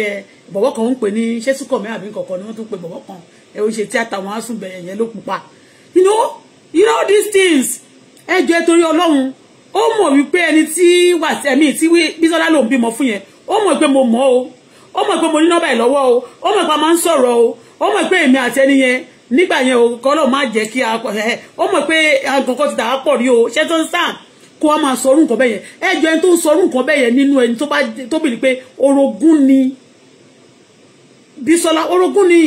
bọ̀bọ̀ kan ń pè ní ṣẹ́sùkọ̀mí àbí kankan ni wọ́n tún pè bọ̀bọ̀ kan ẹ̀ ó ṣe tíátà wọn á sùn bẹ̀yẹ̀ yẹn ló pupa you know you know these things ẹ jẹ́ Ọlọ́run ó mọ̀ wípé ẹni tí wà sí ẹ̀mí tí Bísọ́lá ló ń bímọ fún yẹn ó mọ̀ pé mo mọ̀ o ó mọ̀ pé mo ní nọ́mbà ẹ̀ o ó mọ̀ pé a máa sọ̀rọ̀ o ó mọ̀ pé èmi àti ẹni yẹn nígbà yẹn o kọ́ má jẹ́ kí a ó mọ̀ ti dàá pọ̀ rí o ṣé tó ń sàn kó a máa sọrú nǹkan bẹ́yẹn ẹ ẹni tó ń sọrú nǹkan bẹ́yẹn nínú ẹni tó bá tó bìrì pé orogún ni Bísọ́lá orogún ni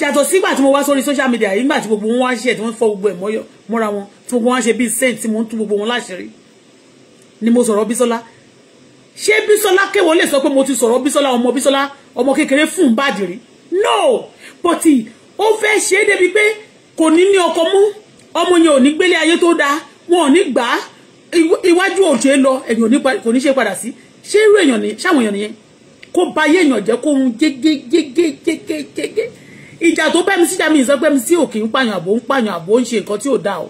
yàtọ̀ sígbà tí mo wá sórí social media yìí nígbà tí gbogbo wọn wá ṣe tí wọ́n fọ́ gbogbo ẹ̀ mọ́yọ́ mọ́ra wọn tí gbogbo wọn ṣe bíi saint tí mo ń tú gbogbo wọn láṣìírí ni mo sọ̀rọ̀ Bísọ́lá ṣé Bísọ́lá kéwọ́ lè sọ pé mo ti sọ̀rọ̀ Bísọ́lá ọmọ Bísọ́lá ọmọ kékeré fún un bàdì rí no but ó fẹ́ ṣe é débi pé kò ní ní ọkọ mú ọmọ yẹn ò ní gbélé ayé tó dáa wọn ò ní gbà á iwájú òjò lọ ẹ̀yìn kò ní ṣe padà sí ṣé irú èèyàn ni ṣáwọn èèyàn nìyẹn kó ba ayé èèyàn jẹ́ kó hun jégégégégégégé ìjà tó bẹ́ mi síjà mi ìsọ pé mi sí òkè ń pààyàn àbò ń pààyàn àbò ń ṣe nǹkan tí ò da o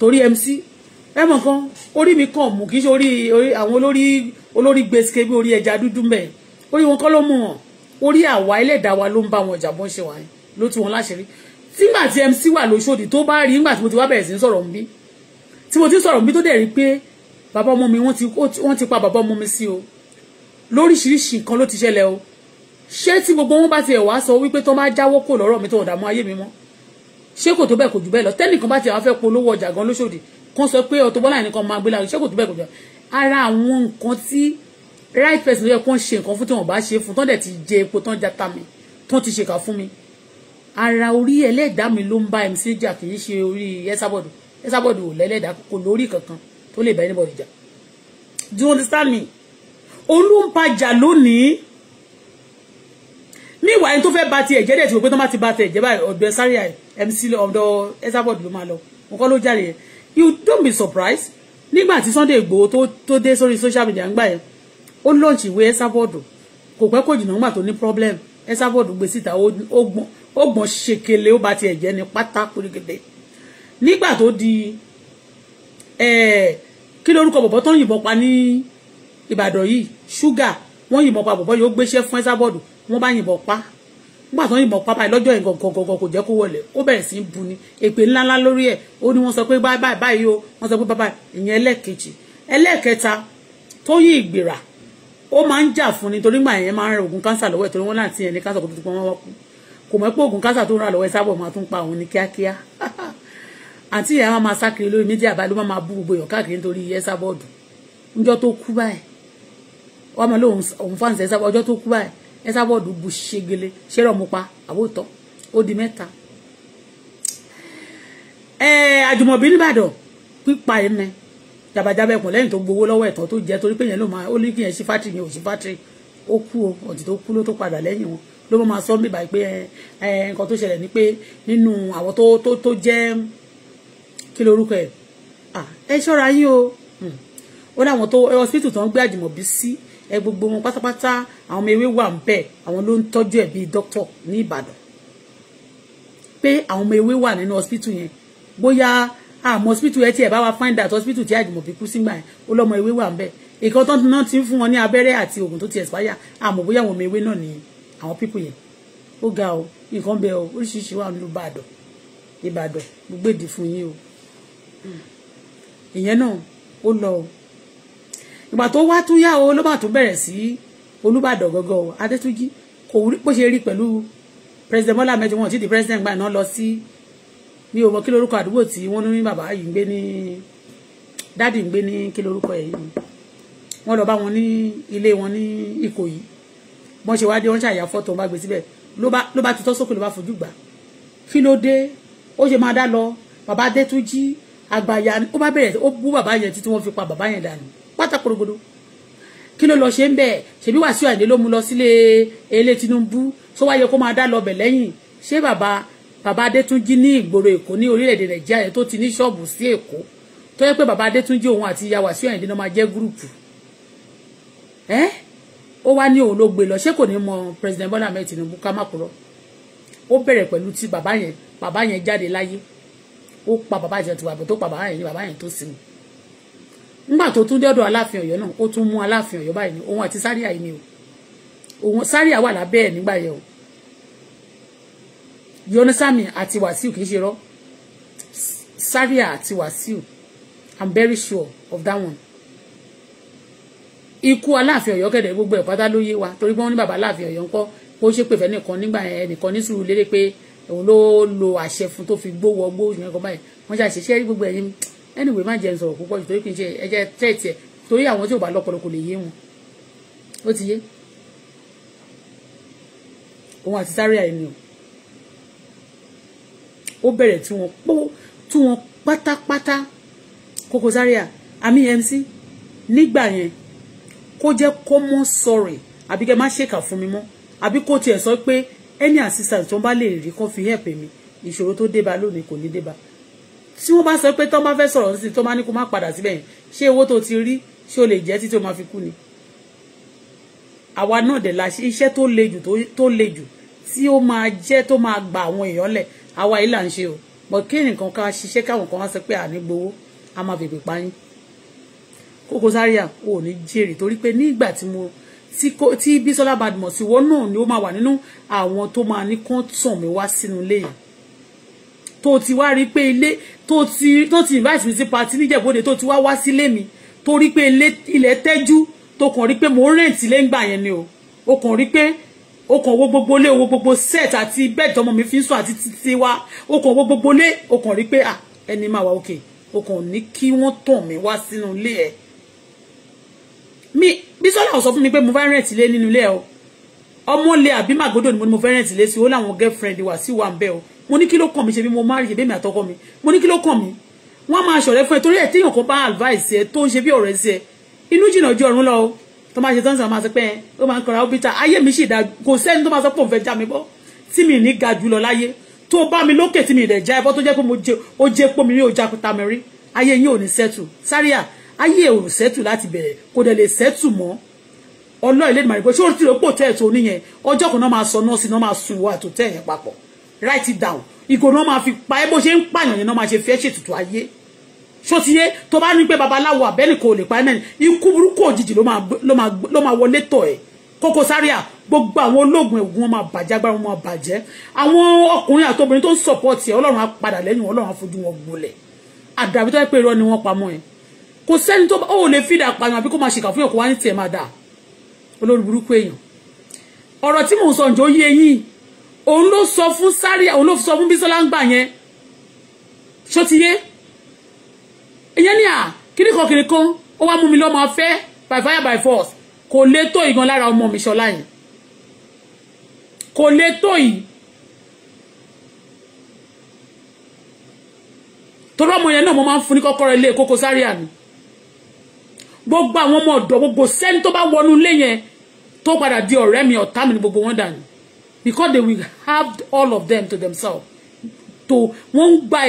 torí MC ẹ mọ̀ kan orí mi kàn mú kì í ṣe orí àwọn olórí olórí gbèsè bí orí ẹja dúdú mẹ́ẹ̀ orí wọn kọ́ ló mú wọn orí àwa ẹlẹ́dàá wa ló ń bá wọn jà bọ́n ṣe wà yẹn ló tú wọn láṣìírí tígbà tí MC wà lóṣòdì tó bá rí nígbà tí mo ti wá bẹ̀rẹ̀ sí sọ̀rọ̀ mi tí mo ti sọ̀rọ̀ mi tó dẹ̀ rí pé bàbá ọmọ mi wọ́n ti pa bàbá ọmọ mi sí o lóríṣiríṣi nǹkan ló ti ṣẹlẹ̀ o ṣé tí gbogbo wọn bá tiẹ̀ wá sọ wípé tó máa jáwọ́ kò lọ́rọ̀ mi tó ọ̀dà mọ́ ayé mi mọ́ ṣé kò tó bẹ́ẹ̀ kò jù bẹ́ẹ̀ lọ tẹ́nìkan bá tiẹ̀ wá fẹ́ polówó ọjà gan lóṣòdì kan sọ pé Auto Bola nìkan máa gbé lárugẹ ṣé kò tó bẹ́ẹ̀ kò jù ara àwọn nǹkan tí right person ló yẹ kó ń ṣe nǹkan fún tí wọn bá ṣe fún tán dẹ̀ ti jẹ epo tán jata mi tán ti ṣèkà fún mi ara orí ẹlẹ́dàá mi ló ń bá MC jà kì í ṣe orí ẹsàbọ̀dù ẹsàbọ̀dù ò lẹ́lẹ́dàá anybody jà do you understand me olú pa jà meanwhile ẹni tó fẹ́ ba ti ẹ̀jẹ̀ dẹ̀ ti wò pé tó má ti ba ti ẹ̀jẹ̀ báyìí ọ̀dọ̀ Zaria MC ọ̀dọ̀ Esabod ló máa lọ nǹkan ló jáde yẹn you don't be surprised nígbà tí Sunday Igboho tó tó dé sórí social media ńgbà yẹn ó launch ìwé Esabod kò pẹ́ kò jìnnà ńgbà tó ní problem Esabod gbé síta ó gbọ̀n ṣèkèlè ó ba ti ẹ̀jẹ̀ ni pátá kúrigede nígbà tó di kí lórúkọ bọ̀bọ̀ tó ń yìnbọn pa ní Ìbàdàn yìí ṣúgà wọ́n yìnbọn pa bọ̀bọ̀ yìí ó gbéṣẹ́ fún Esabod wọ́n bá yìnbọn pa nígbà tó yìnbọn pa báyìí lọ́jọ́ ìgàn gọ̀gọ̀gọ̀ kò jẹ́ kó wọlé ó bẹ̀rẹ̀ sí í bu ni èpè ńláńlá lórí ẹ̀ ó ní wọ́n sọ pé báyìí báyìí o wọ́n sọ pé báyìí ìyẹn ẹlẹ́ẹ̀kejì ẹlẹ́ẹ̀kẹta Tóyìn Ìgbìrà ó máa ń jà fún ni torí gbà yẹn máa ń rẹ oògùn kánsà lọ́wọ́ ẹ̀ torí wọ́n láti ti yẹn ní kánsà kó tuntun pọ́n wọ́n kú kò mọ̀ pé oògùn kánsà tó ń ra lọ́wọ́ ẹ̀ sábọ̀ máa tún pa òun ní kíákíá àti ìyá máa sá lórí mídíà bá ló máa bú gbogbo èèyàn káàkiri nítorí ẹ̀sà bọ́ọ̀dù níjọ́ tó kú báyìí wọ́n máa lóun fáǹsì ẹ̀sà ọjọ́ tó kú báyìí Esabod bu ṣegele ṣe rọ̀ mo pa àbótọ́ ó di mẹ́ta. àjùmọ̀bí eh, nìbàdàn pípa ẹ̀ nẹ jàbàjàbà ẹ̀kùn lẹ́yìn tó gbowó lọ́wọ́ ẹ̀tọ́ tó jẹ́ torí pé yẹn ló máa ó ní kí yẹn ṣí fátìrì yẹn ò ṣí fátìrì ó kú o ọ̀tí tó kú ló tó padà lẹ́yìn wọn ló máa sọ mí báyìí pé eh, eh, nǹkan tó ṣẹlẹ̀ ni pé nínú àwọn tó tó tó jẹ́ kí lorúkọ ẹ̀ ah, ẹ ṣọ́ra yín o hmm. ó láwọn tó hospital tó ń gbé àjùmọ̀bí sí ẹ gbogbo wọn pátápátá àwọn ọmọ ewé wà ń bẹ àwọn ló ń tọ́jú ẹ̀ bíi dókítọ̀ ní Ìbàdàn pé àwọn ọmọ ewé wà nínú hospital yẹn bóyá àmọ́ hospital ẹ tiẹ̀ bá wa find out hospital tí Àjùmọ̀bí kú sígbà yẹn ó lọ́mọ ewé wà ń bẹ ìkan tó náà ti ń fún wọn ní abẹ́rẹ́ àti oògùn tó ti expire àmọ́ bóyá àwọn ọmọ ewé náà ni àwọn people yẹn ó ga o nǹkan bẹ o oríṣiríṣi wà nínú Ìbàdàn Ìbàdàn gbogbo èdè fún o ìyẹn náà ó ìgbà tó wá tún yá o ló bá tún bẹ̀rẹ̀ sí Olúbàdàn gọ́gọ́ Adétúnjì kò rí bó ṣe rí pẹ̀lú president Bọ́lá mẹ́tì wọn ti di president gbà náà lọ sí mi ò mọ kí lórúkọ àdúgbò tí wọ́n ní bàbá yìí ń gbé ní dádì ń gbé ní kí lórúkọ ẹ̀ yìí wọ́n lọ bá wọn ní ilé wọn ní Ìkòyí wọ́n ṣe wáá dé wọ́n ṣàyà fọ́tò bá gbé síbẹ̀ ló bá tutọ́ sókè ló bá fojú gbà kí ló dé ó ṣe máa dá lọ bàbá Adétúnjì àgbàyà ó bá bẹ̀rẹ̀ ó bú bàbá yẹn títí wọ́n fi pa bàbá yẹn dànù pátá korogodo kí ló lọ ṣe ń bẹ̀ ṣèbí Wàsíù Àyìndé ló mú lọ sílé elé Tinubu tó wáyé kó máa dá lọbẹ̀ lẹ́yìn ṣé bàbá bàbá Adétúnjí ní ìgboro Èkó ní orílẹ̀-èdè Nàìjíríà yẹn tó ti ní ṣọ́ọ̀bù sí Èkó tó yẹ pé bàbá Adétúnjí òun àti ìyá Wàsíù Àyìndé náà máa jẹ́ gúrùpù ẹ́ ó wá ní òun ló gbé lọ ṣé kò ní mọ President Bola Ahmed Tinubu ká má purọ́ ó bẹ̀rẹ̀ pẹ̀lú ti bàbá yẹn bàbá yẹn jáde láyé ó pa bàbá yẹn tó pa bàbá yẹn bàbá yẹn tó sinmi nígbà tó tún dẹ́dọ̀ aláàfin ọ̀yọ́ náà ó tún mú aláàfin ọ̀yọ́ báyìí ni òun àti sáríà yìí ni o òun sáríà wà lábẹ́ ẹ̀ nígbà yẹn o yonisami àti wàsíù kì í ṣe rọ sáríà àti wàsíù i'm very sure of that one ikú aláàfin ọ̀yọ́ kẹdẹ gbogbo ẹ̀ pátá ló yé wa torí pé wọn ní bàbá aláàfin ọ̀yọ́ ńkọ́ kó ṣe pè fẹ́nìkan nígbà ẹnìkan ní sùúrù lérè pé òun ló lo àṣẹ fún tó fi gbówó gbó yẹn kọ báyìí wọn ṣàṣeṣe gbogbo ẹ̀yin anyway má jẹun sọ̀rọ̀ púpọ̀ jù torí kì í ṣe ẹjẹ́ tẹ́ẹ̀tì ẹ̀ torí àwọn tí ò bá lọ́pọ̀lọ́ kò lè yé wọn ó ti yé òun àti sáré àìní o ó bẹ̀rẹ̀ tí wọ́n pọ́ tí wọ́n pátápátá Koko Zaria àmì MC nígbà yẹn kó jẹ́ kó mọ́ sọ̀rọ̀ àbí kẹ́ má ṣèkà fún mi mọ́ àbí kó tiẹ̀ sọ pé any assistance tó ń bá lè rí kó fi help mi ìṣòro tó dé lónìí kò ní dé tí wọ́n bá sọ pé tán bá fẹ́ sọ̀rọ̀ sí tó máa ní kó má padà síbẹ̀ ṣé owó tó ti rí ṣé o lè jẹ́ títí o máa fi kú ni àwa náà dẹ̀ la iṣẹ́ tó le jù tó le jù tí ó máa jẹ́ tó máa gba àwọn èèyàn lẹ̀ àwa yìí là ń ṣe o mọ̀ kí nìkan ká ṣiṣẹ́ káwọn kan wá sọ pé àní gbowó a máa bèbè pa yín Koko Zaria ò ní jèrè torí pé nígbà tí mo tí Bísọ́lá Badmus ìwọ náà ni ó máa wà nínú àwọn tó máa ní kán tàn mí wá sínú ilé tó ti wá rí pé ilé tó ti tó ti invite mi sí party níjẹ̀bọ́dẹ tó ti wá wá sílé mi tó rí pé ilẹ̀ tẹ́jú tó kàn rí pé mò ń rẹ̀ǹtì lẹ́ngbà yẹn ni o ó kàn rí pé ó kàn wo gbogbo ilé wo gbogbo set àti bẹ́ẹ̀ tọmọ mi fi ń sùn àti títí wá ó kàn wo gbogbo ilé ó kàn rí pé à ah, ẹni máa wà òkè ó kàn ní kí wọ́n tàn mí wá sínú ilé ẹ̀ mi Bísọ́lá ò sọ fún mi pé mo fẹ́ rẹ̀ǹtì lé nínú ilé ẹ̀ o ọmọ lè àbí màgódò ni mo fẹ́ rẹ̀ǹtì lé sí ó láwọn girlfriend wà sí wà ń bẹ́ẹ̀ o mo ní kí ló kàn mí ṣe bí mo máa rí ṣe bí èmi àtọkọ mi mo ní kí ló kàn mí wọ́n máa ṣọ̀rẹ́ fún ẹ torí ẹ téèyàn kan bá advice ẹ tó ń ṣe bí ọ̀rẹ́ sí ẹ inú jìnnà ju ọ̀run lọ o tó máa ṣe tán sàn máa sọ pé ó máa ń kọra óbítà ayé mi sì dá kò sẹ́ni tó máa sọ pé òun fẹ́ já mi bọ́ tí mi ní ga jùlọ láyé tó bá mi lókè tí mi ìdẹ̀ já ẹbọ tó jẹ́ pé ó jẹ́ pé mi rí òjá kúta mi rí ayé yín ò ní sẹ́tù sáríà ayé ò sẹ́tù láti bẹ̀rẹ̀ kò dẹ̀ lè sẹ́tù mọ́ ọlọ́ ìlédìmọ̀ ṣé o ti rò pò tẹ́ ẹ̀ tó níyẹn ọjọ́ kan náà máa sọ nọ́ọ̀sì náà máa sun ìwà àtòtẹ́ yẹn papọ̀ write it down ìgò náà máa fi pa ẹ́ bó ṣe ń pààyàn yẹn náà máa ṣe fẹ́ ṣètùtù ayé ṣó ti yé tó bá ní pé babaláwo àbẹ́ni kò lè pa ẹ́ mẹ́rin ikú burúkú òjijì ló máa wọlé tọ̀ ẹ́ Koko Zaria gbogbo àwọn ológun ẹ̀gún wọn máa bàjẹ́ agbára wọn máa bàjẹ́ àwọn ọkùnrin àtobìnrin tó ń sọ̀pọ̀tì ẹ̀ ọlọ́run á padà lẹ́yìn ọlọ́run á fojú wọn gbolẹ̀ àdàbí tó yẹ pé irọ́ ni wọ́n pamọ́ ẹ̀ kò sẹ́ni tó ó lè fìdà pààyàn àbí kó máa ṣèkà fún yàn kó wá ní tiẹ̀ máa dà olórí burúkú èèyàn ọ̀rọ̀ tí mò ń sọ ǹjọ́ yé yín òun ló sọ fún sáríà òun ló sọ fún bísọ́lá ń gbà yẹn ṣó ti yé ìyẹn ní à kíríkan kíríkan ó wá mú mi lọ́mọ fẹ́ by fire by force kò lè tó ìgan lára ọmọ mi ṣọlá yẹn kò lè tó yìí torí ọmọ yẹn náà mo máa ń fún ní kọ́kọ́rọ́ ilé Koko Zaria ni gbogbo àwọn ọmọ ọ̀dọ́ gbogbo sẹ́ni tó bá wọnú ilé yẹn tó padà di ọ̀rẹ́ mi ọ̀tá mi ni gbogbo wọn dà because they will have all of them to themselves to wọ́n ń gba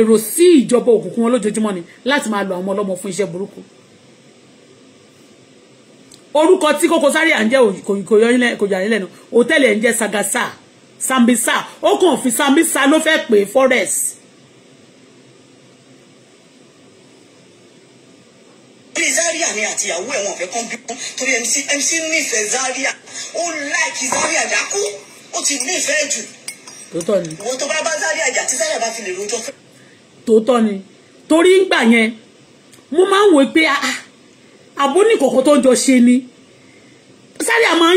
èrò sí ìjọba òkùnkùn wọn lójoojúmọ́ ni láti máa lo àwọn ọlọ́mọ fún iṣẹ́ burúkú orúkọ tí Koko Zaria à ń jẹ́ kò yà nílẹ̀ nu hòtẹ́ẹ̀lì hotel ń jẹ́ sagasa sambisa o kàn fi sambisa ló fẹ́ pè forest. Zaria ni àtìyàwó ẹ̀ wọ́n fẹ́ kán bí wọ́n torí MC MC nífẹ̀ẹ́ Zaria ó láìkí Zaria dákú ó ti nífẹ̀ẹ́ jù. tòótọ́ ni. ìwọ tó bá bá sáré àjà tí sáré bá fi lè rojọ́ fún. tòótọ́ ni torí ngbà yẹn mo máa ń wò pé ah, ah, àbó ní kòkó tó ń jọ ṣe ni sáré àmọ́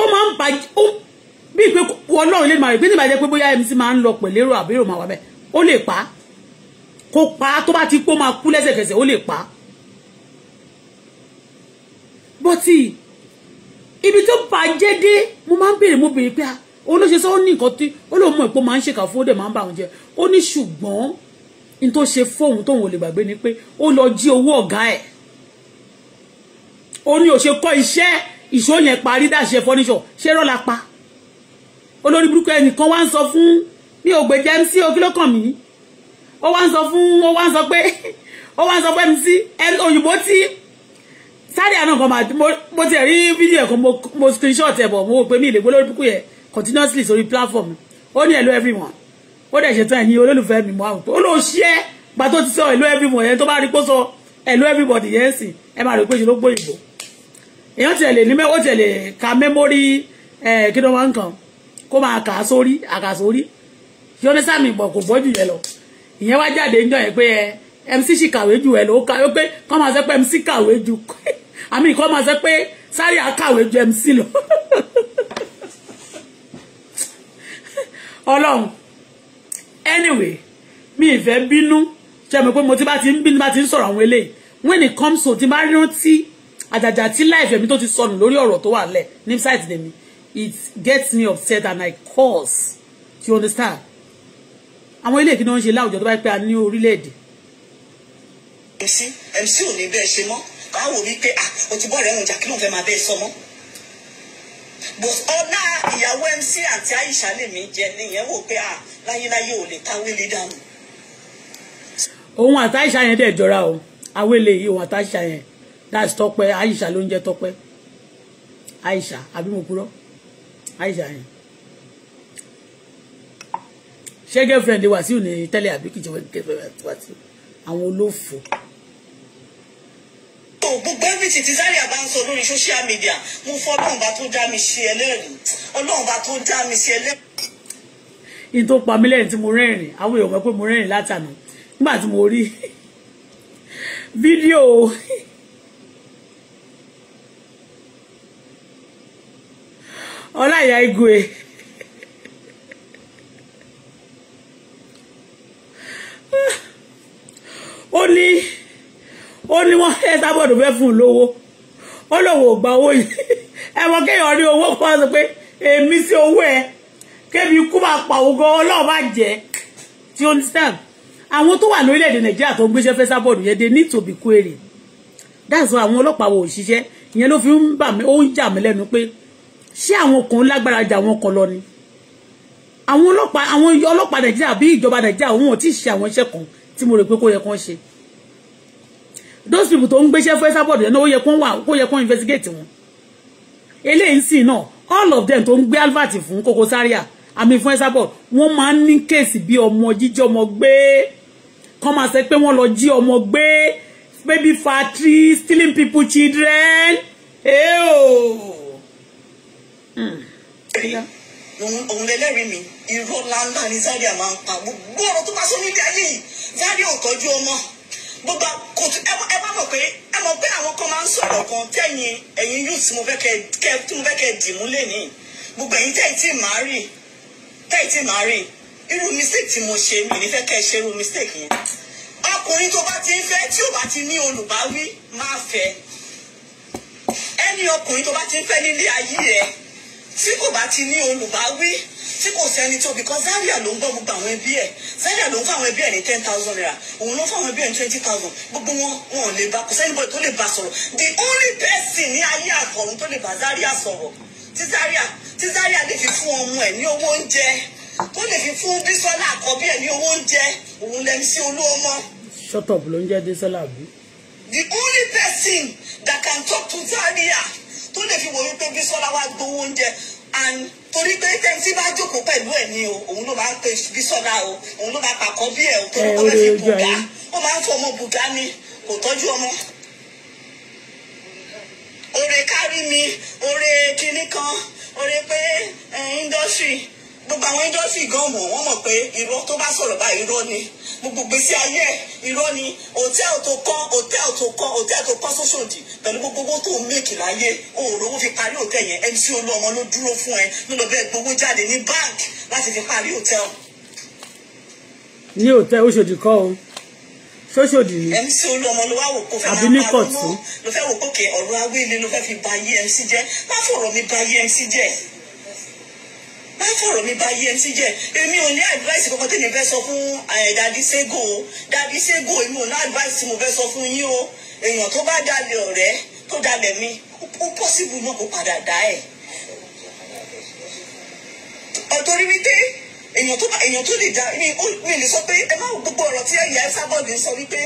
ó máa ń bàjẹ́ bí pé ọlọ́run lè máa rè pé nígbà jẹ́ pé bóyá MC máa ń lọ pẹ̀lérò àbérò máa wà bẹ́ẹ̀ ó lè pa kó pa tó bá ti pọ́ máa kú lẹ́sẹ̀kẹsẹ̀ ó lè pa bọ́tì ibi tó bàjẹ́ dé mo máa ń béèrè mo béèrè pé olóṣè sọ ó ní nǹkan tí ó lóun mọ̀ pé máa ń ṣèkà fún ó dẹ̀ máa ń bà wọ́n jẹ́ ó ní ṣùgbọ́n n tó ṣe fóun tóun ò lè gbàgbé ni pé ó lọ jí owó ọ̀gá ẹ̀ ó ní òṣè kọ́ iṣẹ́ ìṣó yẹn parí dáṣẹ fọ́níṣọ̀ ṣé rọ́la pa olórí burúkú ẹnìkan wá ń sọ fún mi ò gbèjà mc okílọ́kàn mi ó wá ń sọ fún ó wá ń sọ pé ó wá ń sọ pé mc òyìnbó tí sáré àná kan máa mo ti rí fídíò ẹ̀ kan mo screenshot ẹ̀ bọ̀ mo wò pé mi ìlè gbólórí púpù yẹn continuously sórí platform ó ní hello everyone ó dẹ̀ ṣètò ẹ̀yin olólùfẹ́ mi mọ́ àwọn pé ó lóò ṣí ẹ́ gba tó ti sọ hello everyone yẹn tó bá rí kó sọ hello everybody yẹn sì ẹ máa rò pé ṣe ló gbóyìnbó èèyàn tiẹ̀ lè ní ó tiẹ̀ lè ka memory kí ló máa ń kàn kó máa kà á sórí àkà sórí yọ́nísàmì ìgbọ̀ kò bọ́jú yẹn lọ ìyẹn wá jáde ń jọ yẹn pé ẹ mc ṣì kàwé jù ẹ lọ kàwé pé kọ́ máa sọ pé mc kàwé jù àmì kọ́ máa sọ pé sáré àkàwé ju mc lọ ọlọ́run anyway mi ìfẹ́ bínú jẹ́ mi pé mo ti bá ti ń bínú bá ti ń sọ̀rọ̀ àwọn eléyìí when it comes to ti bá rántí àjàjà tí láìfẹ́ mi tó ti sọnù lórí ọ̀rọ̀ tó wà lẹ̀ ní site mi it gets me upset and I cause do you understand àwọn eléyìí kí ni wọ́n ń ṣe láwùjọ tó bá pẹ́ a ní orílẹ̀-èdè kò mc ò ní bẹ́ẹ̀ ṣe mọ́ ká wò wípé ah o ti bọ́ rẹ̀ ń jà kí ló ń fẹ́ máa bẹ́ẹ̀ sọ mọ́. but ọ̀nà ìyàwó mc àti Aisha lè mí jẹ nìyẹn wò pé ah láyéláyé ò lè táwélé dànù. òun àti Aisha yẹn dẹ̀ jọra o awele yìí òun àti Aisha yẹn that's Tọ́pẹ́ Aisha ló ń jẹ́ Tọ́pẹ́ Aisha àbí mo kúrò Aisha yẹn ṣé girlfriend Wàsíù ní tẹ́lẹ̀ àbí kìjọba girlfriend Wàsíù àwọn olófò gbogbo everything tí Zaria bá ń sọ lórí social media mo fọ ọlọ́run bá tó dá mi ṣe ẹlẹ́rìí ọlọ́run bá tó dá mi ṣe ẹlẹ́rìí. in tó pa mí lẹ́yìn tí mo rẹ́rìn àwọn èèyàn mọ̀ pé mo rẹ́rìn látànà nígbà tí mo rí fídíò ọláìyá igwe ó ní ó ní wọ́n Esabod fẹ́ fún un lówó ó lòun ò gba owó yìí ẹ̀wọ̀n kéèyàn rí owó kan sọ pé èmi sí owó ẹ̀ kébi ikú máa pa òun gan ọlọ́run máa jẹ́ tí ó ń sàn àwọn tó wà lórílẹ̀‐èdè nàìjíríà tó ń gbéṣẹ́ fẹ́ Esabod yẹn they need to be queried that's why àwọn ọlọ́pàá wò ó ṣiṣẹ́ ìyẹn ló fi ń bà mí ó ń jà mí lẹ́nu pé ṣé àwọn kan lágbára jà wọn kan lọ ni àwọn ọlọ́pàá àwọn ọlọ́pàá nàìjíríà bí ìjọba nàìjíríà òun ò tí ì ṣe àwọn iṣẹ́ kan tí mo rò pé kó yẹ kán ṣe those people tó ń gbéṣẹ́ fún Esabod yẹn náà ó yẹ kó wà ó yẹ kó investigate wọn eléyìí ń sìn náà all of them tó ń gbé Albert fún Koko Zaria àmì fún Esabod wọ́n máa ń ní kéèsì bí ọmọ jíjọ́ ọmọ gbé kọ́ máa ṣe pé wọ́n lọ jí ọmọ gbé baby factory stealing people children. Oh. Hmm. òun lẹlẹ́rìí mi irọ́ ńláńlá ni Zaria máa ń pa gbogbo ọ̀rọ̀ tó bá sọ níbi ayé yìí Zaria ò tọ́jú ọmọ gbogbo kò tí ẹ bá mọ̀ pé ẹ mọ̀ pé àwọn kan máa ń sọ̀rọ̀ kan tẹ̀yìn ẹ̀yin yóò tí mo fẹ́ kẹ́ tí mo fẹ́ kẹ́ dìmú lẹ́nìí gbogbo ẹ̀yin tẹ̀yìn tí màá rì tẹ̀yìn tí màá rì irú mistake tí mo ṣe mi nífẹ̀ẹ́ kẹ́ ṣe irú mistake yẹn ọkùnrin tó bá ti ń fẹ́ tí ò bá ti ní olùbáwí máa fẹ́ ẹni ọkùnrin tó bá ti ń fẹ́ nílé ayé rẹ̀ tí kò bá ti ní olùbáwí tí kò sẹ́ni tó because Zaria ló ń gbọ́ gbogbo àwọn ẹbí ẹ̀ Zaria ló ń fún àwọn ẹbí ẹ̀ ní ten thousand naira òun ló ń fún àwọn ẹbí ẹ̀ ní twenty thousand gbogbo wọn wọn lè bá kò sẹ́ni tó lè bá sọ̀rọ̀ the only person ní ayé àkọ́run tó lè bá Zaria sọ̀rọ̀ tí Zaria tí Zaria lè fi fún ọmọ ẹ̀ ní owó oúnjẹ tó lè fi fún Bísọ́lá àkọ́bí ẹ̀ ní owó oúnjẹ òun lẹ́nu sí olóòmọ́. shut up ló ń jẹ́ Désọ́lá àbí. the only person that can talk to Zaria tó lè fi wò wípé Bísọ́lá wá gbowó oúnjẹ and torí pé tẹ́ǹtì bá jókòó pẹ̀lú ẹ̀ ni o òun ló máa ń pe Bísọ́lá o òun ló máa pàkọ́ bí ẹ̀ o torí kó fẹ́ fi bùgá ó máa ń fọ ọmọ bùgá ni kò tọ́jú ọmọ oore kárí mi oore kinní kan oore pé eh, industry gbogbo àwọn indọ́sì gan mọ̀ wọ́n mọ̀ pé irọ́ tó bá sọ̀rọ̀ báyìí irọ́ ni gbogbo gbèsè ayé irọ́ ni hòtẹ́ẹ̀lì tó kọ́ hòtẹ́ẹ̀lì tó kọ́ hòtẹ́ẹ̀lì tó kọ́ sóṣòdì pẹ̀lú gbogbo owó tó ń mèkì láyé òòrò owó fi parí hòtẹ́ẹ̀lì yẹn mc olúọmọ ló dúró fún ẹ nílò bẹ́ẹ̀ gbowó jáde ní báńkì láti fi parí hòtẹ́ẹ̀lì. ní hòtẹ́ẹ̀lì Òṣòdì kọ́ o sóṣòdì ni. mc olúọmọ ló wá wò kó fẹ́ máa bá wọn ló fẹ́ wò kókè ọ̀rọ̀ awé ilé ló fẹ́ fi ba yé mc jẹ́ má fọ̀rọ̀ mi ba yé mc jẹ́ má fọ̀rọ̀ mi bá EFCC jẹ́ èmi ò ní advice kankan tèmi fẹ́ sọ fún eh, dàbí ségo o dàbí ségo èmi ò ní advice tí mo fẹ́ sọ fún yín o èèyàn tó bá dalẹ̀ ọ̀rẹ́ tó dalẹ̀ mi ó pọ́sibú náà kó padà dá ẹ̀ ọ̀tọ̀rí wípé èèyàn tó èèyàn tó lè dá mi mi lè sọ pé ẹ má gbogbo ọ̀rọ̀ tí ìyá sábọ̀dì sọ wípé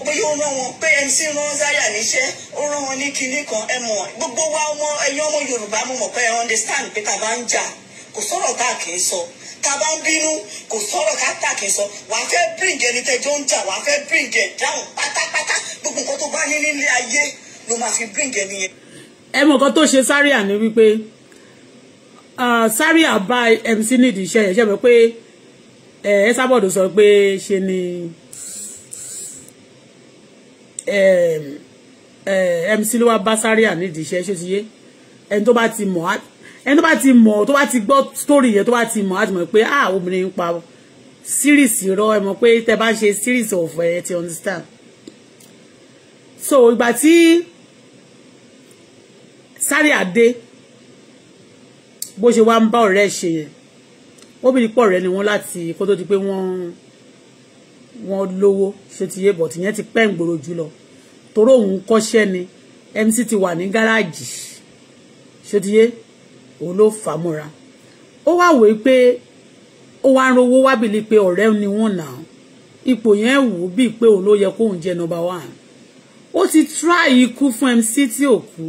ọmọ eh, yóò rán wọn pé MC rán Zaria níṣẹ́ ó rán wọn ní kinní kan ẹ mọ̀ gbogbo wa ọmọ ẹ̀yin ọmọ Yorùbá mo mọ̀ pé ẹ understand pé tá ń jà kò sọ̀rọ̀ tá a kì í sọ tá a bá ń bínú kò sọ̀rọ̀ ká tá a kì í sọ wàá fẹ́ bring ẹni tẹ́jọ́ ń jà wàá fẹ́ bring ẹ̀ down pátápátá gbogbo nǹkan tó bá ní nílé ayé ló máa fi bring ẹni yẹn. ẹ mọ nǹkan tó ṣe Zaria ni wípé Zaria bá MC nídìí iṣẹ́ yẹn ṣe mọ̀ pé ẹ sábọ̀dù sọ pé ṣe ni MC ló wá bá Zaria nídìí iṣẹ́ ṣé ti yé ẹni tó bá ti mọ̀ ẹni tó bá ti mọ̀ tó bá ti gbọ́ story yẹn tó bá ti mọ̀ á ti mọ̀ pé ah obìnrin ń pa series rọ ẹ mọ̀ pé tẹ bá ṣe series of ẹ ti understand so ìgbà tí sáré àdé bó ṣe wá ń bá ọ̀rẹ́ ṣe yẹn obìnrin pọ̀ rẹ ni wọ́n láti kó tó di pé wọ́n wọ́n lówó ṣe ti yé bọ̀ tìyẹn ti pẹ́ ń gbòòrò jùlọ torí òun kọ́ṣẹ́ ni MC ti wà ní gáràjì ṣe ti yé òun ló fà á mọ́ra ó wá wòó pé ó wá ń rówó wá bìlí pé ọ̀rẹ́ ni wọ́n nà án ipò yẹn wù ú bíi pé òun ló yẹ kóun jẹ́ number one ó ti try ikú fún MC tí ò kú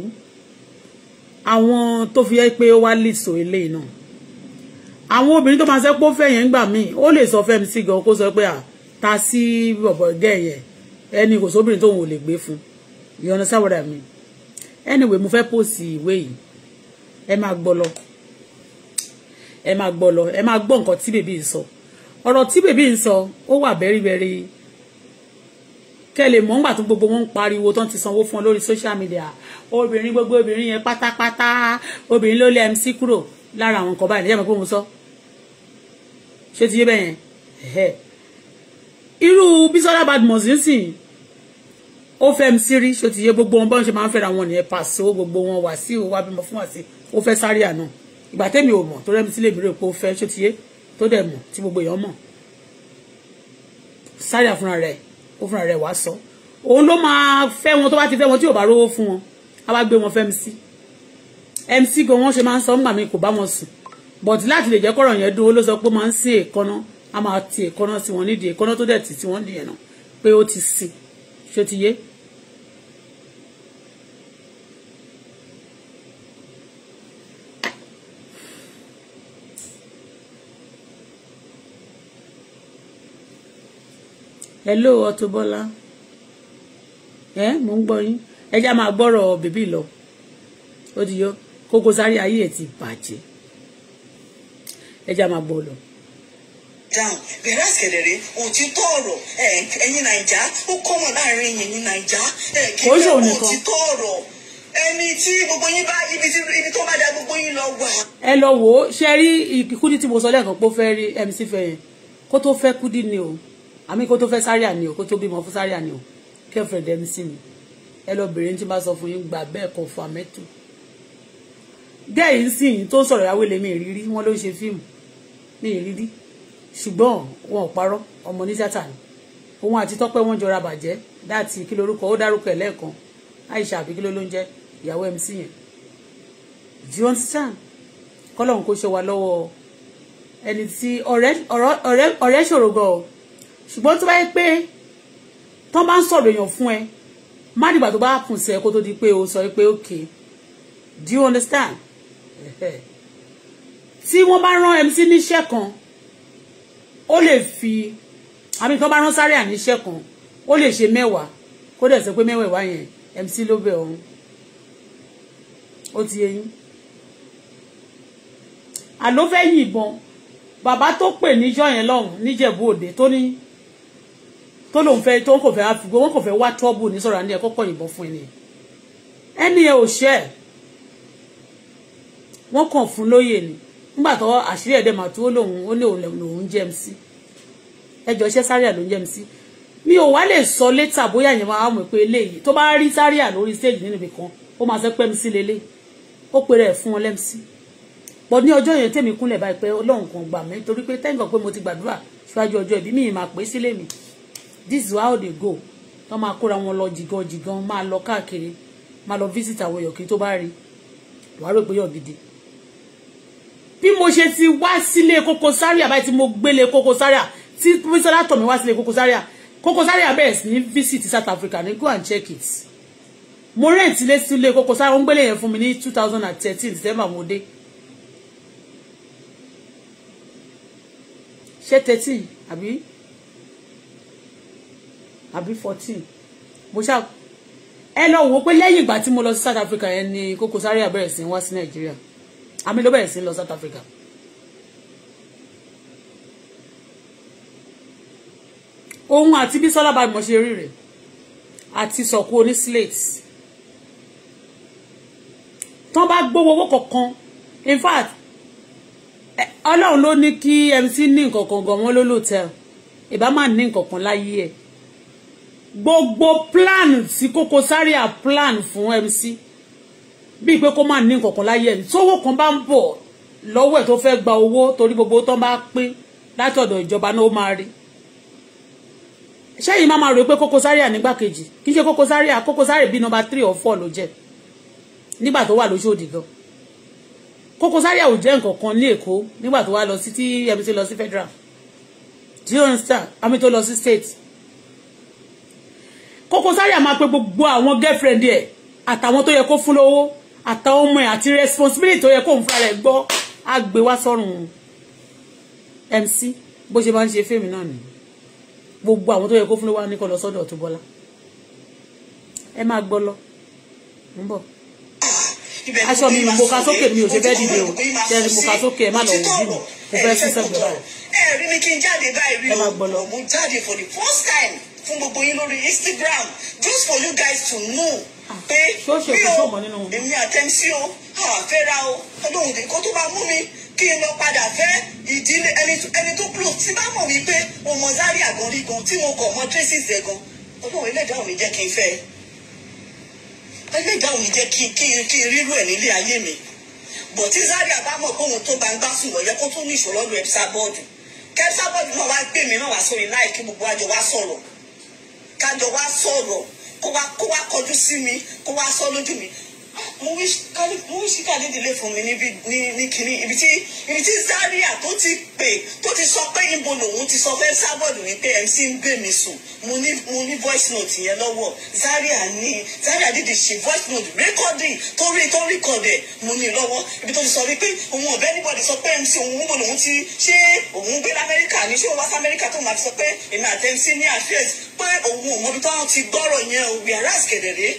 àwọn tó fi yẹ pé ó wá lìsò eléyìí náà àwọn obìnrin tó máa ṣe pé ó fẹ́ yẹn ń gbà míì ó lè sọ fún MC gan kó sọ pé à ta sí bọ̀bọ̀ gẹ̀yẹ̀ ẹni kò sóbìnrin tóun ò lè gbé fún you understand what I mean anyway mo fẹ́ pòsì ìwé yìí ẹ máa gbọ́ lọ ẹ máa gbọ́ lọ ẹ máa gbọ́ nǹkan tí bèbí ń sọ ọ̀rọ̀ tí bèbí ń sọ ó wà bẹ́rìbẹ́rì kẹ́lẹ̀ mọ́ ńgbà tó gbogbo wọn ń pariwo tán ti sanwó fún ọ lórí social media obìnrin gbogbo obìnrin yẹn pátápátá obìnrin ló lé MC kúrò lára àwọn nǹkan báyìí níjàmbá pé òun sọ ṣé ti yé bẹ́ẹ̀ yẹn irú Bisola Badmus nísìn ó fẹ́ MC rí ṣé ti yé gbogbo wọn báwọn ṣe máa ń fẹ́ra wọn nìyẹn pàṣẹ gbogbo wọn wà sí òwò abímọ fún wà sí i ó fẹ́ sáré àná ìgbà tẹ́mi ò mọ̀ tó rẹ́mi sílé mi rè pé ó fẹ́ ṣótiyé tó dẹ̀ mọ̀ tí gbogbo èèyàn mọ̀ sáré àfúnra rẹ̀ ó fúnra rẹ̀ wá sọ òun ló máa fẹ́ wọn tó bá ti fẹ́ wọn tí ò bá rówó fún wọn á wá gbé wọn fẹ́ MC MC gan wọn ṣe máa ń sọ nígbà mi kò bá wọn sùn but láti lè jẹ́ kọ́rọ̀ yẹn dúró ló sọ pé máa ń sí èkánná a máa ti èkánná sí wọn nídìí èkánná tó dẹ̀ tì tí wọ́n dìyẹn náà pé ó ti sìn ṣó hello Auto Bola ẹ mò ń gbọ́ yín ẹ já máa gbọ́rọ̀ bèbí lọ ó ti yọ Koko Zaria ayé ẹ̀ ti bàjẹ́ ẹ já máa gbọ́ lọ down whereas kẹdẹrẹ òtítọ́ ọ̀rọ̀ ẹ̀yin naija ó kọmọ láàrin yìnyín ní naija kẹdẹrẹ òtítọ́ ọ̀rọ̀ ẹni tí gbogbo yín bá ibi tí ibi tó bá da gbogbo yín lọ wà. ẹ lọ wò ó ṣe rí Kúdí tí mo sọ lẹ́ẹ̀kan pé ó fẹ́ rí MC Faye kó tó fẹ́ Kúdí ni o àmì kó tó fẹ́ Zaria ni o kó tó bímọ fún Zaria ni o kẹfẹ dẹni sí mi ẹ lọ bèrè tí n bá sọ fún yín gbà bẹ́ẹ̀ kọ fún amẹtù dẹ́yìn sì tó sọ̀rọ̀ ìyàwó ilé mi ìrírí wọn ló ń ṣe fíìmù ní ìrírí ṣùgbọ́n wọn ò parọ́ ọmọ ní ni òun àti Tọ́pẹ́ wọn jọra bàjẹ́ láti kí lorúkọ ó dárúkọ ẹ lẹ́ẹ̀kan Aisha àbí kí ló ló ń jẹ ìyàwó MC yẹn do you understand kọlọ́run kó ṣe wà lọ́wọ́ ẹni tí ọ̀rẹ́ ṣòro gan-an ṣùgbọ́n tó bá yẹ pé tó bá ń sọ̀rọ̀ èèyàn fún ẹ má dìgbà tó bá kùn sí ẹ kó tó di pé o sọ pé okay do you understand tí wọ́n bá rán MC níṣẹ́ kan ó lè fi àmì tó bá rán sáré àníṣẹ́ kan ó lè ṣe mẹ́wàá kó dẹ̀ sọ pé mẹ́wàá ìwá yẹn MC ló bẹ̀ ọ̀hún ó ti yé yín àló fẹ́ yìnbọn bàbá tó pè níjọ́ yẹn lọ́hùn níjẹ̀bú òde tó ní tó lòun fẹ́ tó ń kò fẹ́ àfìgbó wọn kò fẹ́ wá tọ́bù ní sọ̀rọ̀ àní ẹ̀ kọ́kọ́ yìnbọn fún ẹni ẹni ẹ ò ṣẹ́ ẹ̀ wọ́n kàn fún lóyè ni nígbà tó àṣírí ẹ̀dẹ̀ mà tó lòun ó ní òun lòun jẹ́ mi sí ẹjọ́ iṣẹ́ sáríà ló ń jẹ́ mi sí mi ò wá lè sọ létà bóyá yẹn máa mọ̀ pé eléyìí tó bá rí sáríà lórí stage nínú ibì kan ó máa fẹ́ pẹ́ mi sí lélẹ̀ ó pe rẹ̀ fún wọn lẹ́mi sí bọ́ ní ọjọ́ yẹn tèmi kúnlẹ̀ báyìí pé ọlọ́run kan gbà mí torí pé thank God pé mo ti gbàdúrà síwájú ọjọ́ ìbí mi ì máa pè sílé mi this is how they go wọ́n máa kóra wọn lọ jìgan jìgan máa lọ káàkiri máa lọ visit àwọn yọ̀kí tó bá rí wàá rò pé yọ̀ gidi bí mo ṣe ti wá sílé Koko Zaria báyìí tí mo gbélé Koko Zaria tí mísọ́lá tọ̀ mí wá sílé Koko Zaria Koko Zaria bẹ̀rẹ̀ sí ní visit South Africa ní go and check it mo rent ilé sílé Koko Zaria ó ń gbélé yẹn fún mi ní two thousand and thirteen december mo dé ṣé thirteen àbí àbí fourteen mo ṣáà ẹ lọ wò ó pé lẹ́yìn ìgbà tí mo lọ sí South Africa yẹn ni Koko Zaria bẹ̀rẹ̀ sí wá sí Nàìjíríà àmì ló bẹ̀rẹ̀ sí lọ South Africa. òun àti Bísọ́lá bá mọ̀ ṣe rí rẹ̀ àti sọ̀kú oní slate tán bá gbówó owó kọ̀ọ̀kan in fact ọlọ́run ló ní kí MC ní nǹkan kan gan wọ́n ló lòtẹ́ẹ̀lì ìbá máa ní nǹkan kan láyé ẹ̀ gbogbo plan tí Koko Zaria plan fún MC bíi pé kó má ní nǹkan kan láyé ẹni tówó kan bá ń bọ̀ lọ́wọ́ ẹ̀ tó fẹ́ gba owó torí gbogbo tó bá pín láti ọ̀dọ̀ ìjọba náà ó máa rí sẹ́yìn máa máa rò pé Koko Zaria nígbà kejì kì í ṣe Koko Zaria Koko Zaria bíi nọ́mbà three or four ló jẹ́ nígbà tó wà lóṣòdì gan Koko Zaria ò jẹ́ nǹkan kan ní Èkó nígbà tó wà lọ sí tí MC lọ sí federal do you understand àmì tó lọ sí state Koko Zaria máa pe gbogbo àwọn girlfriend ẹ̀ àtàwọn tó yẹ kó fún lówó àtàwọn ọmọ ẹ̀ àti responsibility tó yẹ kó ń fúnra rẹ̀ gbọ́ á gbé wá sọ́run MC bó ṣe máa ń ṣe fíìmù náà nìyí gbogbo àwọn tó yẹ kó fún lówó á ní kó lọ sọ́dọ̀ tó bọ́lá ẹ máa gbọ́ lọ ń bọ̀ aṣọ mi mo ka sókè mi ò ṣe fẹ́ dìde o jẹ́rìí mo ka sókè ẹ má lọ wò jù mo fẹ́ sísẹ́ gbọ́ báyìí ẹ rí mi kí n jáde báyìí rí o mo jáde for the first time fún gbogbo lórí Instagram just for you guys to know ah, pé bí o èmi àtẹ́ńsí o àfẹ́ra o ọdún òde kó tó bá mú mi kí n lọ padà fẹ́ ìdílé ẹni tó blue tí bá mọ̀ wípé mo mọ Zaria àgàn rí gan tí mo kọ̀ mọ traces ẹ̀ gan ọdún òwe lẹ́dàá òní jẹ́ kí n fẹ́ ẹlẹ́dàá òní jẹ́ kí n kí n rírú ẹ̀ nílé ayé mi bọ̀ tí Zaria bá mọ̀ pé òun tó bá ń gbá sùn lọ́yẹ kó tó ní ìṣòro ọdún ẹ̀bísà bọ́ọ̀dù kẹ́bísà bọ́ọ̀dù náà wá gbé mi náà wá sórí láì kí gbogbo àjọ wá sọ̀rọ̀ kájọ wá sọ̀rọ̀ kó wá kó wá kọjú sí mi kó wá sọ lójú mi Múyísíkà nídìílé fún mi níbi ní kínní ibi tí ibi tí Zaria tó ti pè tó ti sọ pé ibo lòun ti sọ fẹ́ sábọ̀dù wípé MC ń gbè mí sùn mo ní mo ní voice note yẹn lọ́wọ́ Zaria ní Zaria dìde ṣe voice note rékọ́dì tó rí tó rékọ́dẹ̀ mo ní lọ́wọ́ ibi tó ti sọ wípé òun ọ̀bẹ anybody sọ pé MC òun wúwo lòun ti ṣé òun gbé lamẹ́ríkà ní ṣé òun wá sí Amẹ́ríkà tó máa ti sọ pé èmi àti MC ní affairs pé òun ò mọbi táwọn ti gbọ́rọ̀ yẹn o wíyàrá àsìkèdèrè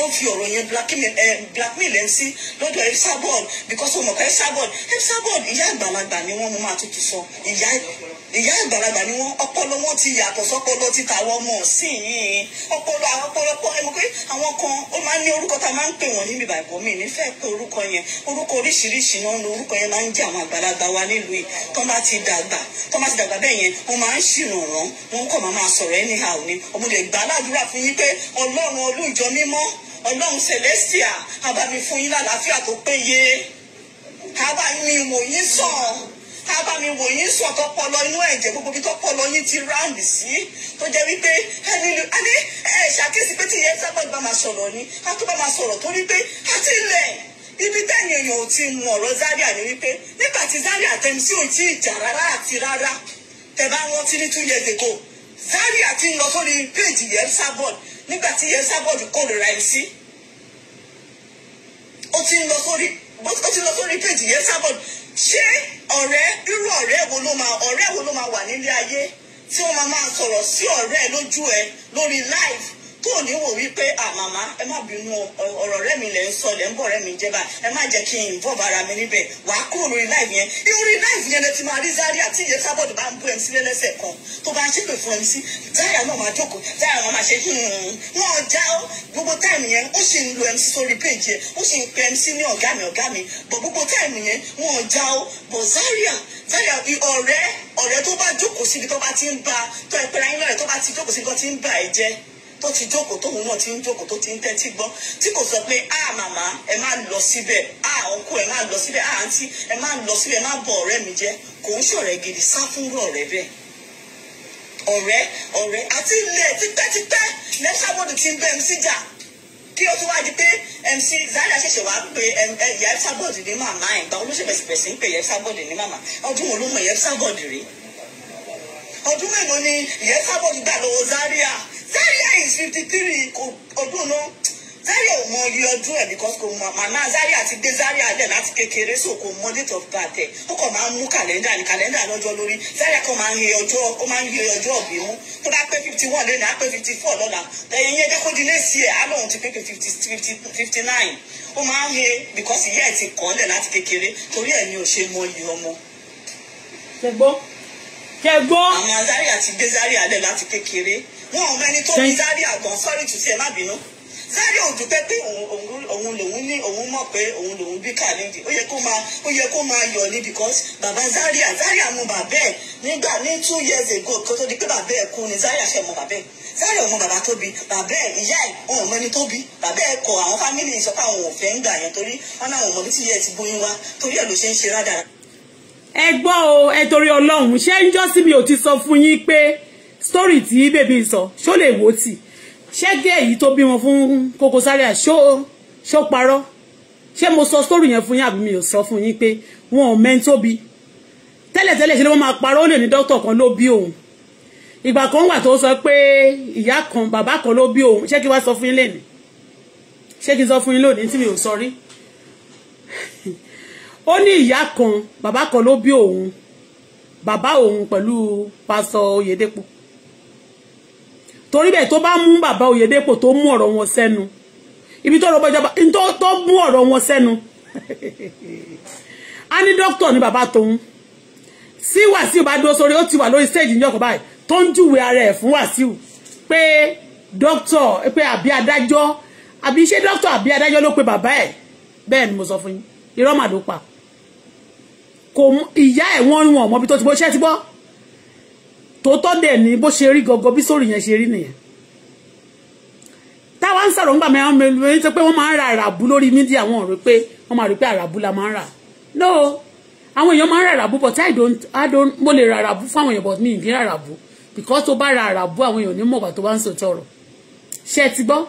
ló ń fi ọ̀rọ̀ yẹn blackmail eh, ẹ̀ sí lọ́dọ̀ efsabod because ọmọ kan efsabod efsabod ìyá àgbàlagbà ni wọ́n mo máa tuntun sọ ìyá àgbàlagbà ni wọ́n ọpọlọ wọn ti yàtọ̀ sọpọlọ ti tàwọn ọmọ sí yìí ọpọlọ àwọn ọpọlọ pọ ẹ mọ̀ pé àwọn kan ó máa ń ní orúkọ tá a máa ń pè wọ́n níbi bàbá mi nífẹ̀ẹ́ pé orúkọ yẹn orúkọ oríṣiríṣi náà ni orúkọ yẹn máa ń jẹ́ àwọn àgbàlagbà wa nílùú yìí tó bá ti dàgbà tó bá ti dàgbà bẹ́ẹ̀ yẹn wọ́n máa ń ṣìrànràn wọ́n kọ̀ máa máa sọ̀rọ̀ anyhow ni ọmọ lè gbà ládùúrà fún yín pé ọlọ́run olújọ mímọ́ ọlọ́run celestia àbámi fún yín lálàáfíà tó péye àbámi wò yín sàn àbámi wò yín sàn tọpọlọ inú ẹ̀jẹ̀ gbogbo bí tọpọlọ yín ti ráàmì sí tó jẹ́ wípé ẹni ẹni ẹ ṣàkíyèsí pé tí ìyẹn sábà bá máa sọ̀rọ̀ ni a tó bá máa sọ̀rọ̀ tó rí pé a ti lẹ̀ ibi tẹ́yìn èèyàn ò ti mọ̀ ọ̀rọ̀ Zaria ni wípé nígbà tí Zaria tẹ̀mísí ò tí ì jà rárá àti rárá tẹ̀ bá wọn ti ní two years ago Zaria ti ń lọ sórí péjì yẹn sábọ̀dù nígbà tí yẹn sábọ̀dù kórìíra ẹ̀ sí ó ti ń lọ sórí ó ti lọ sórí péjì yẹn sábọ̀dù ṣé ọ̀rẹ́ irú ọ̀rẹ́ wo ló máa ọ̀rẹ́ wo ló máa wà nílé ayé tí wọ́n máa máa sọ̀rọ̀ sí ọ̀rẹ́ lójú ẹ lórí live tó ní wò wípé à màmá ẹ má bínú ọ̀rọ̀ rẹ̀ mi lẹ̀ ń sọ lẹ̀ ń bọ̀ rẹ̀ mi jẹ́bà ẹ má jẹ́ kí n involve ara mi níbẹ̀ wà á kúrò lórí láìf yẹn lórí láìf yẹn lẹ ti máa rí Zaria tí ìyẹn sábọ̀dù bá ń bú MC lẹ́lẹ́sẹ̀ kan tó bá ń ṣépè fún MC Zaria náà máa jókòó Zaria wọn máa ṣe hmm, wọn já ọ gbogbo táìmù yẹn ó sì ń lo MC sórí péjì yẹn ó sì ń pe MC ní ọ̀gá mi ọ̀gá mi bọ̀ gbogbo táìmù yẹn wọn já ọ bọ̀ Zaria Zaria ọ̀rẹ́ ọ̀rẹ́ tó bá jókòó síbi tó bá ti ń ba tó ẹ̀pẹ̀rẹ̀ ayé lọ́rẹ̀ tó bá ti jókòó síbi tó ti ń ba ẹ̀ jẹ́ tó ti jókòó tóun náà ti ń jókòó tó ti ń tẹ́tí gbọ́ tí kò sọ pé a ah, màmá ẹ má lọ síbẹ̀ a ah, ọkọ ẹ má lọ síbẹ̀ a ah, àǹtí ẹ má lọ síbẹ̀ ẹ má bọ ọ̀rẹ́ mi jẹ́ kò ń ṣọ̀rẹ́ gidi sá fúnrú ọ̀rẹ́ bẹ́ẹ̀ ọ̀rẹ́ ọ̀rẹ́ àti ilẹ̀ tipẹ́tipẹ́ lẹ́sàbọ̀dù ti ń bẹ́ mi síjà kí ó tún wá di pé MC Zaria ṣẹ̀ṣẹ̀ wá pé ìyá ẹ̀fàbọ̀dù ní màmá ẹ̀ gbà olóṣèlú ẹ̀sìn pẹ̀sìn pé ìyá ẹ̀fàbọ̀dù ní màmá ọdún wo ló mọ ìyá ẹ̀fàbọ̀dù rèé ọdún mélòó ni ìyẹn sábọ̀dù gbà lọ́wọ́ Zaria Zaria is fifty three ọdún náà Zaria ò mọ iye ọdún ẹ̀ because kò mọ màmá Zaria ti dé Zaria lẹ̀ láti kékeré so kò mọ date of birth ẹ̀ ó kàn máa ń mú kàlẹ́ndà ní kàlẹ́ndà lọ́jọ́ lórí Zaria kan máa ń yẹ ọjọ́ ó máa ń yẹ ọjọ́ ọ̀bí mú tó bá pé fifty one lẹ́nu á pé fifty four lọ́la ẹ̀yin yẹn dẹ́kun dín lẹ́sí ẹ̀ á lóun ti pé fifty nine ó máa ń yẹ because ìyá ẹ̀ ti kọ́ lẹ̀ láti kékeré torí ẹ̀ ni ò ṣe mọ iye ọmọ. ṣùgbọ́n kẹ gbọ́. àwọn azaria ti gbé zaria lẹ̀ láti kékeré wọn ò mẹni tó ní zaria gan sọ́rí tù sí ẹ má bínú zaria ò dúpẹ́ pé òun lòun ní òun mọ̀ pé òun lòun bí kàlídì ó yẹ kó máa ó yẹ kó máa yọ̀ ni because bàbá zaria zaria mú bàbá nígbà ní two years ago kó tó di pé bàbá ẹ̀ kú ni zaria ṣe mú bàbá ẹ̀ zaria bàbá tó bí bàbá ẹ̀ ìyá ẹ̀ mẹni tó bí ẹ̀ kọ àwọn fámìlì sọ àwọn ò gbà yẹn torí wọn náà ò mọ̀ bí tí ìyá ti gbóyún wá torí ẹ̀ ló ṣe ń ṣe rádàrà ẹ gbọ́ o ẹ torí ọlọ́run ṣé ń jọ́ sí mi ò ti sọ fún yín pé story tí bèbí sọ ṣó lè wò tì ṣẹ́gẹ́ èyí tó bímọ fún Koko Zaria ṣó ṣó parọ́ ṣé mo sọ story yẹn fún yín àbí mi ò sọ fún yín pé wọn ò mẹ́ni tó tẹ́lẹ̀tẹ́lẹ̀ ṣe ni wọ́n máa parọ́ ó lè ní dókítà kan ló bí òun ìgbà kan wà tó sọ pé ìyá kan bàbá kan ló bí òun ṣé kí wá sọ fún yín lónìí ṣé kí n sọ fún yín lónìí tí mi ò sọ rí ó ní ìyá kan bàbá kan ló bí òun bàbá òun pẹ̀lú pásọ Oyèdépò torí bẹ́ẹ̀ tó bá mú bàbá Oyèdépò tó mú ọ̀rọ̀ wọn sẹ́nu ibi tó rọgbọ ìjọba tó mú ọ̀rọ̀ wọn sẹ́nu a ní dókítà ní bàbá tòun sí Wàsíù bá dúró sórí ó ti wà lórí stage ní ọkọ̀ báyìí tó ń júwe ara ẹ̀ fún Wàsíù pé dókítà pé àbí adájọ́ àbí ṣé dókítà àbí adájọ́ ló pe bàbá ẹ̀ bẹ́ẹ̀ ni mo sọ fún yín irọ́ màdó pa kò ìyá ẹ̀ wọ́n rí wọn ọmọ bí tó ti bọ́ ṣẹ́ ti bọ́ tòótọ́ dẹ̀ ní bó ṣe rí gọ́gọ́ bí sórí yẹn ṣe rí nìyẹn táwa ń sọ̀rọ̀ ńgbà mẹ́rin mẹ́rin mẹ́rin tó pé wọ́n máa ń ra àràbù lórí mídíà wọn rí pé wọ́n máa rí pé àràbù la máa ń rà no àwọn èèyàn máa ń ra àràbù but I don't I don't mo lè ra àràbù fáwọn èèyàn but mi ì ra àràbù because tó bá ra àràbù àwọn èèyàn ní mọ̀gbà tó bá ń sọ tọrọ ṣe ti gbọ́.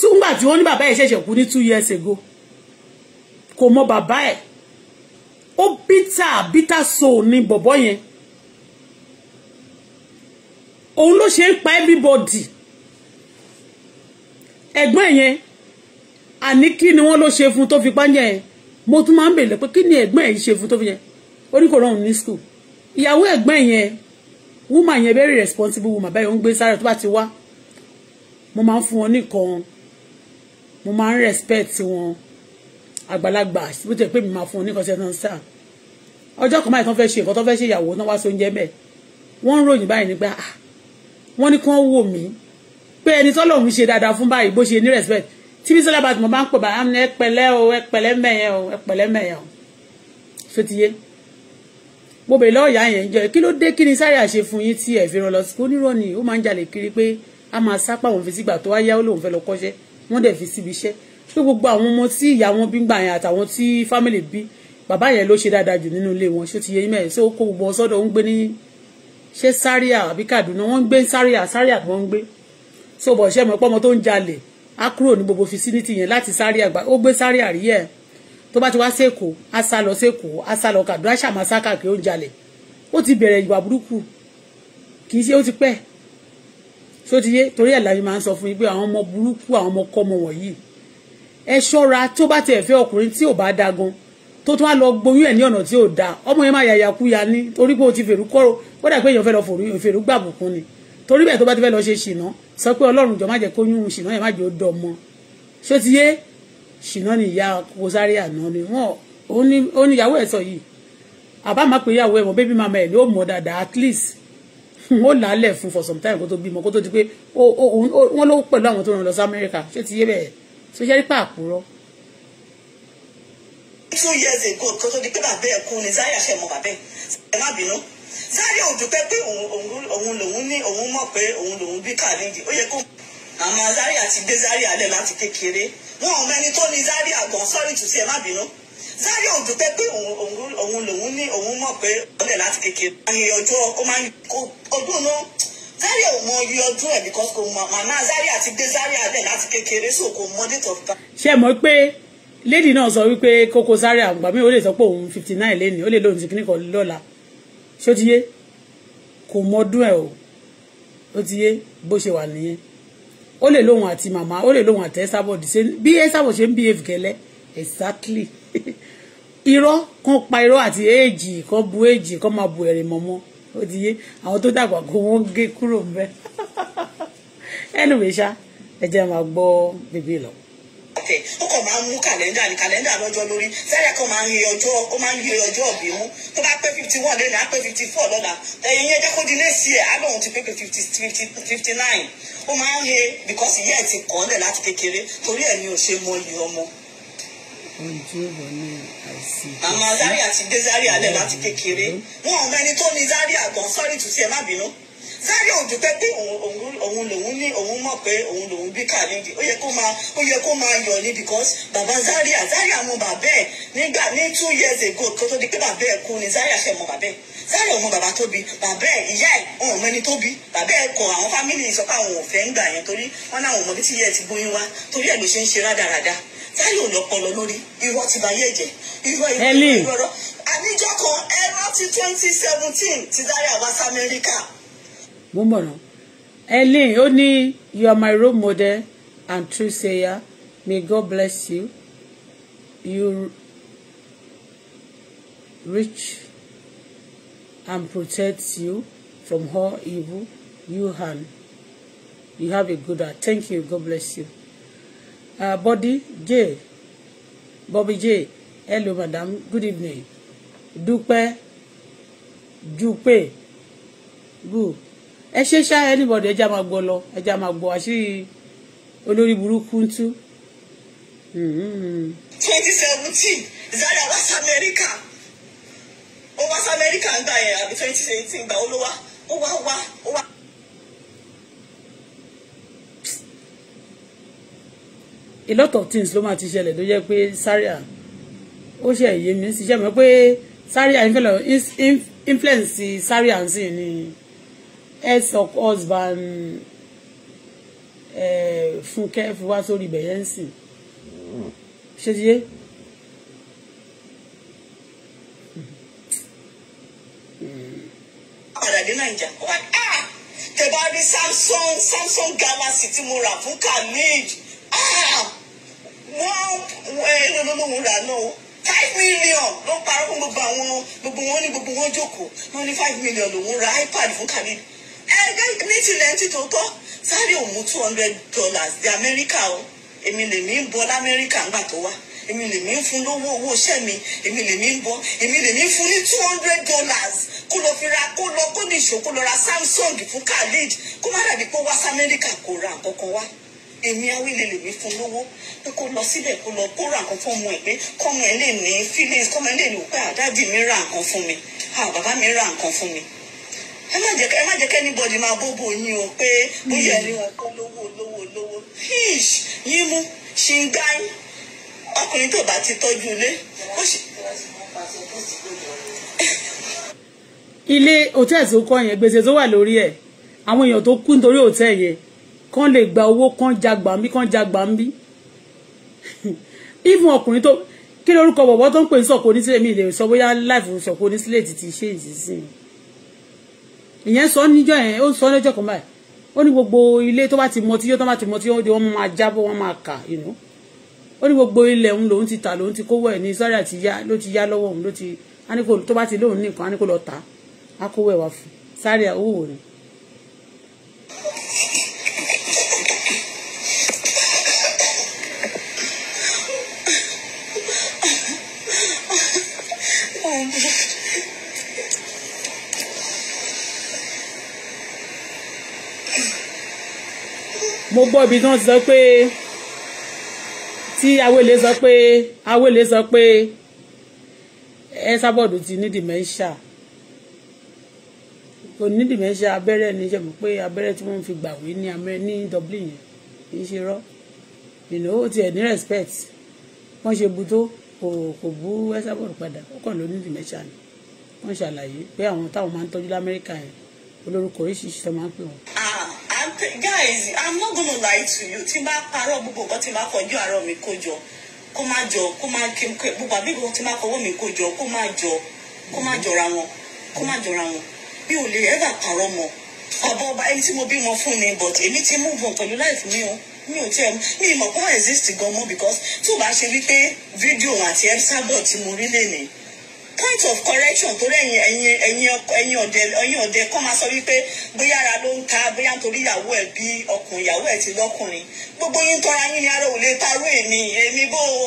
súngbà tí wọ́n ní bàbá ẹ̀ ṣẹ̀ṣẹ̀ kú ní two years ago kò mọ bàbá ẹ̀ ó bítà bítà soul ni bọ̀bọ́ yẹn òun ló ṣe ń pa everybody ẹ̀gbọ́n yẹn àní kí ni wọ́n ló ṣe fún tó fi pàǹjẹ́ yẹn mo tún máa ń bèèrè pé kí ni ẹ̀gbọ́n ẹ̀ ṣe fún tó fi yẹn ó ní kò rọrùn ní school ìyàwó ẹ̀gbọ́n yẹn woman yẹn very responsible woman báyìí ó gbé sáré tó bá ti wá mo máa ń fún wọn nìkan mo máa ń respect wọn àgbàlagbà bó ti pè mí máa fún un ní kọ́sẹ́ náà sáà ọjọ́ kan báyìí tó fẹ́ ṣe nǹkan tó fẹ́ ṣe ìyàwó náà wá sí oúnjẹ bẹ́ẹ̀ wọ́n ń ròyìn báyìí nígbà ah, wọ́n ní kí wọ́n wò mí pé ẹni tọ́lọ̀ ń ṣe dáadáa fún báyìí bó ṣe ní respect tí bí sọlá bá ti mọ̀ bá ń pè báyìí ní ah, ẹpẹ̀lẹ́ o ẹpẹ̀lẹ́ mẹyẹ o ẹpẹ̀lẹ́ mẹyẹ o ṣó ti yé mo bèèrè lọ́wọ́ ìyá yẹn jọ kí ló dé kí ni sáré àṣe fún yín tí ẹ̀ fi ràn lọ sí kó nírọ̀ ni ó máa ń jalè kiri pé a máa sápá òun fi sígbà tó wáyá ó lóun fẹ́ lọ kọ́ṣẹ́ wọ́n dẹ̀ fi síbi iṣẹ́ pé gbogbo àwọn ọmọ tí ìyá wọn bí gbà yẹn àtàwọn tí family bí bàbá yẹn ló ṣe dáadáa jù nínú ilé wọn ṣó ti yẹ yín mẹ́rin ṣé ó kó gbogbo ọsọ́dọ̀ ń gbé ní ṣé sáríà àbí Kaduna wọ́n ń gbé sáríà sáríà tí wọ́n ń gbé so bọ̀ ṣe mọ̀ pé ọmọ tó ń jalè á kúrò ní gbogbo facility yẹn láti sáríà gbà ó gbé sáríà rí ẹ̀ tó bá ti wá sẹ́kọ̀ọ́ á sá lọ sẹ́kọ̀ọ́ á sá lọ Kaduna ṣàmásá káàkiri ó ń jalè ó ti bẹ̀rẹ̀ ìwà burúkú kì í ṣe ó ti pẹ́ ṣó ti yé torí ẹ̀ láyé máa ń sọ fún yín pé àwọn ọmọ burúkú àwọn ọmọ kọ́mọ wọ̀nyí ẹ ṣọ́ra tí ó bá tiẹ̀ fẹ́ ọkùnrin tí ò bá da gan tó tún wá lọ gboyún ẹ̀ ní ọ̀nà tí ò da ọmọ yẹn máa yàyà kú ya ní torí pé o ti fèrú kọ́rọ̀ ó dà pé èèyàn fẹ́ lọ fèrú gbàbùkún ni torí bẹ́ẹ̀ tó bá ti fẹ́ lọ ṣe ṣìnà sọ pé ọlọ́run jọ má jẹ́ kóyún ṣìnà yẹn má jẹ́ ó dọ̀ mọ́ ṣó ti yé ṣìnà ni ìyá Koko Zaria àná ni wọn ò ní ìyàwó ẹ̀ sọ yìí àbá máa pè ìyàwó ẹ̀ mọ́ bébí mama ẹ̀ ló mọ̀ dáadáa at least ó làálẹ̀ fún for some time kó tó bímọ kó tó di pé wọ́n ló pẹ̀lú àwọn tó ràn lọ sí Amẹ́ríkà ṣó ti yé bẹ́ẹ̀ so ṣe rí àkúrọ́. two years ago kó tó di pé bàbá ẹ̀ kú ni Zaria ṣe mọ bàbá ẹ̀ ẹ̀ má bínú Zaria ò dúpẹ́ pé òun lòun ní òun mọ̀ pé òun lòun bí kàlíǹdì ó yẹ kó àmọ́ Zaria ti gbé Zaria lẹ̀ láti kékeré wọn ò mẹni tó ní Zaria gan sọ́rí tù sí má bínú Zaria ò dúpẹ́ pé òun lòun ní òun mọ̀ pé ọlẹ̀ láti kékeré ọjọ́ ó máa ń ọdún náà. Zaria ò mọ iye ọdún ẹ̀ because kò mọ màmá Zaria ti dé Zaria dẹ̀ láti kékeré so kò mọ date of birth. ṣé ẹ mọ̀ pé lady náà sọ wípé Koko Zaria àgbà mi ò lè sọ pé òun fifty nine lẹ́nu ó lè lóun ti kíníkan lọ́la ṣé ó ti yé kò mọ ọdún ẹ̀ o ó ti yé bó ṣe wà nìyẹn ó lè lóun àti màmá ó lè lóun àti Esabod ṣe bí Esabod ṣe ń bí evgẹlẹ exactly irọ́ kan pa irọ́ àti èèjì kan bu èèjì kan máa bu ẹ̀rìn mọ́mọ́ ó ti yé àwọn tó dàgbà kó wọ́n gé kúrò ń bẹ́ ẹnu mi ṣá ẹ jẹ́ máa gbọ́ bèbè lọ tẹ ó kàn máa ń mú kàlẹ́ndà ní kàlẹ́ndà lọ́jọ́ lórí sẹ́yà kan máa ń yẹ ọjọ́ ó máa ń yẹ ọjọ́ ọ̀bí mú tó bá pé fifty one lẹ́nu á pé fifty four lọ́la ẹ̀yin yẹn jákòó di lẹ́sí ẹ̀ á lóun ti pé pé fifty fifty fifty nine ó máa ń he because ìyá ẹ̀ ti kọ́ ọ́ lẹ̀ láti kékeré torí ẹ̀ ni ò ṣe mọ iye ọmọ. ọjọ́ àwọn Zaria ti dé Zaria lẹ̀ láti kékeré wọn ò mọ ẹni tó ní Zaria gan sọ́rí tù sí ẹ má bínú Zaria ò dúpẹ́ pé òun lòun ní òun mọ̀ pé òun lòun bí kàlíǹdì ó yẹ kó máa ó yẹ kó máa yọ̀ ni because bàbá Zaria Zaria mọ bàbá ẹ̀ nígbà ní two years ago kó tó di pé bàbá ẹ̀ kú ni Zaria ṣe mọ bàbá ẹ̀ Zaria ò mọ bàbá tó bí bàbá ẹ̀ ìyá ẹ̀ wọn ò mọ ẹni tó bí bàbá ẹ̀ kọ àwọn fámìlì sọ pé àwọn ò fẹ́ ń gbà yẹn torí wọn náà wọn mọ bí tí ìyá ẹ̀ ti gbóyún wá torí ẹ̀ ló ṣe ń ṣe rádaràda táyà ò lọ́pọlọ lórí irọ́ ti bá yé jẹ irọ́ ìlú ìrọ̀rọ̀ àníjọ́ kan ẹ rántí twenty seventeen ti dárí àwa sí amẹ́ríkà. mo mọ̀ràn ellen ó ní you are my role model and true sayer may god bless you you reach and protect you from all evil you and you have a good heart thank you god bless you uh, Bobby J. Bobby J. Hello, madam. Good evening. Dúpẹ́. Dúpẹ́. Good. Ẹ ṣe ṣá anybody ẹja máa gbọ́ lọ ẹja máa gbọ́ àṣírí olórí burúkú ń tú. Mm-hmm. twenty seventeen Zaria was America. Amẹ́ríkà ó wá sí Amẹ́ríkà ń gbà yẹn àbí twenty eighteen gbà ó ló wá ó wá wá ó wá. a lot of things ló máa ti ṣẹlẹ̀ tó jẹ́ pé Zaria ó ṣe èyí mi sì ṣe mọ́ pé Zaria influence Zaria ń sìn ní ex husband eh, Fúnkẹ́ fi wá sórí ibẹ̀ yẹn ń sìn ṣe ti yé. padà dé nàìjà ah! tẹ bá rí Samsung Samsung Galaxy tí mo rà fún kamage five million ló parọ́ fún gbogbo àwọn gbogbo wọn ní five million lòun ra iPad fún Kamil ẹgbẹ́ ní tilẹ̀ ti tòótọ́ sáré two hundred dollars di Amẹ́ríkà o èmi lèmi ń bọ́ lamẹ́ríkà ńgbà tó wá èmi lèmi ń fún lówó owó iṣẹ́ two hundred dollars kó lọ fi ra kó lọ kó ní ìṣó kó lọ ra Samsung fún Khalid kó má dàbí pé wá sí Amẹ́ríkà kó ra nǹkan kan wá èmi awílé lèmi fún lówó pé kó lọ síbẹ̀ kó lọ kó ra nǹkan fún ọmọ ẹ̀ pé kọ́mọ ẹ̀ lè ní feelings kọ́mọ ẹ̀ lè ní pé àdáàdì ah, mi ra nǹkan fún mi ah, bàbá mi ra nǹkan fún mi ẹ má jẹ́ ẹ má jẹ́ kẹ́nìbọ̀dì máa bóbó yín o pé bóyá ẹ rí wọn lówó lówó lówó hish yín mú ṣingáì ọkùnrin tó bá ti tọ́jú ilé ó ṣe. ilé òtẹ́ẹ̀sì kọ́ yẹn gbèsè tó wà lórí ẹ̀ àwọn èèyàn tó kú nítorí òtẹ́ẹ̀ yẹn kán lè gba owó kán ja gbàmbí kán ja gbàmbí even ọkùnrin tó kí ló orúkọ bọ̀bọ̀ tó ń pè ní sọ̀kò onísílẹ̀ mi lè sọ bóyá láìfò sọ̀kò onísílẹ̀ ti ti ṣe ìsinsìn ìyẹn sọ níjọ́ yẹn ó sọ lọ́jọ́ kan báyìí ó ní gbogbo ilé tó bá ti mọ tí yóò tó bá ti mọ tí wọ́n máa jábọ́ wọ́n máa kà you know ó ní gbogbo ilẹ̀ òun lòun ti tà lòun ti kówó ẹ̀ ní sọ́rí àti yá ló ti yá lọ́wọ́ òun ló ti á ní kó ti lóun nìkan á ní kó lọ tà á kówó ẹ̀ wá fún sáré owó mo gbọ́ ibi tí wọ́n ti sọ pé tí awele sọ pé awele sọ pé ẹ sábọ̀dù ti ní dementia kò ní dementia abẹ́rẹ́ ní ṣe mọ̀ pé abẹ́rẹ́ tí wọ́n fi gbàwé ní ní Dublin yẹn kì í ṣe rọ́ ìnáwó ó tiẹ̀ ní respect wọ́n ṣe bu tó kò kò bú ẹ sábọ̀dù padà ó kàn ló ní dementia ni wọ́n ṣàlàyé pé àwọn táwọn máa ń tọ́jú lamẹ́ríkà yẹn olórúkọ oríṣiríṣi tó máa ń pè wọ́n. I'm guys I'm not gonna lie to you tí n bá parọ́ gbogbo nǹkan tí n bá kọjú àárọ̀ mi kó jọ kó má jọ kó má kí n kó gbogbo àbí gbogbo tí n bá kọwọ́ mi kó jọ kó má jọ kó má jọra wọn kó má jọra wọn mi ò lè ever parọ́ mọ́ bàbá ọba ẹni tí mo bímọ fún ni but èmi ti move on pẹ̀lú life mi o mi ò tiẹ̀ mi ìmọ̀ kó má exist gan mọ́ because tí ò bá ṣe wípé fídíò àti ẹ́bísàbọ̀ tí mo rí lè point of correction tó rẹ̀ ẹ̀yin ẹ̀yin ẹ̀yin ọ̀dẹ ẹ̀yin ọ̀dẹ kọ́ máa sọ wípé bóyá ara ló ń ta bóyá nítorí ìyàwó ẹ̀ bí ọkùnrin ìyàwó ẹ̀ ti lọ́kùnrin gbogbo yín tọ́ra yín ni aró ò lè taró èmi èmi bó o.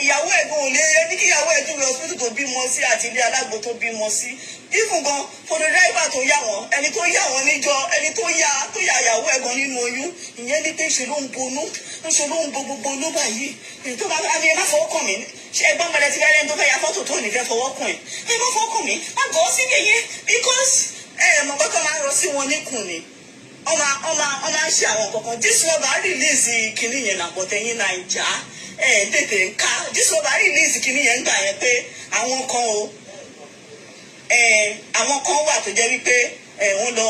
ìyàwó ẹ̀gbọ́n ò lè yẹ ní kíyàwó ẹ̀ tó lọ sí tó bímọ sí àti ilé alágbo tó bímọ sí ìfún gan tó ẹni tó yà wọn níjọ ẹni tó yà tó yà ìyàwó nínú oyún ìyẹn ní pé ṣe ló ń bonú ṣe ló ń bo gbogbo tó a ẹ má fọwọ́ kàn mí ṣe ẹ̀gbọ́n mọ̀lẹ́ ti rẹ́rẹ́ ń tó fẹ́ ya fọ́tò tó ọmọ ọmọ ọmọ tètè ń ká dísọba release kìíní yẹn gbà yẹn pé àwọn kan o àwọn kan wà tó jẹ́ wípé wọ́n lọ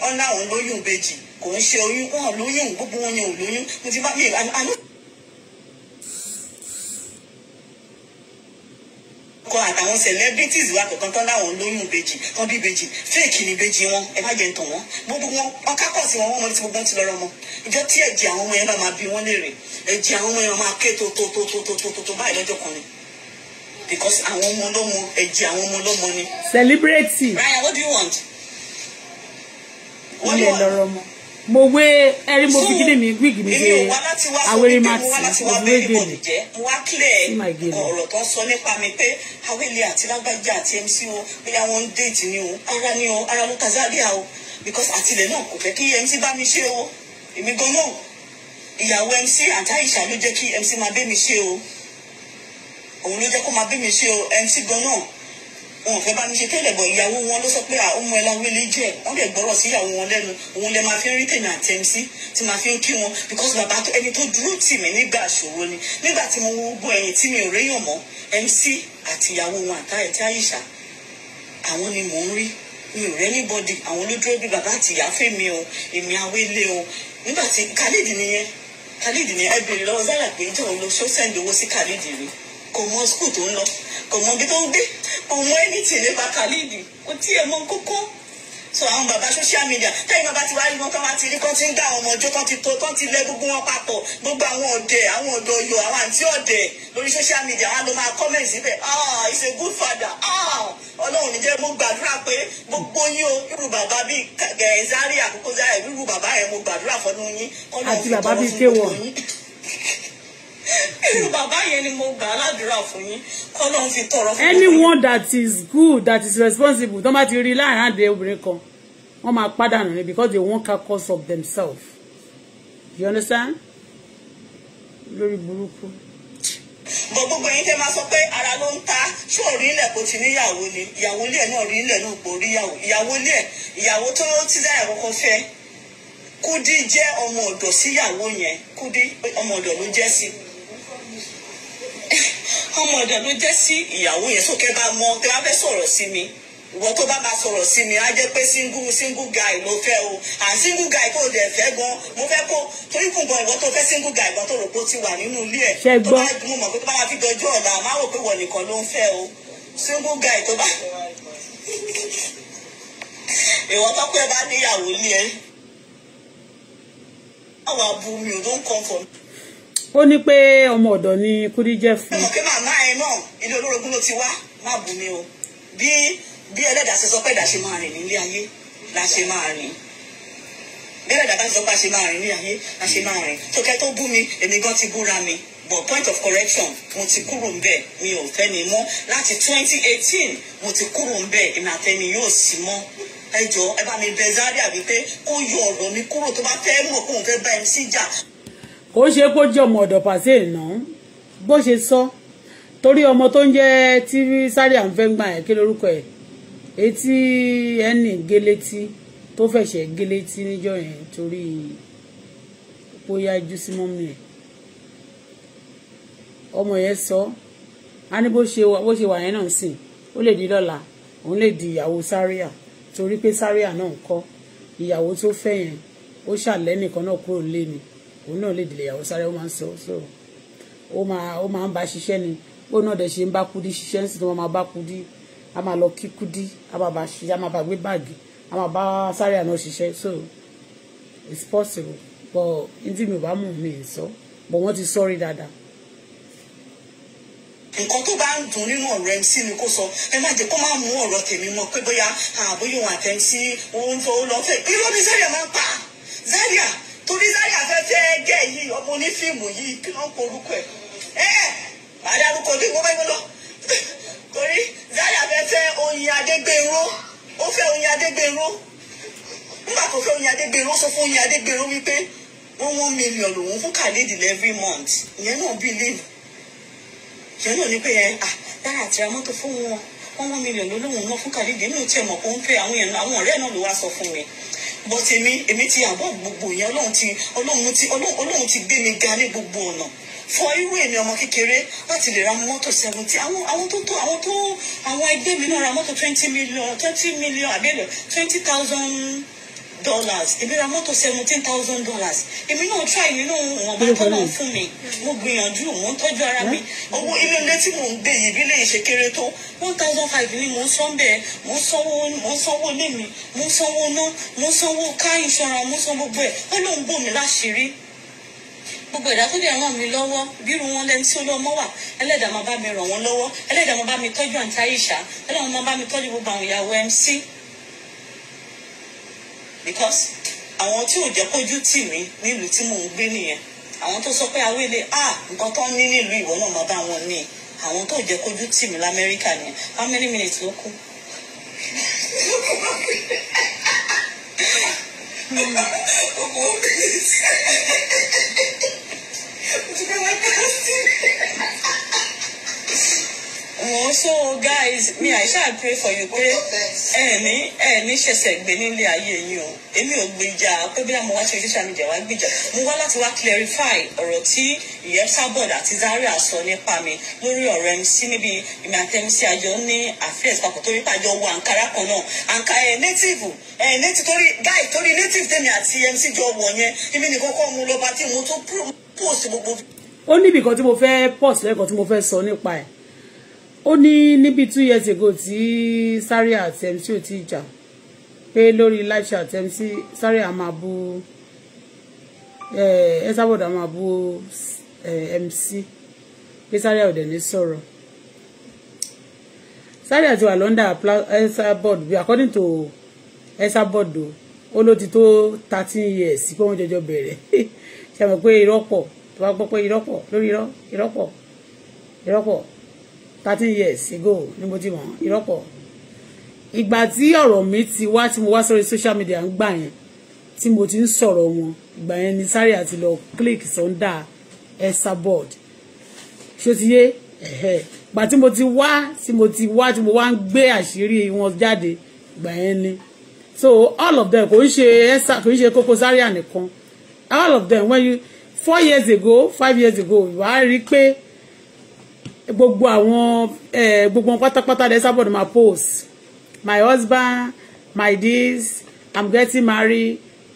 wọ́n láwọn lóyún ìbejì kò ń ṣe oyún wọn lóyún gbogbo wọn yẹn kan àtàwọn celebrities wa kankan tán láwọn lóyún ìbejì tán bí ìbejì fake ni ìbejì wọn ẹ má jẹ ń tàn wọn gbogbo wọn ọkákọ̀ sí wọn wọn mọ̀lẹ́sí gbogbo ti lọ́rọ́ mọ́ ìjọ tí ẹ̀jẹ̀ àwọn ọmọ yẹn bá máa bí wọ́n léèrè ẹ̀jẹ̀ àwọn ọmọ yẹn máa ké tótótótótótó báyìí lọ́jọ́ kan ni because àwọn ọmọ ọlọ́mọ ẹ̀jẹ̀ àwọn ọmọ ọlọ́mọ ni. celebrity. Ryan, what do you want? wọ́n lè lọ́rọ́ mọ́ mo wé ẹrí mo fi kíni mi wíìgì mi gbé awérí má ti òwúrẹ́ gbé mi sí máa gbé mi. ọ̀rọ̀ tó sọ nípa mi pé awele àti lágbájá àti mc o bóyá wọn ń déètì ni o ara ni o ara mú kazaria o because àtìlẹ̀ náà kò fẹ́ kí mc bá mi ṣe o èmi gan náà ìyàwó mc àtàìṣà ló jẹ́ kí mc máa bẹ́ mi ṣe o òun ló jẹ́ kó máa bẹ́ mi ṣe o mc gan náà wọn ò fẹ́ bá mi ṣe tẹ́lẹ̀ bọ̀ ìyàwó wọn ló sọ pé ah, ọmọ ẹ̀ láwọn ilé jẹ́ wọ́n dẹ̀ gbọ́rọ̀ sí ìyàwó wọn lẹ́nu òun lè máa fi rí tèmi àti mc tí máa fi ń kí wọn because bàbá ẹni tó dúró tì mí nígbà ṣòro ni nígbà tí mo wo gbogbo ẹ̀yìn tí mi ò réyàn mọ́ mc àti ìyàwó wọn àtà ẹ̀tí àyíṣà àwọn ni mò ń rí mi ò rẹ́ níbọ̀dì àwọn ló dúró bí bàbá àti ìyá fẹ́ mi o èmi awélé o nígbà tí khalid nìyẹn khalid nìyẹn ẹ bèrè lọ́wọ́ zara pé ìjọ òun ló ṣó kò mọ skul tó ń lọ kò mọ ibi tó ń gbé kò mọ anything nípa Khalid kò tiẹ̀ mọ kókó so àwọn bàbá social media tẹ́yìn bàbá ti wá rí wọn kán wá ti rí kán ti ń gbà àwọn ọmọ ọjọ́ kán ti tó kán ti lẹ gbogbo wọn papọ̀ gbogbo àwọn ọ̀dẹ̀ àwọn ọ̀dọ́ ọ̀yọ́ àwọn àǹtí ọ̀dẹ̀ lórí social media wọn ló máa comment síbẹ̀ ah he's a good father ah ọlọ́run níjẹ́ mo gbàdúrà pé gbogbo yín o irú bàbá bíi eh, Zaria àkókò Zaria irú bàbá yẹn mo gbàdúrà fọ́nú yín kọ́nà òfin tọ́lọ́ fún gbogbo yín irú bàbá yẹn ni mo gbà aládùúrà fún yín kọ́lọ́ fi tọrọ fún mi. anyone that is good that is responsible tó bá ti rí láàrin àdé obìnrin kan wọ́n máa pàdánù ni because they won't cause of themselves you understand lórí burúkú bọ gbogbo yín tẹ máa sọ pé ara ló ń ta ṣé òrí kò ti níyàwó ni ìyàwó ilé ẹ̀ náà rí náà kò rí ìyàwó ìyàwó ilé ẹ̀ ìyàwó tó ti dáyà kọ́kọ́ fẹ́ Kúdí jẹ́ ọmọ ọ̀dọ̀ síyàwó yẹn Kúdí ọmọ ọ̀dọ̀ ló jẹ́ sí i. ọmọ ọ̀dọ̀ ló jẹ́ sí ìyàwó yẹn sókè bá mọ tẹ bá fẹ́ sọ̀rọ̀ sí mi ìwọ tó bá máa sọ̀rọ̀ sí mi á jẹ́ pé single single guy ló fẹ́ o and single guy tó lè fẹ́ gan mo fẹ́ kó torí fún gan ìwọ tó fẹ́ single guy gan tó rò pé ó ti wà nínú ilé ẹ̀ tó bá mú mọ̀ pé tó bá fi dọjọ́ ọ̀la má rò pé wọ̀ nìkan ló ń fẹ́ o single guy tó bá ìwọ tó pẹ́ bá níyàwó ilé ẹ̀ àwọn abúmi ò don come from. ó ní pé ọmọ ọ̀dọ̀ ni Kúdí jẹ́ fún. ọmọ pé màmá ẹ náà ilé olórogún ló ti wá má bù mí o bí bí ẹlẹ́dàá ṣe sọ pé ẹ̀dá ṣe máa rìn nílé ayé la ṣe máa rìn bí ẹlẹ́dàá bá sọ pé a ṣe máa rìn nílé ayé la ṣe máa rìn tó tó bú mi èmi gan ti búra mi but point of correction mo ti kúrò ń bẹ̀ mi ò fẹ́ mi mọ́ láti twenty eighteen mo ti kúrò ń bẹ̀ èmi àtẹ́mi yóò sì mọ́ ẹ jọ ẹ bá mi bẹ Zaria wípé kó yọ ọ̀rọ̀ mi kúrò tó bá fẹ́ mọ̀ kó òun fẹ́ bá MC jà kò ṣe kó jẹ́ ọmọ ọ̀dọ̀ pàṣẹ ìná bó ṣe sọ torí ọmọ tó ń jẹ́ tí sáré à ń fẹ́ gbà ẹ̀ kí lórúkọ ẹ̀ etí ẹnì gélétí tó fẹ̀ṣẹ̀ gélétí níjọ́ yẹn torí bóyá jú sí mọ́mí ẹ̀ ọmọ yẹn sọ á ní bó ṣe wà yẹn náà sìn ó lè di lọ́la òun lè di ìyàwó sáríà torí pé sáríà náà ń kọ́ ìyàwó tó fẹ́ yẹn ó ṣàlẹ́ nìkan náà kúrò lé ni òun náà lè dìlẹ̀ ìyàwó sáré ó máa ń sọ so ó máa ó máa ń bá ṣiṣẹ́ ni bó náà dẹ̀ ṣe ń bá kudi ṣiṣẹ́ ń sì tí wọ́n máa bá kudi a máa lọ kí kudi a máa bá ṣiṣẹ́ a máa bá gbé báàgì a máa bá sáré àná ṣiṣẹ́ so it's possible but n mi ò bá mú mi ì sọ but wọ́n ti sọ́rí dáadáa. nǹkan tó bá ń dùn nínú ọ̀rọ̀ MC ni kò sọ ẹ má jẹ́ kó má mú ọ̀rọ̀ tèmi mọ́ pé bóyá àbóyún àtẹ̀ǹsí òun tó lọ fẹ́ irọ́ ni Zaria máa pa Zaria torí Zaria fẹ́ fẹ́ gẹ̀ yìí ọmọ onífíìmù yìí kí ló ń korúkọ ẹ̀ ẹ́ àdárúkọ bí mo bẹ́ẹ̀ lọ torí Zaria fẹ́ fẹ́ Oyin Adégbéró ó fẹ́ Oyin Adégbéró nígbà tó fẹ́ Oyin Adégbéró sọ fún Oyin Adégbéró wípé wọ́n one million lòun fún khalid every month ìyẹn náà believe ìyẹn náà ní pé ẹ ah Zaria ti ra mọ́tò fún wọn wọ́n one million ló lóun náà fún khalid èmi ò tiẹ̀ mọ̀ pé ó ń fẹ́ àwọn èèyàn àwọn ọ̀rẹ́ náà ló wá sọ fún mi bọ́ tèmi èmi ti àbọ̀ gbogbo yẹn ọlọ́run ti ọlọ́run ti ọlọ́run ti gbé mi ga ní gbogbo ọ̀nà fọ irú èmi ọmọ kékeré láti lè ra mọ́tò seventy àwọn àwọn tó tó àwọn tó àwọn ẹgbẹ́ mi náà ra mọ́tò twenty million twenty million àbẹ́lẹ̀ twenty thousand dollars èmi ra mọ́tò seventeen thousand dollars èmi náà try nínú ìwọ̀nba tó náà fún mi mo gbìyànjú mo ń tọ́jú ara mi owó inú ilé tí mò ń gbé yìí bí lèyìn ṣe kéré tó one thousand five ni mò ń san bẹ́ẹ̀ mò ń sanwó mò ń sanwó ilé mi mò ń sanwó ná mò ń sanwó car insurance mò ń san gbogbo ẹ̀ ó lóun bò mí láṣìírí gbogbo ẹ̀dá tó dẹ̀ ràn mí lọ́wọ́ bírú wọn lẹ́ni tí olómọ wà ẹlẹ́dàá máa bá mi ràn wọ́n lọ́wọ́ ẹlẹ́dàá máa bá mi tọ́jú àǹtí àyíṣà ẹlẹ́dàá máa bá mi tọ́jú gbogbo àwọn ìyàwó MC because àwọn tí ò jẹ́ kójú tì mí nílùú tí mò ń gbé nìyẹn àwọn tó sọ pé awele ah nǹkan tó ń ní nílùú ìwọ náà máa bá wọn ní àwọn tó jẹ́ kójú tì mí lamẹ́ríkà nìyẹn how many minutes ló kù. Hmm. wò so guys mi i ṣáà pray for you pé ẹni ẹni ṣẹ̀ṣẹ̀ gbé nílé ayé yín o èmi ò gbèjà pé bí mo wá ṣe social media wá gbèjà mo wá láti wá clarify ọ̀rọ̀ tí ìyẹn sábọ̀dà àti Zaria sọ nípa mi lórí ọ̀rọ̀ MC níbi ìmọ̀ àti MC àjọ ní affairs papọ̀ torí pàjọ wọ àǹkárá kan náà àǹkà ẹ̀ native ẹ̀ native torí guy torí native tèmi àti MC jọ wọ̀ yẹn ibi nìkan kọ́ mu lọ́ba tí mo tún post gbogbo. ó níbì kan tí mo fẹ́ pause lẹ́kọ̀ọ́ tí mo fẹ́ sọ nípa ẹ̀ ó ní níbi two years ago tí Zaria àti MC ò ti jà pé lórí live chat àti MC Zaria a máa bu Esabod a bu MC pé Zaria ò dẹ̀ ní sọ̀rọ̀ Zaria àti wà London Esabod bí according to Esabod o ó ló ti tó thirteen years pé wọ́n jọjọ bẹ̀rẹ̀ ṣe àmọ̀ pé irọ́ pọ̀ tó bá gbọ́ pé irọ́ pọ̀ lórí irọ́ irọ́ pọ̀ irọ́ pọ̀ thirteen years ago ni mo ti mọ̀ ìrọ́pọ̀ ìgbà tí ọ̀rọ̀ mi ti wá tí mo wá sórí social media ń gbà yẹn tí mo ti ń sọ̀rọ̀ wọn ìgbà yẹn ni sáré àti lọ click sọ́ndà ẹ̀sà board ṣó ti yé ìgbà tí mo ti wá tí mo ti wá tí mo wá ń gbé àṣírí wọn jáde ìgbà yẹn ni so all of them kò ń ṣe ẹ̀sà kò ń ṣe Koko Zaria nìkan all of them when you four years ago five years ago wàá rí i pé gbogbo àwọn gbogbo pátápátá lẹ sábọ̀ ní ma post my husband my this i'm getting married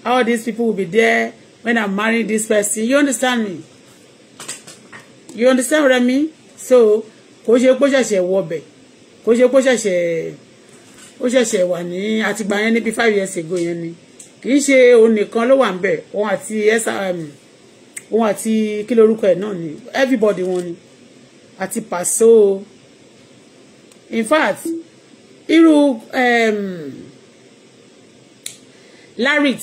all these people will be there when i'm marrying this person you understand me you understand what i mean so kò ṣe kó ṣẹ̀ṣẹ̀ wọbẹ̀ kò ṣe kó ṣẹ̀ṣẹ̀ ó ṣẹ̀ṣẹ̀ wà ní àtìgbà yẹn níbi five years ago yẹn ni kì í ṣe òun nìkan ló wà ń bẹ̀ òun àti òun àti kí lorúkọ ẹ̀ náà ni everybody wọn ni àti pàṣẹ o in fact irú um, larit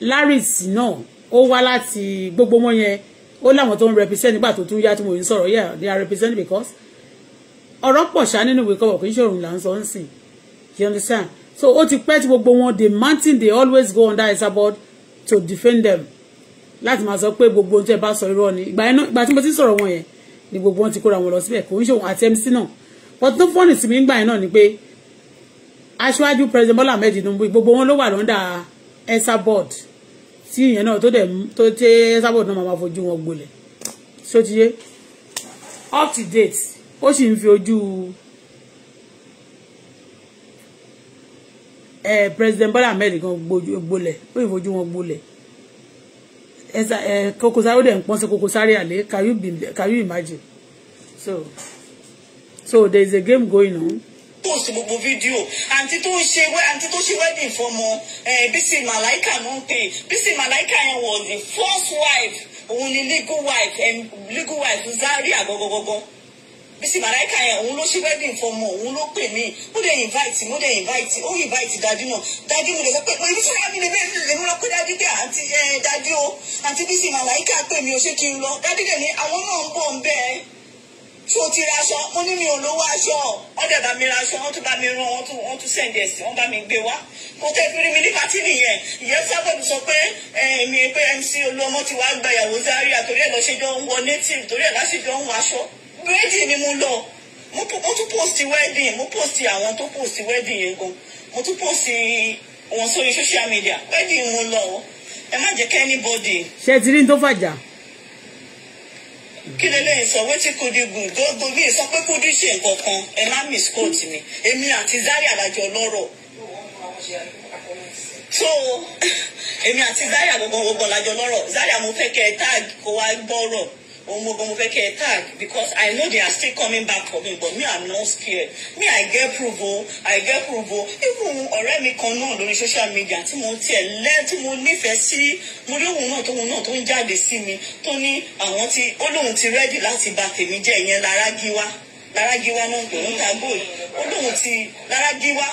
larit náà ó wá láti gbogbo wọn yẹn ó láwọn tó ń represent nígbà tó tún yá tí mo ń sọ̀rọ̀ yeah they are represent because ọ̀rọ̀ pọ̀ ṣá nínú ìwé kọ̀wọ̀ kì í ṣòro là sọ ń sìn you understand so ó ti pẹ́ tí gbogbo wọn the mountain they always go under Esabod to defend them láti máa sọ pé gbogbo ohun tí ẹ bá sọ irọ́ ni ìgbà tí mo ti sọ̀rọ̀ wọn yẹn ni gbogbo wọn ti kóra wọn lọ síbẹ̀ kò ń ṣe òun àti mc náà but tó fọ́ọ̀nì sí mi ń gbà yẹn náà ni pé aṣáájú president Bola Ahmed Tinubu gbogbo wọn ló wà lọ́ndà esa board tí ìyẹn náà tó dẹ̀ tó tẹ́ esa board náà máa fojú wọn gbolẹ̀ ṣó ti yé up to date ó sì ń fi ojú eh, president Bola Ahmed gan gbolẹ̀ ó sì fojú wọn gbolẹ̀ Koko Zaria ó dẹ̀ ń pọ́n sí Koko can you be can you imagine so so there is a game going on. post gbogbo video àǹtí tó ń ṣe àǹtí tó ṣe wedding fọmọ eh, Bísí Màláìkà ló ń pè Bísí Màláìkà yẹn was the first wife òun ni legal wife legal wife Zaria àgọ́gọ́gọ́gọ́ bísí màláìka yẹn òun ló ṣe wedding fún ọmọ òun ló pè mí mo dé invite mo dé invite ó invite dadi náà dadi mo dé sọ pé mo ibi sọ́ra mi lè bẹ́ẹ̀ lè mú lọ pé dadi pé àǹtí ẹ dadi o àǹtí bísí màláìka pè mí o ṣé kí n lọ dadi dẹ̀ ní àwọn náà ń bọ̀ ń bẹ́ẹ̀ tó ti raṣọ mo ní mi ò lówó aṣọ wọn dẹ̀ bá mi raṣọ wọn tún bá mi rán wọn tún wọn tún sẹǹdẹ sí wọn bá mi gbé wá kó tẹ fi mi ní pátí nìyẹn ìyẹn sábẹ̀bù sọ pé èmi pé MC Olúọmọ ti wá gba ìyàwó Zaria torí ẹ̀ lọ́ṣẹ́jọ́ ń wọ native torí ẹ̀ láṣẹjọ́ ń wọ aṣọ méjì ni mo lọ mo tún post wedding mo post àwọn tó post wedding yẹn gan mo tún post wọn sórí social media wedding mo lọ ẹ má jẹ́ kẹ́ anybody. ṣé ti rí ní tó fàjà kí lélẹ́yìn sọ wetin Kudi gùn gbogbo mi sọ pé Kudi ṣe nǹkan kan ẹ má misquote mi èmi àti Zaria lájọ lọ́rọ̀ so èmi àti Zaria gbogbo gbogbo lájọ lọ́rọ̀ Zaria mo fẹ́ kẹ́ ẹ tag kó wá gbọ́rọ̀ òun tag because I know they are still coming back for me but me I'm not scared me I get approval. I get approval. o even ọ̀rẹ́ mi kan on lórí social media tí mo tiẹ̀ lẹ́ tí mo nífẹ̀ẹ́ sí mo rí òun náà tó òun náà tó ń jáde sí mi tó ní àwọn no, ó lóun ti rẹ́dì láti bà tèmi jẹ́ ìyẹn Lára Gíwá Lára Gíwá náà pè ń tàgbò ó lóun ti Lára Gíwá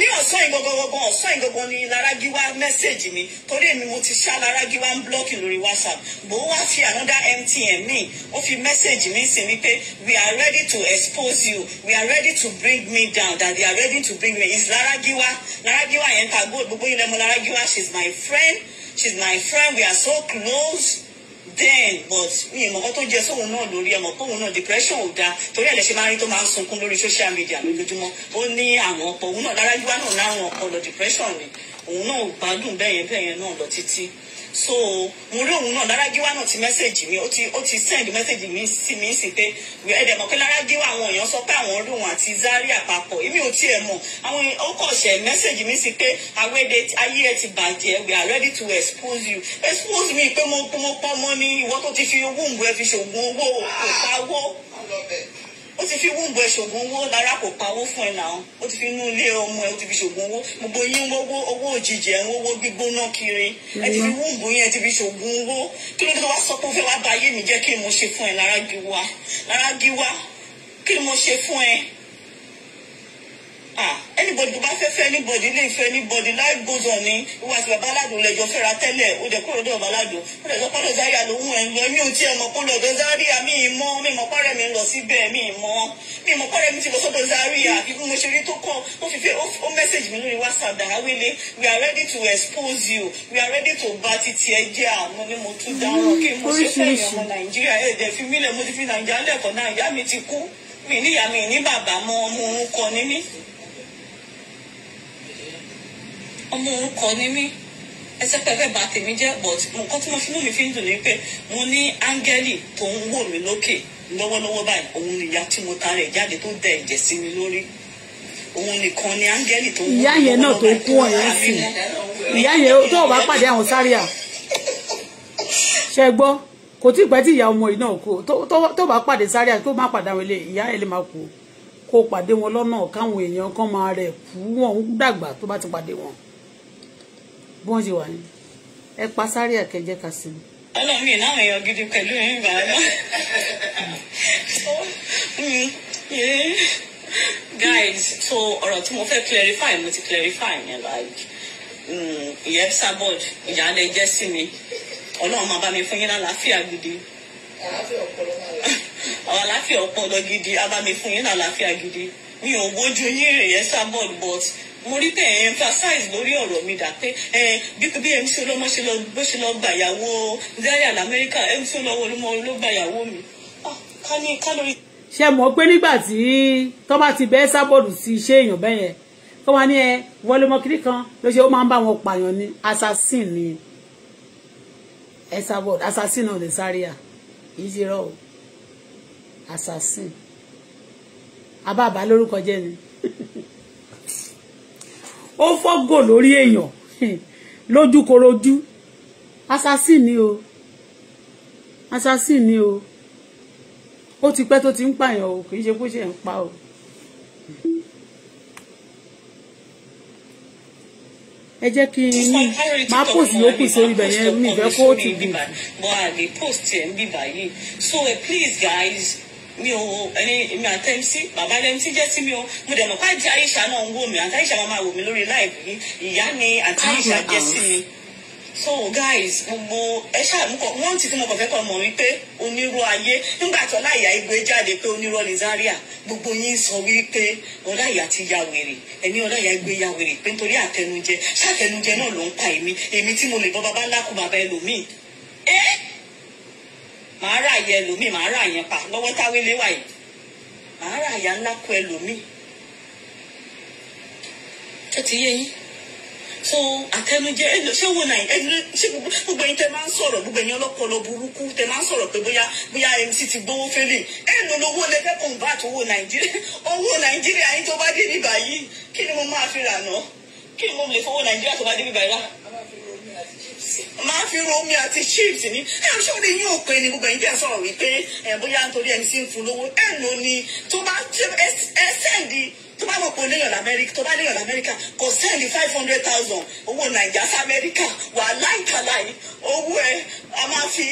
ní ọ̀sán ìgbọ̀ngàngàn ọ̀sán ìgbọ̀ngàn ni Laragiwa mẹ́sẹ̀gì mi torí èmi mo ti ṣá Laragiwa ń blọ́ọ̀kì lórí WhatsApp bó wá fi another MTN mi ó fi mẹ́sẹ̀gì mi sí mi pé we are ready to expose you we are ready to bring me down that they are ready to bring me is Laragiwa Laragiwa yẹn ta gbogbo ilẹ̀ mọ́ Laragiwa she is my friend she is my friend we are so close then but mi ìmọ̀ kan tó jẹ sóhun náà lórí ẹ mọ̀ póhun náà depression ò da torí ẹ̀ lè ṣe máa rí tó máa ń sunkún lórí social media lójoojúmọ́ ó ní àwọn ọ̀pọ̀ òun náà lára yíwá náà láwọn ọpọlọ depression ni òun náà gbádùn bẹ́ẹ̀ yẹn bẹ́ẹ̀ yẹn náà lọ títí so mo rí òun náà Láràgíwá náà ti mẹ́sẹ̀gì mi ó ti ó ti send mẹ́sẹ̀gì mi sí mi sí pé ẹ̀dẹ̀ mọ̀ pé Láràgíwá àwọn èèyàn sọ pé àwọn lòun àti Zaria papọ̀ èmi ò tiẹ̀ mọ̀ àwọn ó kọ̀ ṣẹ̀ mẹ́sẹ̀gì mi sí pé àwẹ̀dẹ ayé ẹ ti bàjẹ́ we are ready to expose you expose me pé mo mo pọ́ mọ́ ní ìwọ tó ti fi owó ìwé fi ṣògùn owó òpá ó ti fi wúńbù ẹ ṣògùn owó lára kò pa owó fún ẹ náà ó ti fi inú ilé ọmọ ẹ ó ti fi ṣògùn owó gbogbo yín owó owó òjijì ẹ ń owó gbígbóná kiri ẹ ti fi mm-hmm. wúńbù yẹn ẹ ti fi ṣògùn owó kí ló dé wá sọ pé ó fẹ́ wá bà ayé mi jẹ́ kí mo ṣe fún ẹ lára gíwá lára gíwá kí mo ṣe fún ẹ ah anybody bá fẹ́ fẹ́ anybody lè fẹ́ anybody life goes ni ìwà àti bàbá lẹ́jọ́ fẹ́ra tẹ́lẹ̀ ó dẹ̀ kúrò dọ̀bà aládùn ó dẹ̀ sọ́kọ́ Zaria ló ẹ̀ lọ mi ò tiẹ̀ mọ̀ kó lọ́dọ̀ Zaria mi ì mọ́ mi mọ̀ párẹ̀ mi lọ síbẹ̀ mi ì mọ́ mi mọ̀ párẹ̀ mi ti lọ sọ́dọ̀ Zaria àfi mo ṣe rí tó kọ́ ó fi fẹ́ ó mẹ́sẹ̀gì mi lórí WhatsApp dàwílé we are ready to expose you we are ready to bá titi ẹ jẹ́ àmọ́ ah, ni mo tún dáhùn kí mo ṣe fẹ́ ọmọ Nàìjíríà ẹ̀ẹ́dẹ̀ fi mílẹ̀ mo ti fi Nàìjíríà lẹ́kọ̀ọ́ náà ìyá mi ti kú mi níyàá mi ní bàbá mọ́ ọmọ orúkọ níní ọmọ orúkọ ni mí ẹsẹ pẹpẹ bá tèmi jẹ́ but nǹkan tí mo fi mú mi fi ń dùn ni pé mo ní áńgẹ́lì tó ń wò mí lókè lọ́wọ́lọ́wọ́ báyìí òun nìyá tí mo ta rẹ̀ jáde tó dẹ ẹ̀jẹ̀ sí mi lórí òun nìkan ni áńgẹ́lì tó ń wò mí lọ́wọ́lọ́wọ́ báyìí ìyá yẹn náà tó kú ọ̀yẹ́ sí ìyá yẹn tó o bá pàdé àwọn sáré à ṣe gbọ́ kò tí ì pẹ́ tí ìyá ọmọ yìí náà kú tó bá pàdé sáré à kó má pàdé àwọn ilé ìyá ẹ̀ lè má kú kó pàdé wọn lọ́nà káwọn èèyàn kan máa rẹ̀ kú wọn dàgbà tó bá ti pàdé wọn bọ́n ṣe wà ní ẹ pa sáré àkẹjẹ kà sí mi. ọlọ́run mi náà èèyàn gidi pẹ̀lú mi bá a lọ. guys so ọ̀rọ̀ tí mo fẹ́ clarify mo ti clarify yẹn like mm, ìyẹn sábọ̀d ìyáálé jẹ́ sí mi ọlọ́run máa bá mi fún yín lálàáfíà gidi àlàáfíà ọpọlọ gidi a fún yín lálàáfíà gidi mi ò wojú yín rèé sábọ̀d but mo rí bẹ́ẹ̀ emphasize lórí ọ̀rọ̀ mi dà pé bí mc olómọ ṣe lọ bó ṣe lọ gbàyàwó zaria lamẹ́ríkà mc olówó olúmọ ló gbàyàwó mi ká ní kálórì. ṣe mọ̀ pé nígbà tí tó bá ti bẹ́ẹ́ sábọ̀dù sí iṣẹ́ èèyàn bẹ́ẹ̀ yẹn tó wá ní ẹ wọlé ọmọ kiri kan ló ṣe ó máa ń bá wọn pààyàn ní assassin ni ẹ sábọ̀dù assassin náà lè sáré o assassin abáàbá lórúkọ jẹ́ ni. ó fọ́gò lórí èèyàn lójúkorojú assassin ni o assassin ni o ó ti pẹ́ tó ti ń pààyàn o kì í ṣe bó ṣe ń pa o. ẹ jẹ́ kí n ní máa post yòókù sórí ibẹ̀ yẹn mi ìfẹ́ kó o ti gbìn. but i dey post ẹ̀ ń so eh, please guys mi ò ẹni èmi àtẹ̀mí sí bàbá lẹ́mí sí jẹ́ sí mi o mo dẹ̀ mọ̀ pé àti àyíṣà náà ń wò mí àti àyíṣà máa wò mí lórí live yìí ìyá ni àti àyíṣà jẹ́ sí mi so guys gbogbo ẹ ṣàmú wọn ti tí mo kàn fẹ́ kọ́ mọ̀ wípé onírọ́ ayé nígbà tó láyà igbe jáde pé onírọ́ ní Zaria gbogbo yín sọ wípé ọláyà ti ya wèrè ẹni ọláyà igbe ya wèrè pé nítorí àtẹnujẹ ṣàtẹnujẹ náà ló ń pa èmi èmi tí mo lè bọ́ bàbá bàbá ẹlòmíì. màá rà yẹ ẹlòmíì màá rà yẹn pa lọ́wọ́ táwé léwà yìí màá rà ńlá ẹlòmíì ti yé yín so àtẹnujẹ ṣé náà gbogbo yín gbogbo yín burúkú tẹ máa ń pé bóyá bóyá mc ti gbowó lówó kóun bá tó nàìjíríà ni mo máa fi rà mo lè fowó nàìjíríà máa fi ro omi àti chips ní ẹ ṣé orí yín ò pé ni gbogbo ẹ̀yin díẹ̀ sọ̀rọ̀ wípé ẹ bóyá nítorí ẹni sí ń fún lówó ẹ lò ní tó bá ẹ sẹ́ndì tó bá mọ̀ pé léyàn lamẹ́ríkà tó bá léyàn lamẹ́ríkà kò sẹ́ẹ̀lì five hundred thousand owó nàìjà sí amẹ́ríkà wà láìkàláì owó ẹ̀ a máa fi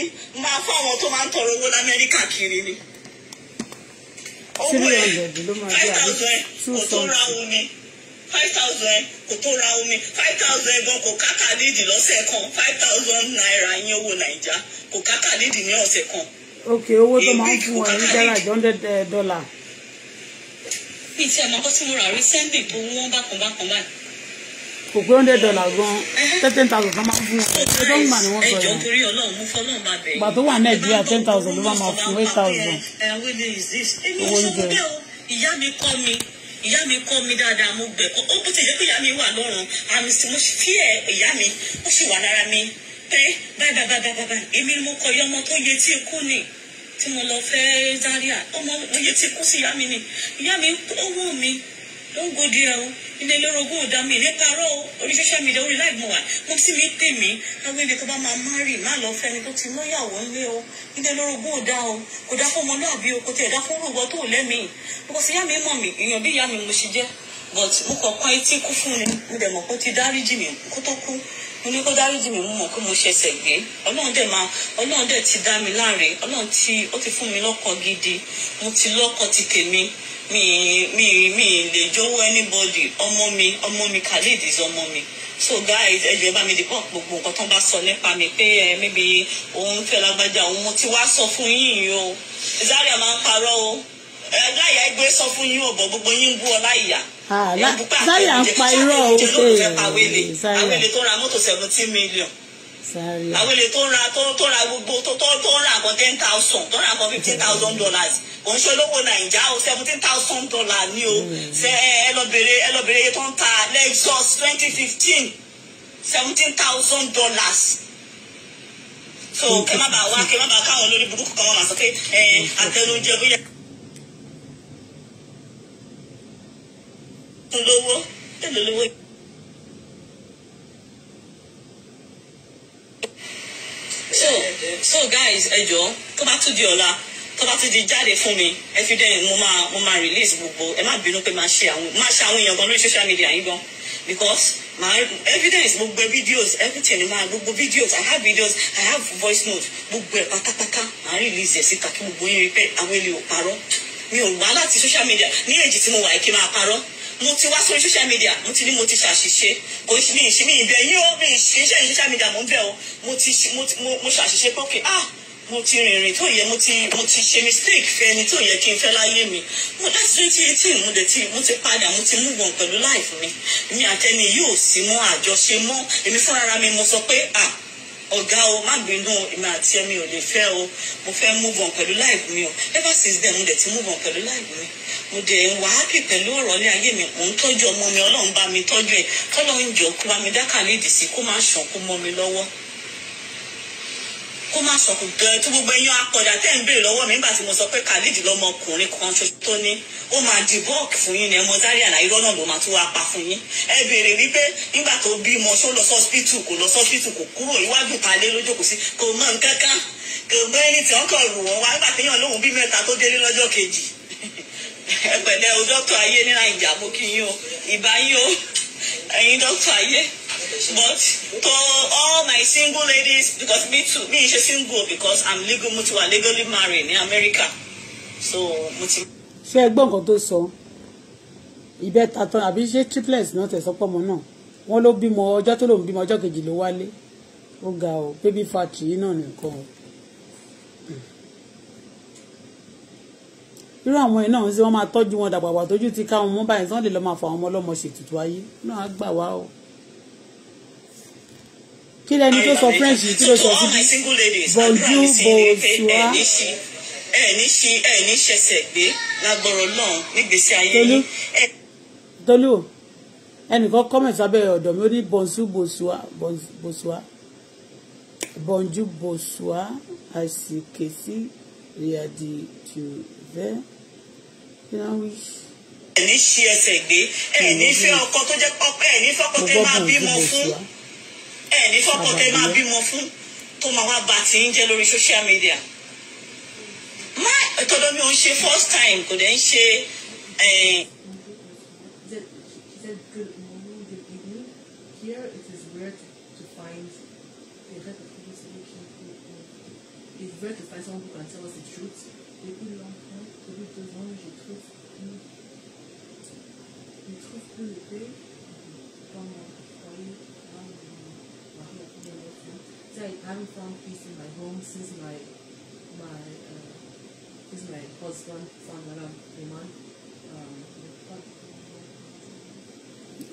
máa fáwọn tó máa ń tọrọ owó lamẹ́ríkà kiri ni owó ẹ̀ five thousand ẹ̀ kò tó ra omi. five thousand kò ra omi five thousand kò kan five thousand naira owó kò ní ọ̀sẹ̀ kan. oké owó tó máa ń fún ọ ní gáràjì hundred eh, dollar. mi ti àmọ́ kọ́ tí mo rà rí sẹ́ńdì tó wọ́n bákan bákan báyìí. kò pé hundred dollar gan ten thousand kan máa ń fún wọn ṣé tó torí Ọlọ́run ìyá mi kọ́ mi dáadáa mo gbẹ̀ kọ́ ó bó ti jẹ́ pé ìyá mi wà lọ́rùn àmì sí mo fi ẹ̀ ìyá mi ó sì wà lára mi pé báyìí báyìí báyìí báyìí báyìí èmi ni mo kọ iye ọmọ tó yẹ tí kú ni tí mo lọ fẹ́ Zaria ọmọ mo yẹ tí kú sí ìyá mi ni ìyá mi ó wù mí ló gòdì ẹ o ilé lórogún ò dá mi ní parọ́ orí social media orí láì mọ̀ wá mo sì mí pè mí lọ́gbọ́n ibi tó bá máa má rì má lọ́ọ́ fẹ́ni tó ti lọ́yàwó ńlé o ilé lórogún ò dá o kò dá fún ọmọlúàbí o kò tiẹ̀ dá fún rògbọ́ tó lẹ́mìí mo sì yá mi mọ̀ mi èèyàn bí ìyá mi mo ṣe jẹ́ but mo kọ̀ kan etí kú fún mi mo dẹ̀ mọ̀ pé ó ti dáríjì mi kó tó kú mo ní kó dáríjì mi mo mọ̀ pé mo ṣẹ̀ṣẹ̀ gbé ọlọ́run dẹ̀ máa ọlọ́run dẹ̀ ti dá mi láre ọlọ́run ti ó ti fún mi lọ́kọ gidi mo ti lọ́kọ ti tèmi mi mi mi lè jọ̀wọ́ anybody ọmọ mi ọmọ mi Khalid is ọmọ mi so guys ẹ jọ̀ọ́ bá mi dìbò gbogbo nǹkan tó ń bá sọ nípa mi pé ẹ maybe òun fẹ́ lágbájá òun mo ti wá sọ fún yín yìí o Zaria máa ń parọ́ o ẹ láyà ẹgbẹ́ sọ fún yín ò gbogbo yín ń bú láyà. Ah, Zaria ń pa irọ́ o eh, awele tó ra mọ́tò seventeen million awele tó ra tó ra gbogbo tó ra nǹkan ten thousand tó ra nǹkan fifteen thousand dollars òun ṣe olówó nàìjà o seventeen thousand dollars ni o hmm. ṣe ẹ lọ bèrè ẹ lọ bèrè iye tó ń ta Lexus twenty fifteen seventeen thousand dollars so kẹ má bàa wá kẹ má bàa káwọn olórí burúkú kan wọn máa sọ pé ẹ àtẹnujẹ bóyá. lówó èlò lówó. so so guys ẹ jọ̀ọ́ tó bá tún di ọ̀la tó bá ti di jáde fún mi ẹ fi dẹ́yìn mo máa mo máa release gbogbo ẹ má bínú pé máa ṣe àwọn máa ṣe àwọn èèyàn gan lórí social media yín gan because my evidence gbogbo videos everything máa gbogbo videos i have videos i have voice note gbogbo ẹ pátápátá máa release ẹ síta kí gbogbo yín rí pé àwọn èlò ò parọ́ mi ò wá láti social media ní èjì tí mo wà kí n máa parọ́ mo ti wá sórí social media mo ti ní mo ti ṣàṣìṣe kò sí mi ìṣe mi ìbẹ yín o mi ìṣe iṣẹ́ social media mo ń bẹ̀ o mo ti mo ṣàṣìṣe pé ah mo ti rìnrìn tó yẹ mo ti mo ti ṣe mistake fẹ́ ẹni tó yẹ kí n fẹ́ láyé mi mo láti twenty eighteen mo dẹ̀ ti mo ti padà mo ti move on pẹ̀lú life mi mi àtẹni yóò sí mọ́ àjọṣe mọ́ èmi fúnra mi mo sọ pé ah ọ̀gá o má bínú èmi àti ẹ̀mí ò lè fẹ́ o mo fẹ́ move on pẹ̀lú life mi o ever since then mo dẹ̀ ti move on pẹ̀lú life mi mo dẹ̀ ń wá happy pẹ̀lú ọ̀rọ̀ ní ayé mi mò ń tọ́jú ọmọ mi ọlọ́run bá mi tọ́jú ẹ̀ kọ́lọ́run jọ kó bá mi dákàlídìí sí kó má ṣàn kó mọ́ mi lọ́wọ́. kó má sọkù gan kí gbogbo ẹyin akọjà tẹ́ ń béèrè lọ́wọ́ mi nígbà tí mo sọ pé khalid lọmọkùnrin kan ṣoṣo tó ní ó máa di bọ́ọ̀kì fún yín ní ẹmọ zaria náà náà ló máa tún wá pa fún yín ẹ béèrè wípé nígbà tó ṣó lọ kò lọ kò kúrò iwájú ta mọ kò ẹni tí wọn kàn rù wọn wá nígbà téèyàn lóhùn bí tó délé kejì o dókítà ayé ní But to all my single ladies, because me too, me is a single because I'm legal mutual, legally married in America. So, mutual. ṣé ẹ gbọ́ nǹkan tó sọ ìbẹ́ta tán àbí ṣé triplets náà tẹ̀sán pọ̀ mọ́ náà wọ́n ló bímọ ọjọ́ tó lòun bímọ ọjọ́ kejì ló wálé ó ga ọ baby factory náà nìkan o. irú àwọn iná ọ̀hún sí wọ́n máa tọ́jú wọn dàgbà wà tójú ti káwọn mú báyìí tí wọ́n lè lọ́ọ́ máa fọ àwọn ọmọ ọlọ́mọ ṣètùtù ayé náà á gbà wá o kí lẹni tó sọ french kí ló sọ sí bonjour bonsoir ẹ ní ṣe ẹ ní ṣẹ̀ṣẹ̀ gbé lágbọrọ náà nígbèsí ayé yìí. tolu ẹnìkan kọ́mẹ̀ sábẹ́ ọ̀dọ̀ mi ó ní bonjour bonsoir bonsoir bonjour bonsoir àsìkèsí ríadì tùvẹ́ kí náà wí ẹ ní ṣe ẹsẹ̀ gbé ẹ ní fẹ́ ọkọ tó jẹ́ ọpẹ́ ẹ ní fẹ́ ọkọ tó máa bímọ fún ẹ ní fọ́pọ̀ tẹ máa bímọ fún tó máa wá bá ti ń jẹ́ lórí social media má tọ́dọ̀ mi ò ń ṣe first time kò dẹ̀ ń ṣe. Here it is rare to, to find a haven't found peace in my home since my my uh, since my husband found another woman. Um,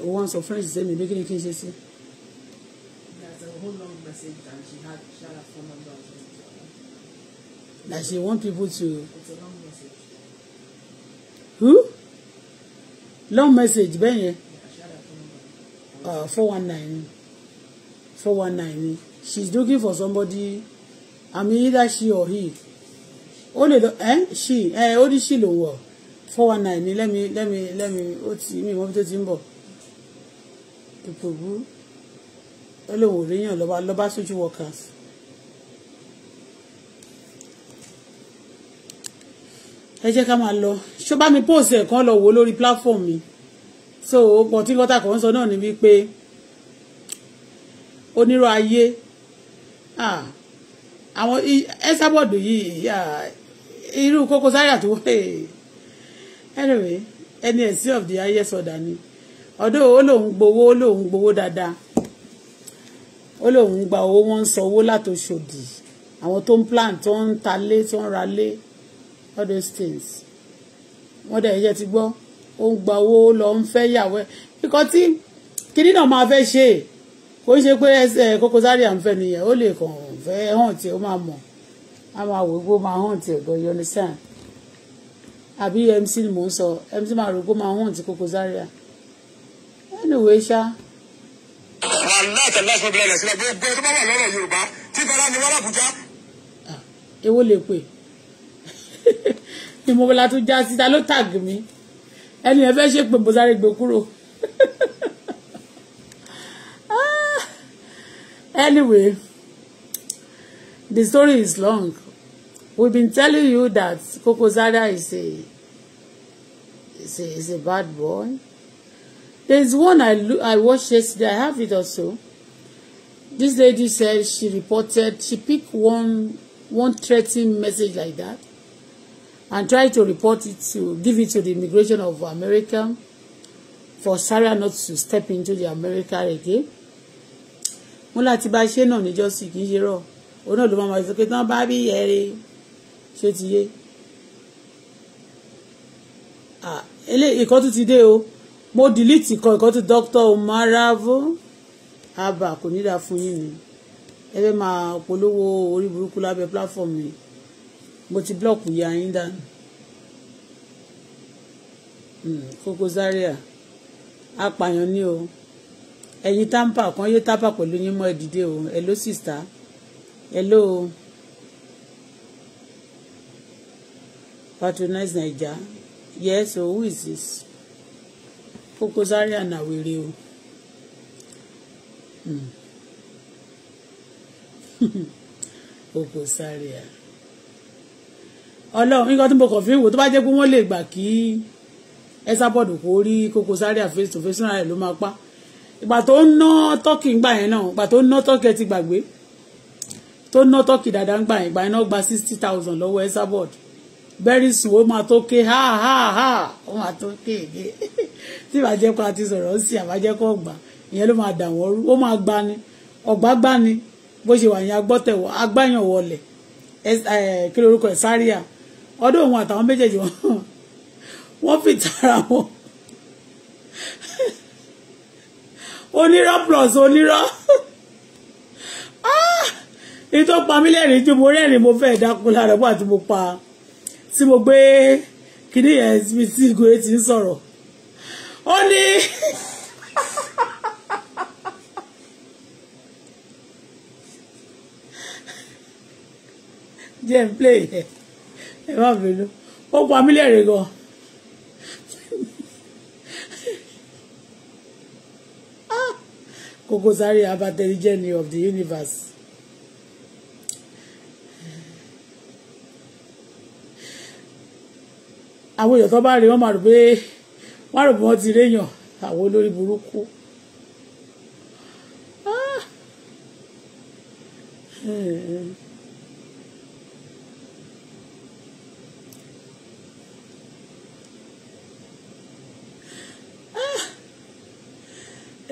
oh, once her friends say me making it easy. There's a whole long message and she had she had a phone number That she want people to. It's a long message. Who? Long message, Benye. Yeah, she had a phone number. Uh, 419. 419 she's looking for somebody I mean either she or he Only, lè lọ she eh? Only she lòun wọ four one nine let me, let me, ó me, mi ìmọ̀ bí tó ti ń bọ̀ ìpòbú ó lòun ò ríyàn lọ́ba lọ́ba workers. ẹ jẹ́ ká máa lọ ṣó bá post it? Call lọ wò lórí platform me. so pọ̀ tí kọ́tà kan sọ náà pay? wípé onírọ̀ ayé Ah. àwọn ẹsàbọ̀dù yìí irú Koko Zaria tó anyway ẹni ẹ̀sìn of the highest order ni ọ̀dọ̀ ó lóun gbowó ó lóun gbowó dáadáa ó lóun gba owó wọn ń sanwó látòṣòdì àwọn tó ń plan tó ń talé tó ń ralé all those things wọ́n dẹ̀ yẹ ti gbọ́ ó ń gba owó lọ ń fẹ́ yàwó ẹ̀ kíkọ́ tí kinní máa fẹ́ ṣe é kò ń ṣe pé ẹsẹ̀ Koko Zaria ń fẹ́ nìyẹn ó lè kàn fẹ́ hàn tí ó máa mọ̀ á máa wò ó máa hàn tí ẹ̀gbọ́n yọ ní sàn àbí MC ni mò ń sọ MC máa rògbò máa hàn tí Koko Zaria anyway ṣá. wàhálà ìtàlá ìfọ̀bìlẹ̀ rẹ̀ sílẹ̀ gbogbo ẹ̀ tó bá wà lọ́rọ̀ Yorùbá tí bọ́lá ni wọ́n làbújá. èwo lè pè ni mo bọ́lá tó já síta ló tàgì mí ẹni ẹ fẹ́ ṣe pé mo sáré gbé kúrò. Anyway, the story is long. We've been telling you that Koko Zaria is a, is a is a bad boy. There's one I I watched yesterday. I have it also. This lady said she reported she picked one one threatening message like that and tried to report it to give it to the immigration of America for Sarah not to step into the America again wọn láti bá ṣe náà níjọ́ sí kì í ṣe rọ̀ òun náà ló máa ma sọ tán bá bí ẹ̀rẹ́ ṣé ti yé ìkọ́ tún ti dé o mo delete ìkọ́ ìkọ́ tún Dr. Umaravo abba kò ní dáa fún yín ni ẹ fẹ́ máa polówó orí burúkú lábẹ́ platform mi mo ti blọ́ọ̀kù ya yín dání Koko hmm, Zaria apààyàn ni o. Mm, ẹ̀yin táǹpà kan yóò tápà pẹ̀lú yín mọ́ ẹ dìde o hello sister hello patronize naija yes o who is this kokosaria na wèrè o. Hmm. Koko Zaria ọlọ́run nǹkan tí mo kàn fi ń wò tó bá jẹ́ pé wọ́n lè gbà kí ẹ sábọ̀dù kó rí Koko face to face náà rẹ̀ ló máa pa ìgbà tó ń ná tọ́kì ń gbà yẹn náà ìgbà tó ń ná tọ́kì ẹ ti gbàgbé tó ń ná tọ́kì dáadáa ń gbà yẹn ìgbà yẹn náà gba sixty thousand lọ́wọ́ Esabod very soon ó máa tó ké ha ha ha ó máa tó ké ké tí ìbàjẹ́ pa ti sọ̀rọ̀ ó sì àbájẹ́ kọ́ ọ̀gbà ìyẹn ló máa dà wọ́n rú ó máa gbani ọ̀gbá gbani bó ṣe wà yẹn agbọ́tẹ̀wọ̀ agbáyàn wọlé eh, kí lórúkọ ẹ̀ sáríà ọdún òun àtàwọn méjèèjì wọn fi tara wọn onírọ́ plus onírọ́ ní ah! tó pa mí lẹ́rìn tí mo rẹ́rìn mo fẹ́ dákun lára wà tí mo pa tí mo gbé kíní yẹn síbi tí ìgòrè ti ń sọ̀rọ̀ ó ní. jẹ́ ń play ẹ̀ ẹ̀ má bínú ó pa gan Kogo Zaria abatẹnijẹni of the universe. àwọn èèyàn tó bá rí wọn máa rò pé wọn rò pé wọn ti réyàn àwọn olórí burúkú.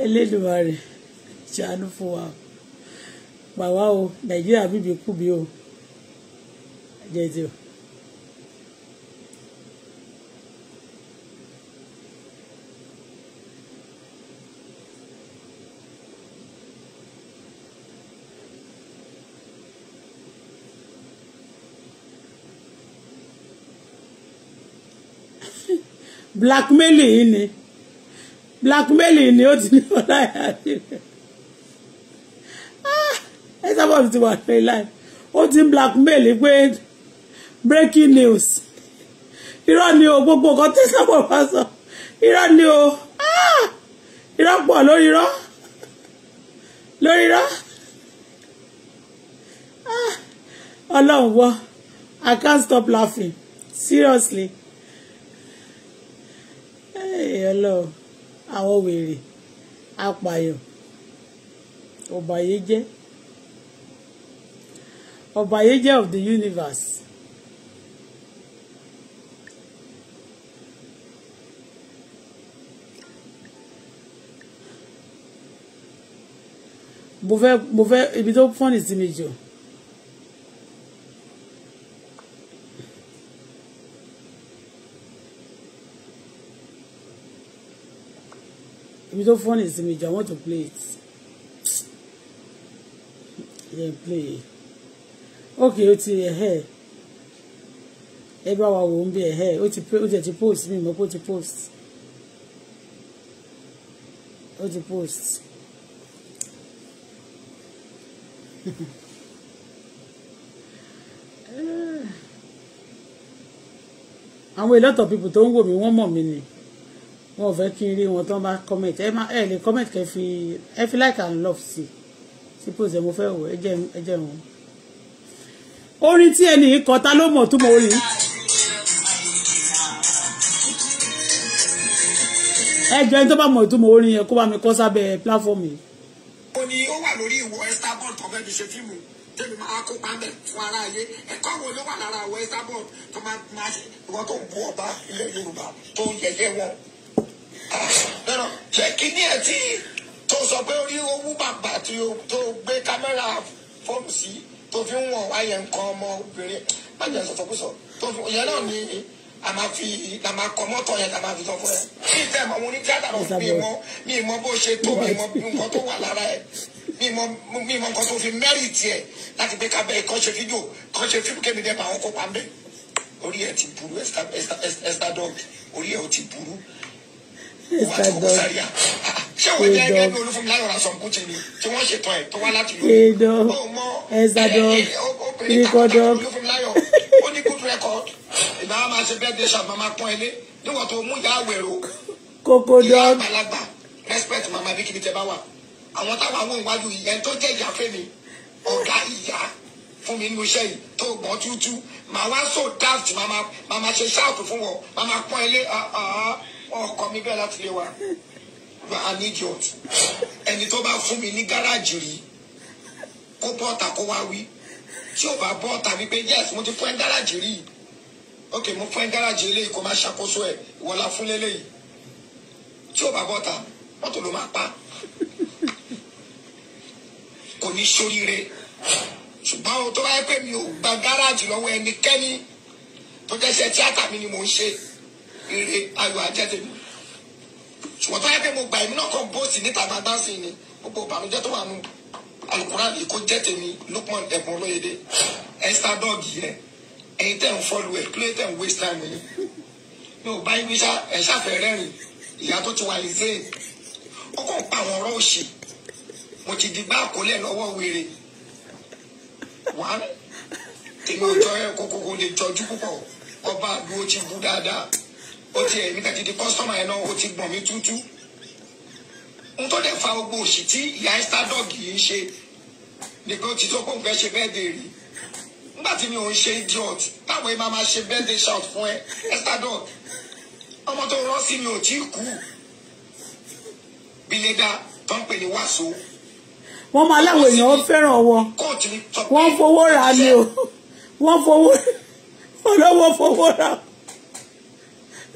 Elédùmarè. Ah. Ah ṣàánú fún wa pàwá o nàìjíríà bíbí kú bí o jẹ ti o. blackmailing ni blackmailing ni ó ti ní ọlá ìyá rẹ. Esabod ti wà ní live ó ti ń blackmail pé breaking news irọ́ ni o gbogbo nǹkan tí Esabod bá sọ irọ́ ni o ah! irọ́ pọ̀ lórí irọ́ lórí irọ́ ah! ọlọ́run wọ I can't stop laughing seriously ọlọ́run àwọn wèrè apààyàn ọ̀bàyé jẹ́ ọba yéjẹ of the universe. mo fẹ́ mo fẹ́ ibi tó fọ́nì sí mi jù. ibi tó fọ́nì sí mi jù I want to play it. Yeah, play it ok o ti ẹ̀hẹ́ ẹ bá wa wò ó ń bí ẹ̀hẹ́ o ti o ti post mi mọ́ o ti post o ti post. àwọn a lot of people tó ń wò mí wọ́n mọ̀ mí ni wọn ò fẹ́ kí n rí wọn tán bá comment ẹ máa ẹ lè comment kẹ́ fi ẹ fi like and love sí Suppose post ẹ mo fẹ́ wò ẹ jẹ́ ẹ jẹ́ wọn orin tí ẹnì yìí kọ ta ló mọ̀ tó mọ orin. ẹ jọ ẹni tó bá mọ̀ tó mọ orin yẹn kó bá mi kọ sábẹ́ platform yìí. ó ní ó wà lórí ìwọ Estabod tó fẹ́ fi ṣe fíìmù tẹ́lẹ̀ máa kó pàmẹ́ fún ara ayé ẹ̀kọ́ wo ló wà lára àwọn Estabod tó máa máa ṣe ìwọ tó bu ọba ilẹ̀ Yorùbá tó yẹyẹ wọn. lọ́nà jẹ́ kí ní ẹ̀ tó sọ pé orí owó bàbà tó gbé kámẹ́rà fóònù sí tó fi ń wọ̀n wáyé nǹkan ọmọ obìnrin má jẹ́ sọ̀sọ̀kúsọ̀ tó fi ìyẹn náà ni a fi a máa kọ mọ́tọ̀ yẹn ká máa fi sọ fún ẹ kí ìtẹ́ ẹ̀ mọ̀ mo ní tíátà lọ mi mọ mi mọ bó ṣe tó mi mọ nǹkan tó wà lára ẹ mi mọ mi mọ nǹkan tó fi mẹ́rìtì ẹ láti gbé kábẹ́ kàn ṣe fídíò kàn ṣe fídíò kémi dẹ́ bá wọn kópa ń bẹ́ orí ẹ ti burú ẹ ẹ orí ẹ ò ti burú Mr. Dog. ṣé òun jẹ́ gẹ́gẹ́ bí olúfúnmi láyọ̀ ra dog kíríkọ dog. olúfúnmi láyọ̀ ó ní good record wa máa ṣe bẹ́ẹ̀ dé ṣàmà máa pọ́n ilé níwọ̀n tó mú ìyá àwẹ̀rò. kókó dog. mi nínú iṣẹ́ yìí tó gbọ́n tútú màá wá so daft màá máa ṣe ṣáàtù fún wọn màá máa pọ́n ilé ah, ah, ah ọkọ mi bẹ́ẹ̀ láti lè wá you are an idiot ẹni tó bá fún mi ní gáràjì rí kó bọ́ọ̀tà kó wá wí tí ò bá bọ́ọ̀tà wípé yes mo ti fún ẹ gáràjì rí ok mo fún ẹ gáràjì eléyìí kó má ṣàkóso ẹ ìwọlá fún lélẹ́yìí tí ò bá bọ́ọ̀tà mọ́tò ló máa pa kò ní ṣoríire ṣùgbọ́n o tó bá yẹ pé mi ò gba gáràjì lọ́wọ́ ẹnikẹ́ni tó jẹ́ ṣe tíátà mi ni mò ń ṣe ire ayọ̀ ajẹ́tẹ̀mí ṣùgbọ́n tó yẹ pé mo gbà èmi náà kàn bóòsì níta gbangba sí ni gbogbo ìbànújẹ́ tó wà nù alukura yìí kó jẹ́ tèmi Lukman ẹ̀bùn olóyèdè ẹ̀sítà dọ́ọ̀gì yẹn ẹ̀yin tẹ̀ ń fọ́lù ẹ̀ kílódé tẹ̀ ń waste time yìí mi ò bá yín wíṣà ẹ̀ ṣàfẹ́ rẹ́rìn ìyá tó ti wà ní zayn ó kàn pa àwọn ọ̀rọ̀ òṣì mo ti di gbá àkólẹ̀ lọ́wọ́ wèrè wá tèmi ò jọ ẹ̀ kókó kó lè jọjú púpọ̀ ọba àgbo ti bú dáadáa ó ti ẹ̀mí náà ti di kọ́sọ́mà yẹn náà ó ti gbọ̀n mi tútú n tó dẹ̀ fa gbogbo òṣì tí ìyá Stardoll yìí ń ṣe nìkan ti tó kóun fẹ́ ṣe bẹ́ẹ̀ dèrè nígbà tí mi ò ń ṣe idiot táwọn ẹ̀ máa máa ṣe birthday shout fún ẹ Stardoll ọmọ tó rán sí mi ò tí kú bílédà tó ń pè ní wàásù. wọ́n máa láwọn èèyàn fẹ́ràn wọn wọ́n fowó ra ni o wọ́n fowó ra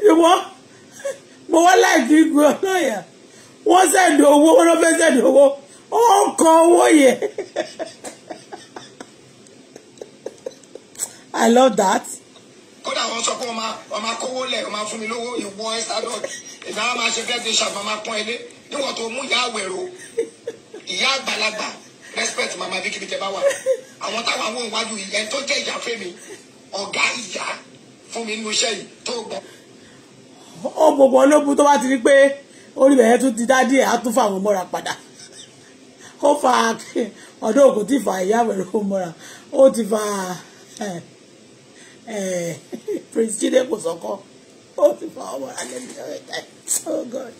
ìwọ mo wá láìkí ìgbé ọlọ́yà wọ́n sẹ̀dọ̀ owó wọ́n fẹ́ sẹ̀dọ̀ owó ọkọ̀ owó yẹn I love that. kódà wọn sọ pé wọn máa wọn máa kówó lẹ wọn máa fún mi lówó ìwọ ẹsàdọ ìdára máa ṣe fẹẹ fi ṣàfihàn máa pọn ilé níwọ̀n tó mú ìyá àwẹ̀rọ ìyá àgbàlagbà respect mama bíkíbi tẹ bá wà àwọn táwọn àwọn òǹwájú ìyẹn tó jẹ ìyá fẹmi ọgá ìyá fún mi nínú iṣẹ́ yìí tó gbọ́. ọ gbogbo ológun tó bá ti rí pé tún ti dá díẹ̀ á tún padà ó fa ọ̀dọ́ òkú ti fa ìyá wẹ̀rẹ̀ ó ó ti fa prince jide kò sọ́kọ́ ó ti fa ọmọ oh god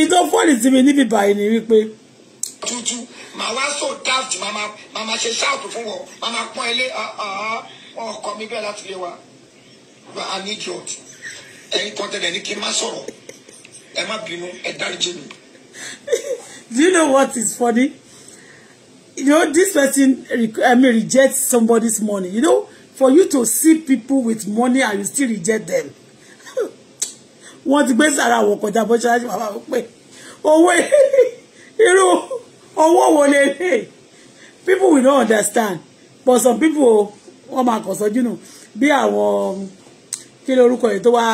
ìtọ́ fọ́ọ̀lì mi níbi báyìí ni wípé màá wá so màmá màmá ṣe ṣáàtù fún ah, ah, ah, mi bẹ́ẹ̀ láti lé wa ẹ̀yin kan tẹ́lẹ̀ kí n má sọ̀rọ̀ ẹ má bínú ẹ dáríjì mi. do you know what is funny you know this person I mean reject somebody's money you know for you to see people with money and you still reject them wọ́n ti gbé sára àwọn kọjá bó ṣáájú bàbá wọn pé owó irú owó wo lè lè people will not understand but some people wọ́n máa kọ̀ sọ́jú nù bí àwọn kí ló orúkọ yìí tó wá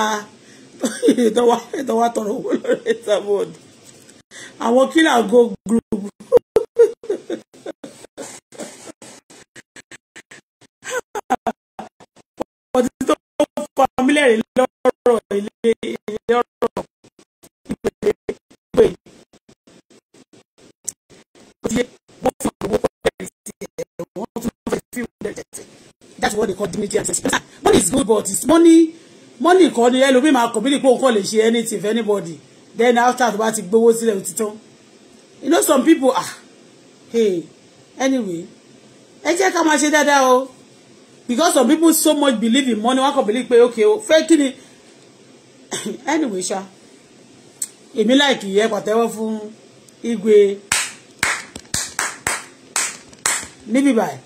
tó wá tó wá tọrọ owó lórí Esabod àwọn kílà go group ọtí tó famílẹ̀ rẹ̀ lọ́rọ̀ ilé ilé ọ̀rọ̀ ìpè ìpè wọ́n fi owó pẹ̀lú ẹ̀rí sí wọ́n tún fẹ́ fi ìwé that's what they call dignity and sense money is good but it's money money kọ́ ni ẹlòmíì máa kọ̀ mí ní pé òun kọ́ lè ṣe anything for anybody then after tó bá ti gbowó sílẹ̀ ó you know some people ah hey anyway ẹ jẹ́ ká máa ṣe dáadáa o because some people so much believe in money wọn kàn believe pé okay o fẹ́ kí ni anyway ṣá èmi láìkì yẹ pàtẹ́wọ́ fún igwe níbí báyìí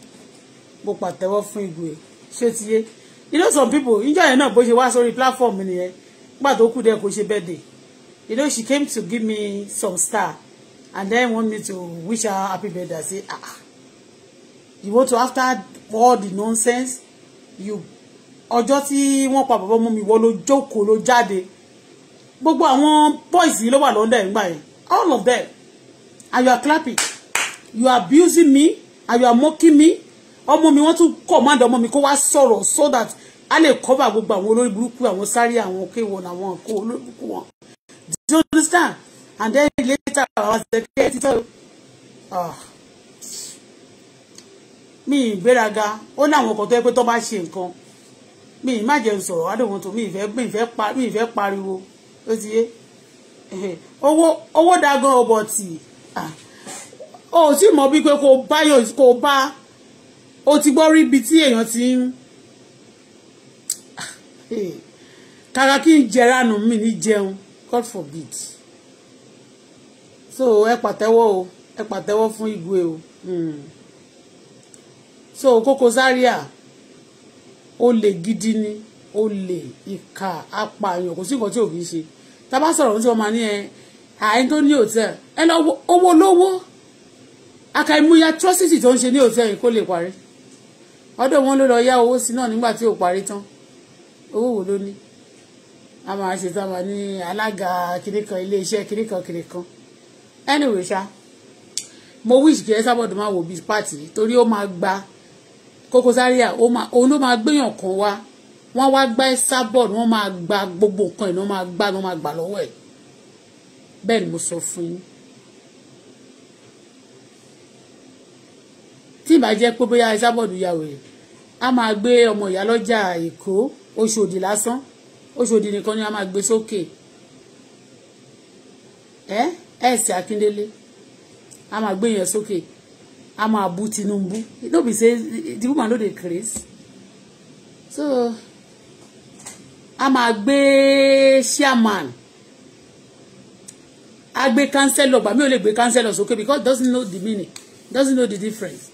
mo pàtẹ́wọ́ fún igwe ṣé ti yé you know some people níjọ́ yẹn náà bó ṣe wá sórí platform mi nìyẹn nígbà tó kù dẹ̀ kó ṣe birthday you know she came to give me some star and then want me to wish her happy birthday say ah, ah you want to after all the nonsense you ọjọ́ tí wọ́n pa bàbá ọmọ mi wọ́n ló jókòó ló jáde gbogbo àwọn boys yìí ló wà lọ́ndà ìgbà yẹn all of them and you are clapping you are abusing me and you are mocking me ọmọ mi wọ́n tún command ọmọ mi kó wá sọ̀rọ̀ so that a lè cover gbogbo àwọn olórí burúkú àwọn sáré àwọn kéwọ̀n àwọn kó olórí burúkú wọn do you understand and then later our security tell ah mi ìgbéraga ó ní àwọn kan tó yẹ pé tó bá ṣe nǹkan mi ì má jẹun sọ̀rọ̀ adéwọ̀n tó mi ìfẹ́ mi ìfẹ́ pa mi ìfẹ́ pariwo ó ti yé owó owó dagan ọbọ ah, tì ó sì mọ bí pé kò bá yóò kò bá o ti gbọ́ rí ibi tí èèyàn ti ń kàkà kí n jẹranù mi ní jẹun God forbid so ẹ pàtẹ́wọ́ o ẹ pàtẹ́wọ́ fún Igwe o hmm. so Koko Zaria olè gidi ni olè ìkà apààyàn kò sí nǹkan tí ò kì í ṣe tá a bá sọ̀rọ̀ ohun tí wọ́n máa ní ẹ àyìn tó ní hòtẹ́ẹ̀lì ẹ lọ owó lówó akàìmúyà trọ́sìtì tó ń ṣe ní hòtẹ́ẹ̀lì kó lè parí ọ̀dọ̀ wọn ló lọ yá owó sí náà nígbà tí ò parí tán owó wo ló ní a máa ṣe tá a máa ní alága kìnìkan iléeṣẹ́ kìnìkan kìnìkan anyway ṣá mo wish kí ẹ sábọ̀dọ̀ máa wò bíi pàtì torí ó máa gba Koko Zaria òun ló máa gbéyàn kan wá wọ́n wá gbá ẹ sábọ̀dọ̀ wọ́n máa gba gbogbo nǹkan ẹ̀ ní wọ́n máa gbá ní wọ́n máa gbà lọ́wọ́ ẹ̀ bẹ́ẹ̀ ni mo sọ fún yín. tí ìbá jẹ́ pé bóyá ẹ sábọ̀dọ̀ yà wèrè a máa gbé ọmọ ìyá lọ́jà èkó oṣòdì lásán oṣòdì nìkan ni a máa gbé sókè ẹ ẹsẹ akíndélé a máa gbé yẹn sókè a máa bú tinubu no be say the woman no dey craze so a máa gbé chairman a gbé councillor gbà mí ò lè gbé councillor sókè because doesn't know the meaning doesn't know the difference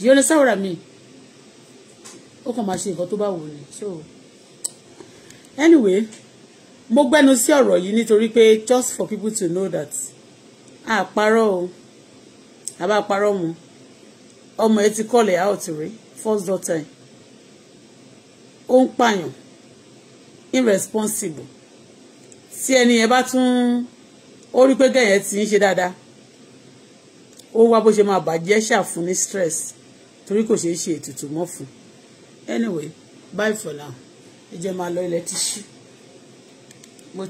you understand what I mean ó kàn máa ṣe nǹkan tó bá wù ní so anyway mo gbẹnu sí ọ̀rọ̀ yìí nítorí pé just for people to know that àparọ́ o àbá parọ́ mu ọmọ ẹ ti kọ́lẹ̀ out rí first daughter ó ń pààyàn irresponsible tí ẹni yẹn bá tún ó rí pé gẹ̀yẹ́ ti ń ṣe dáadáa ó wá bó ṣe máa bàjẹ́ ṣàfún ní stress torí kò ṣeé ṣe ètùtù mọ́ fún un anyway bye for now ẹ jẹ́ máa lọ ilẹ̀ tíṣú.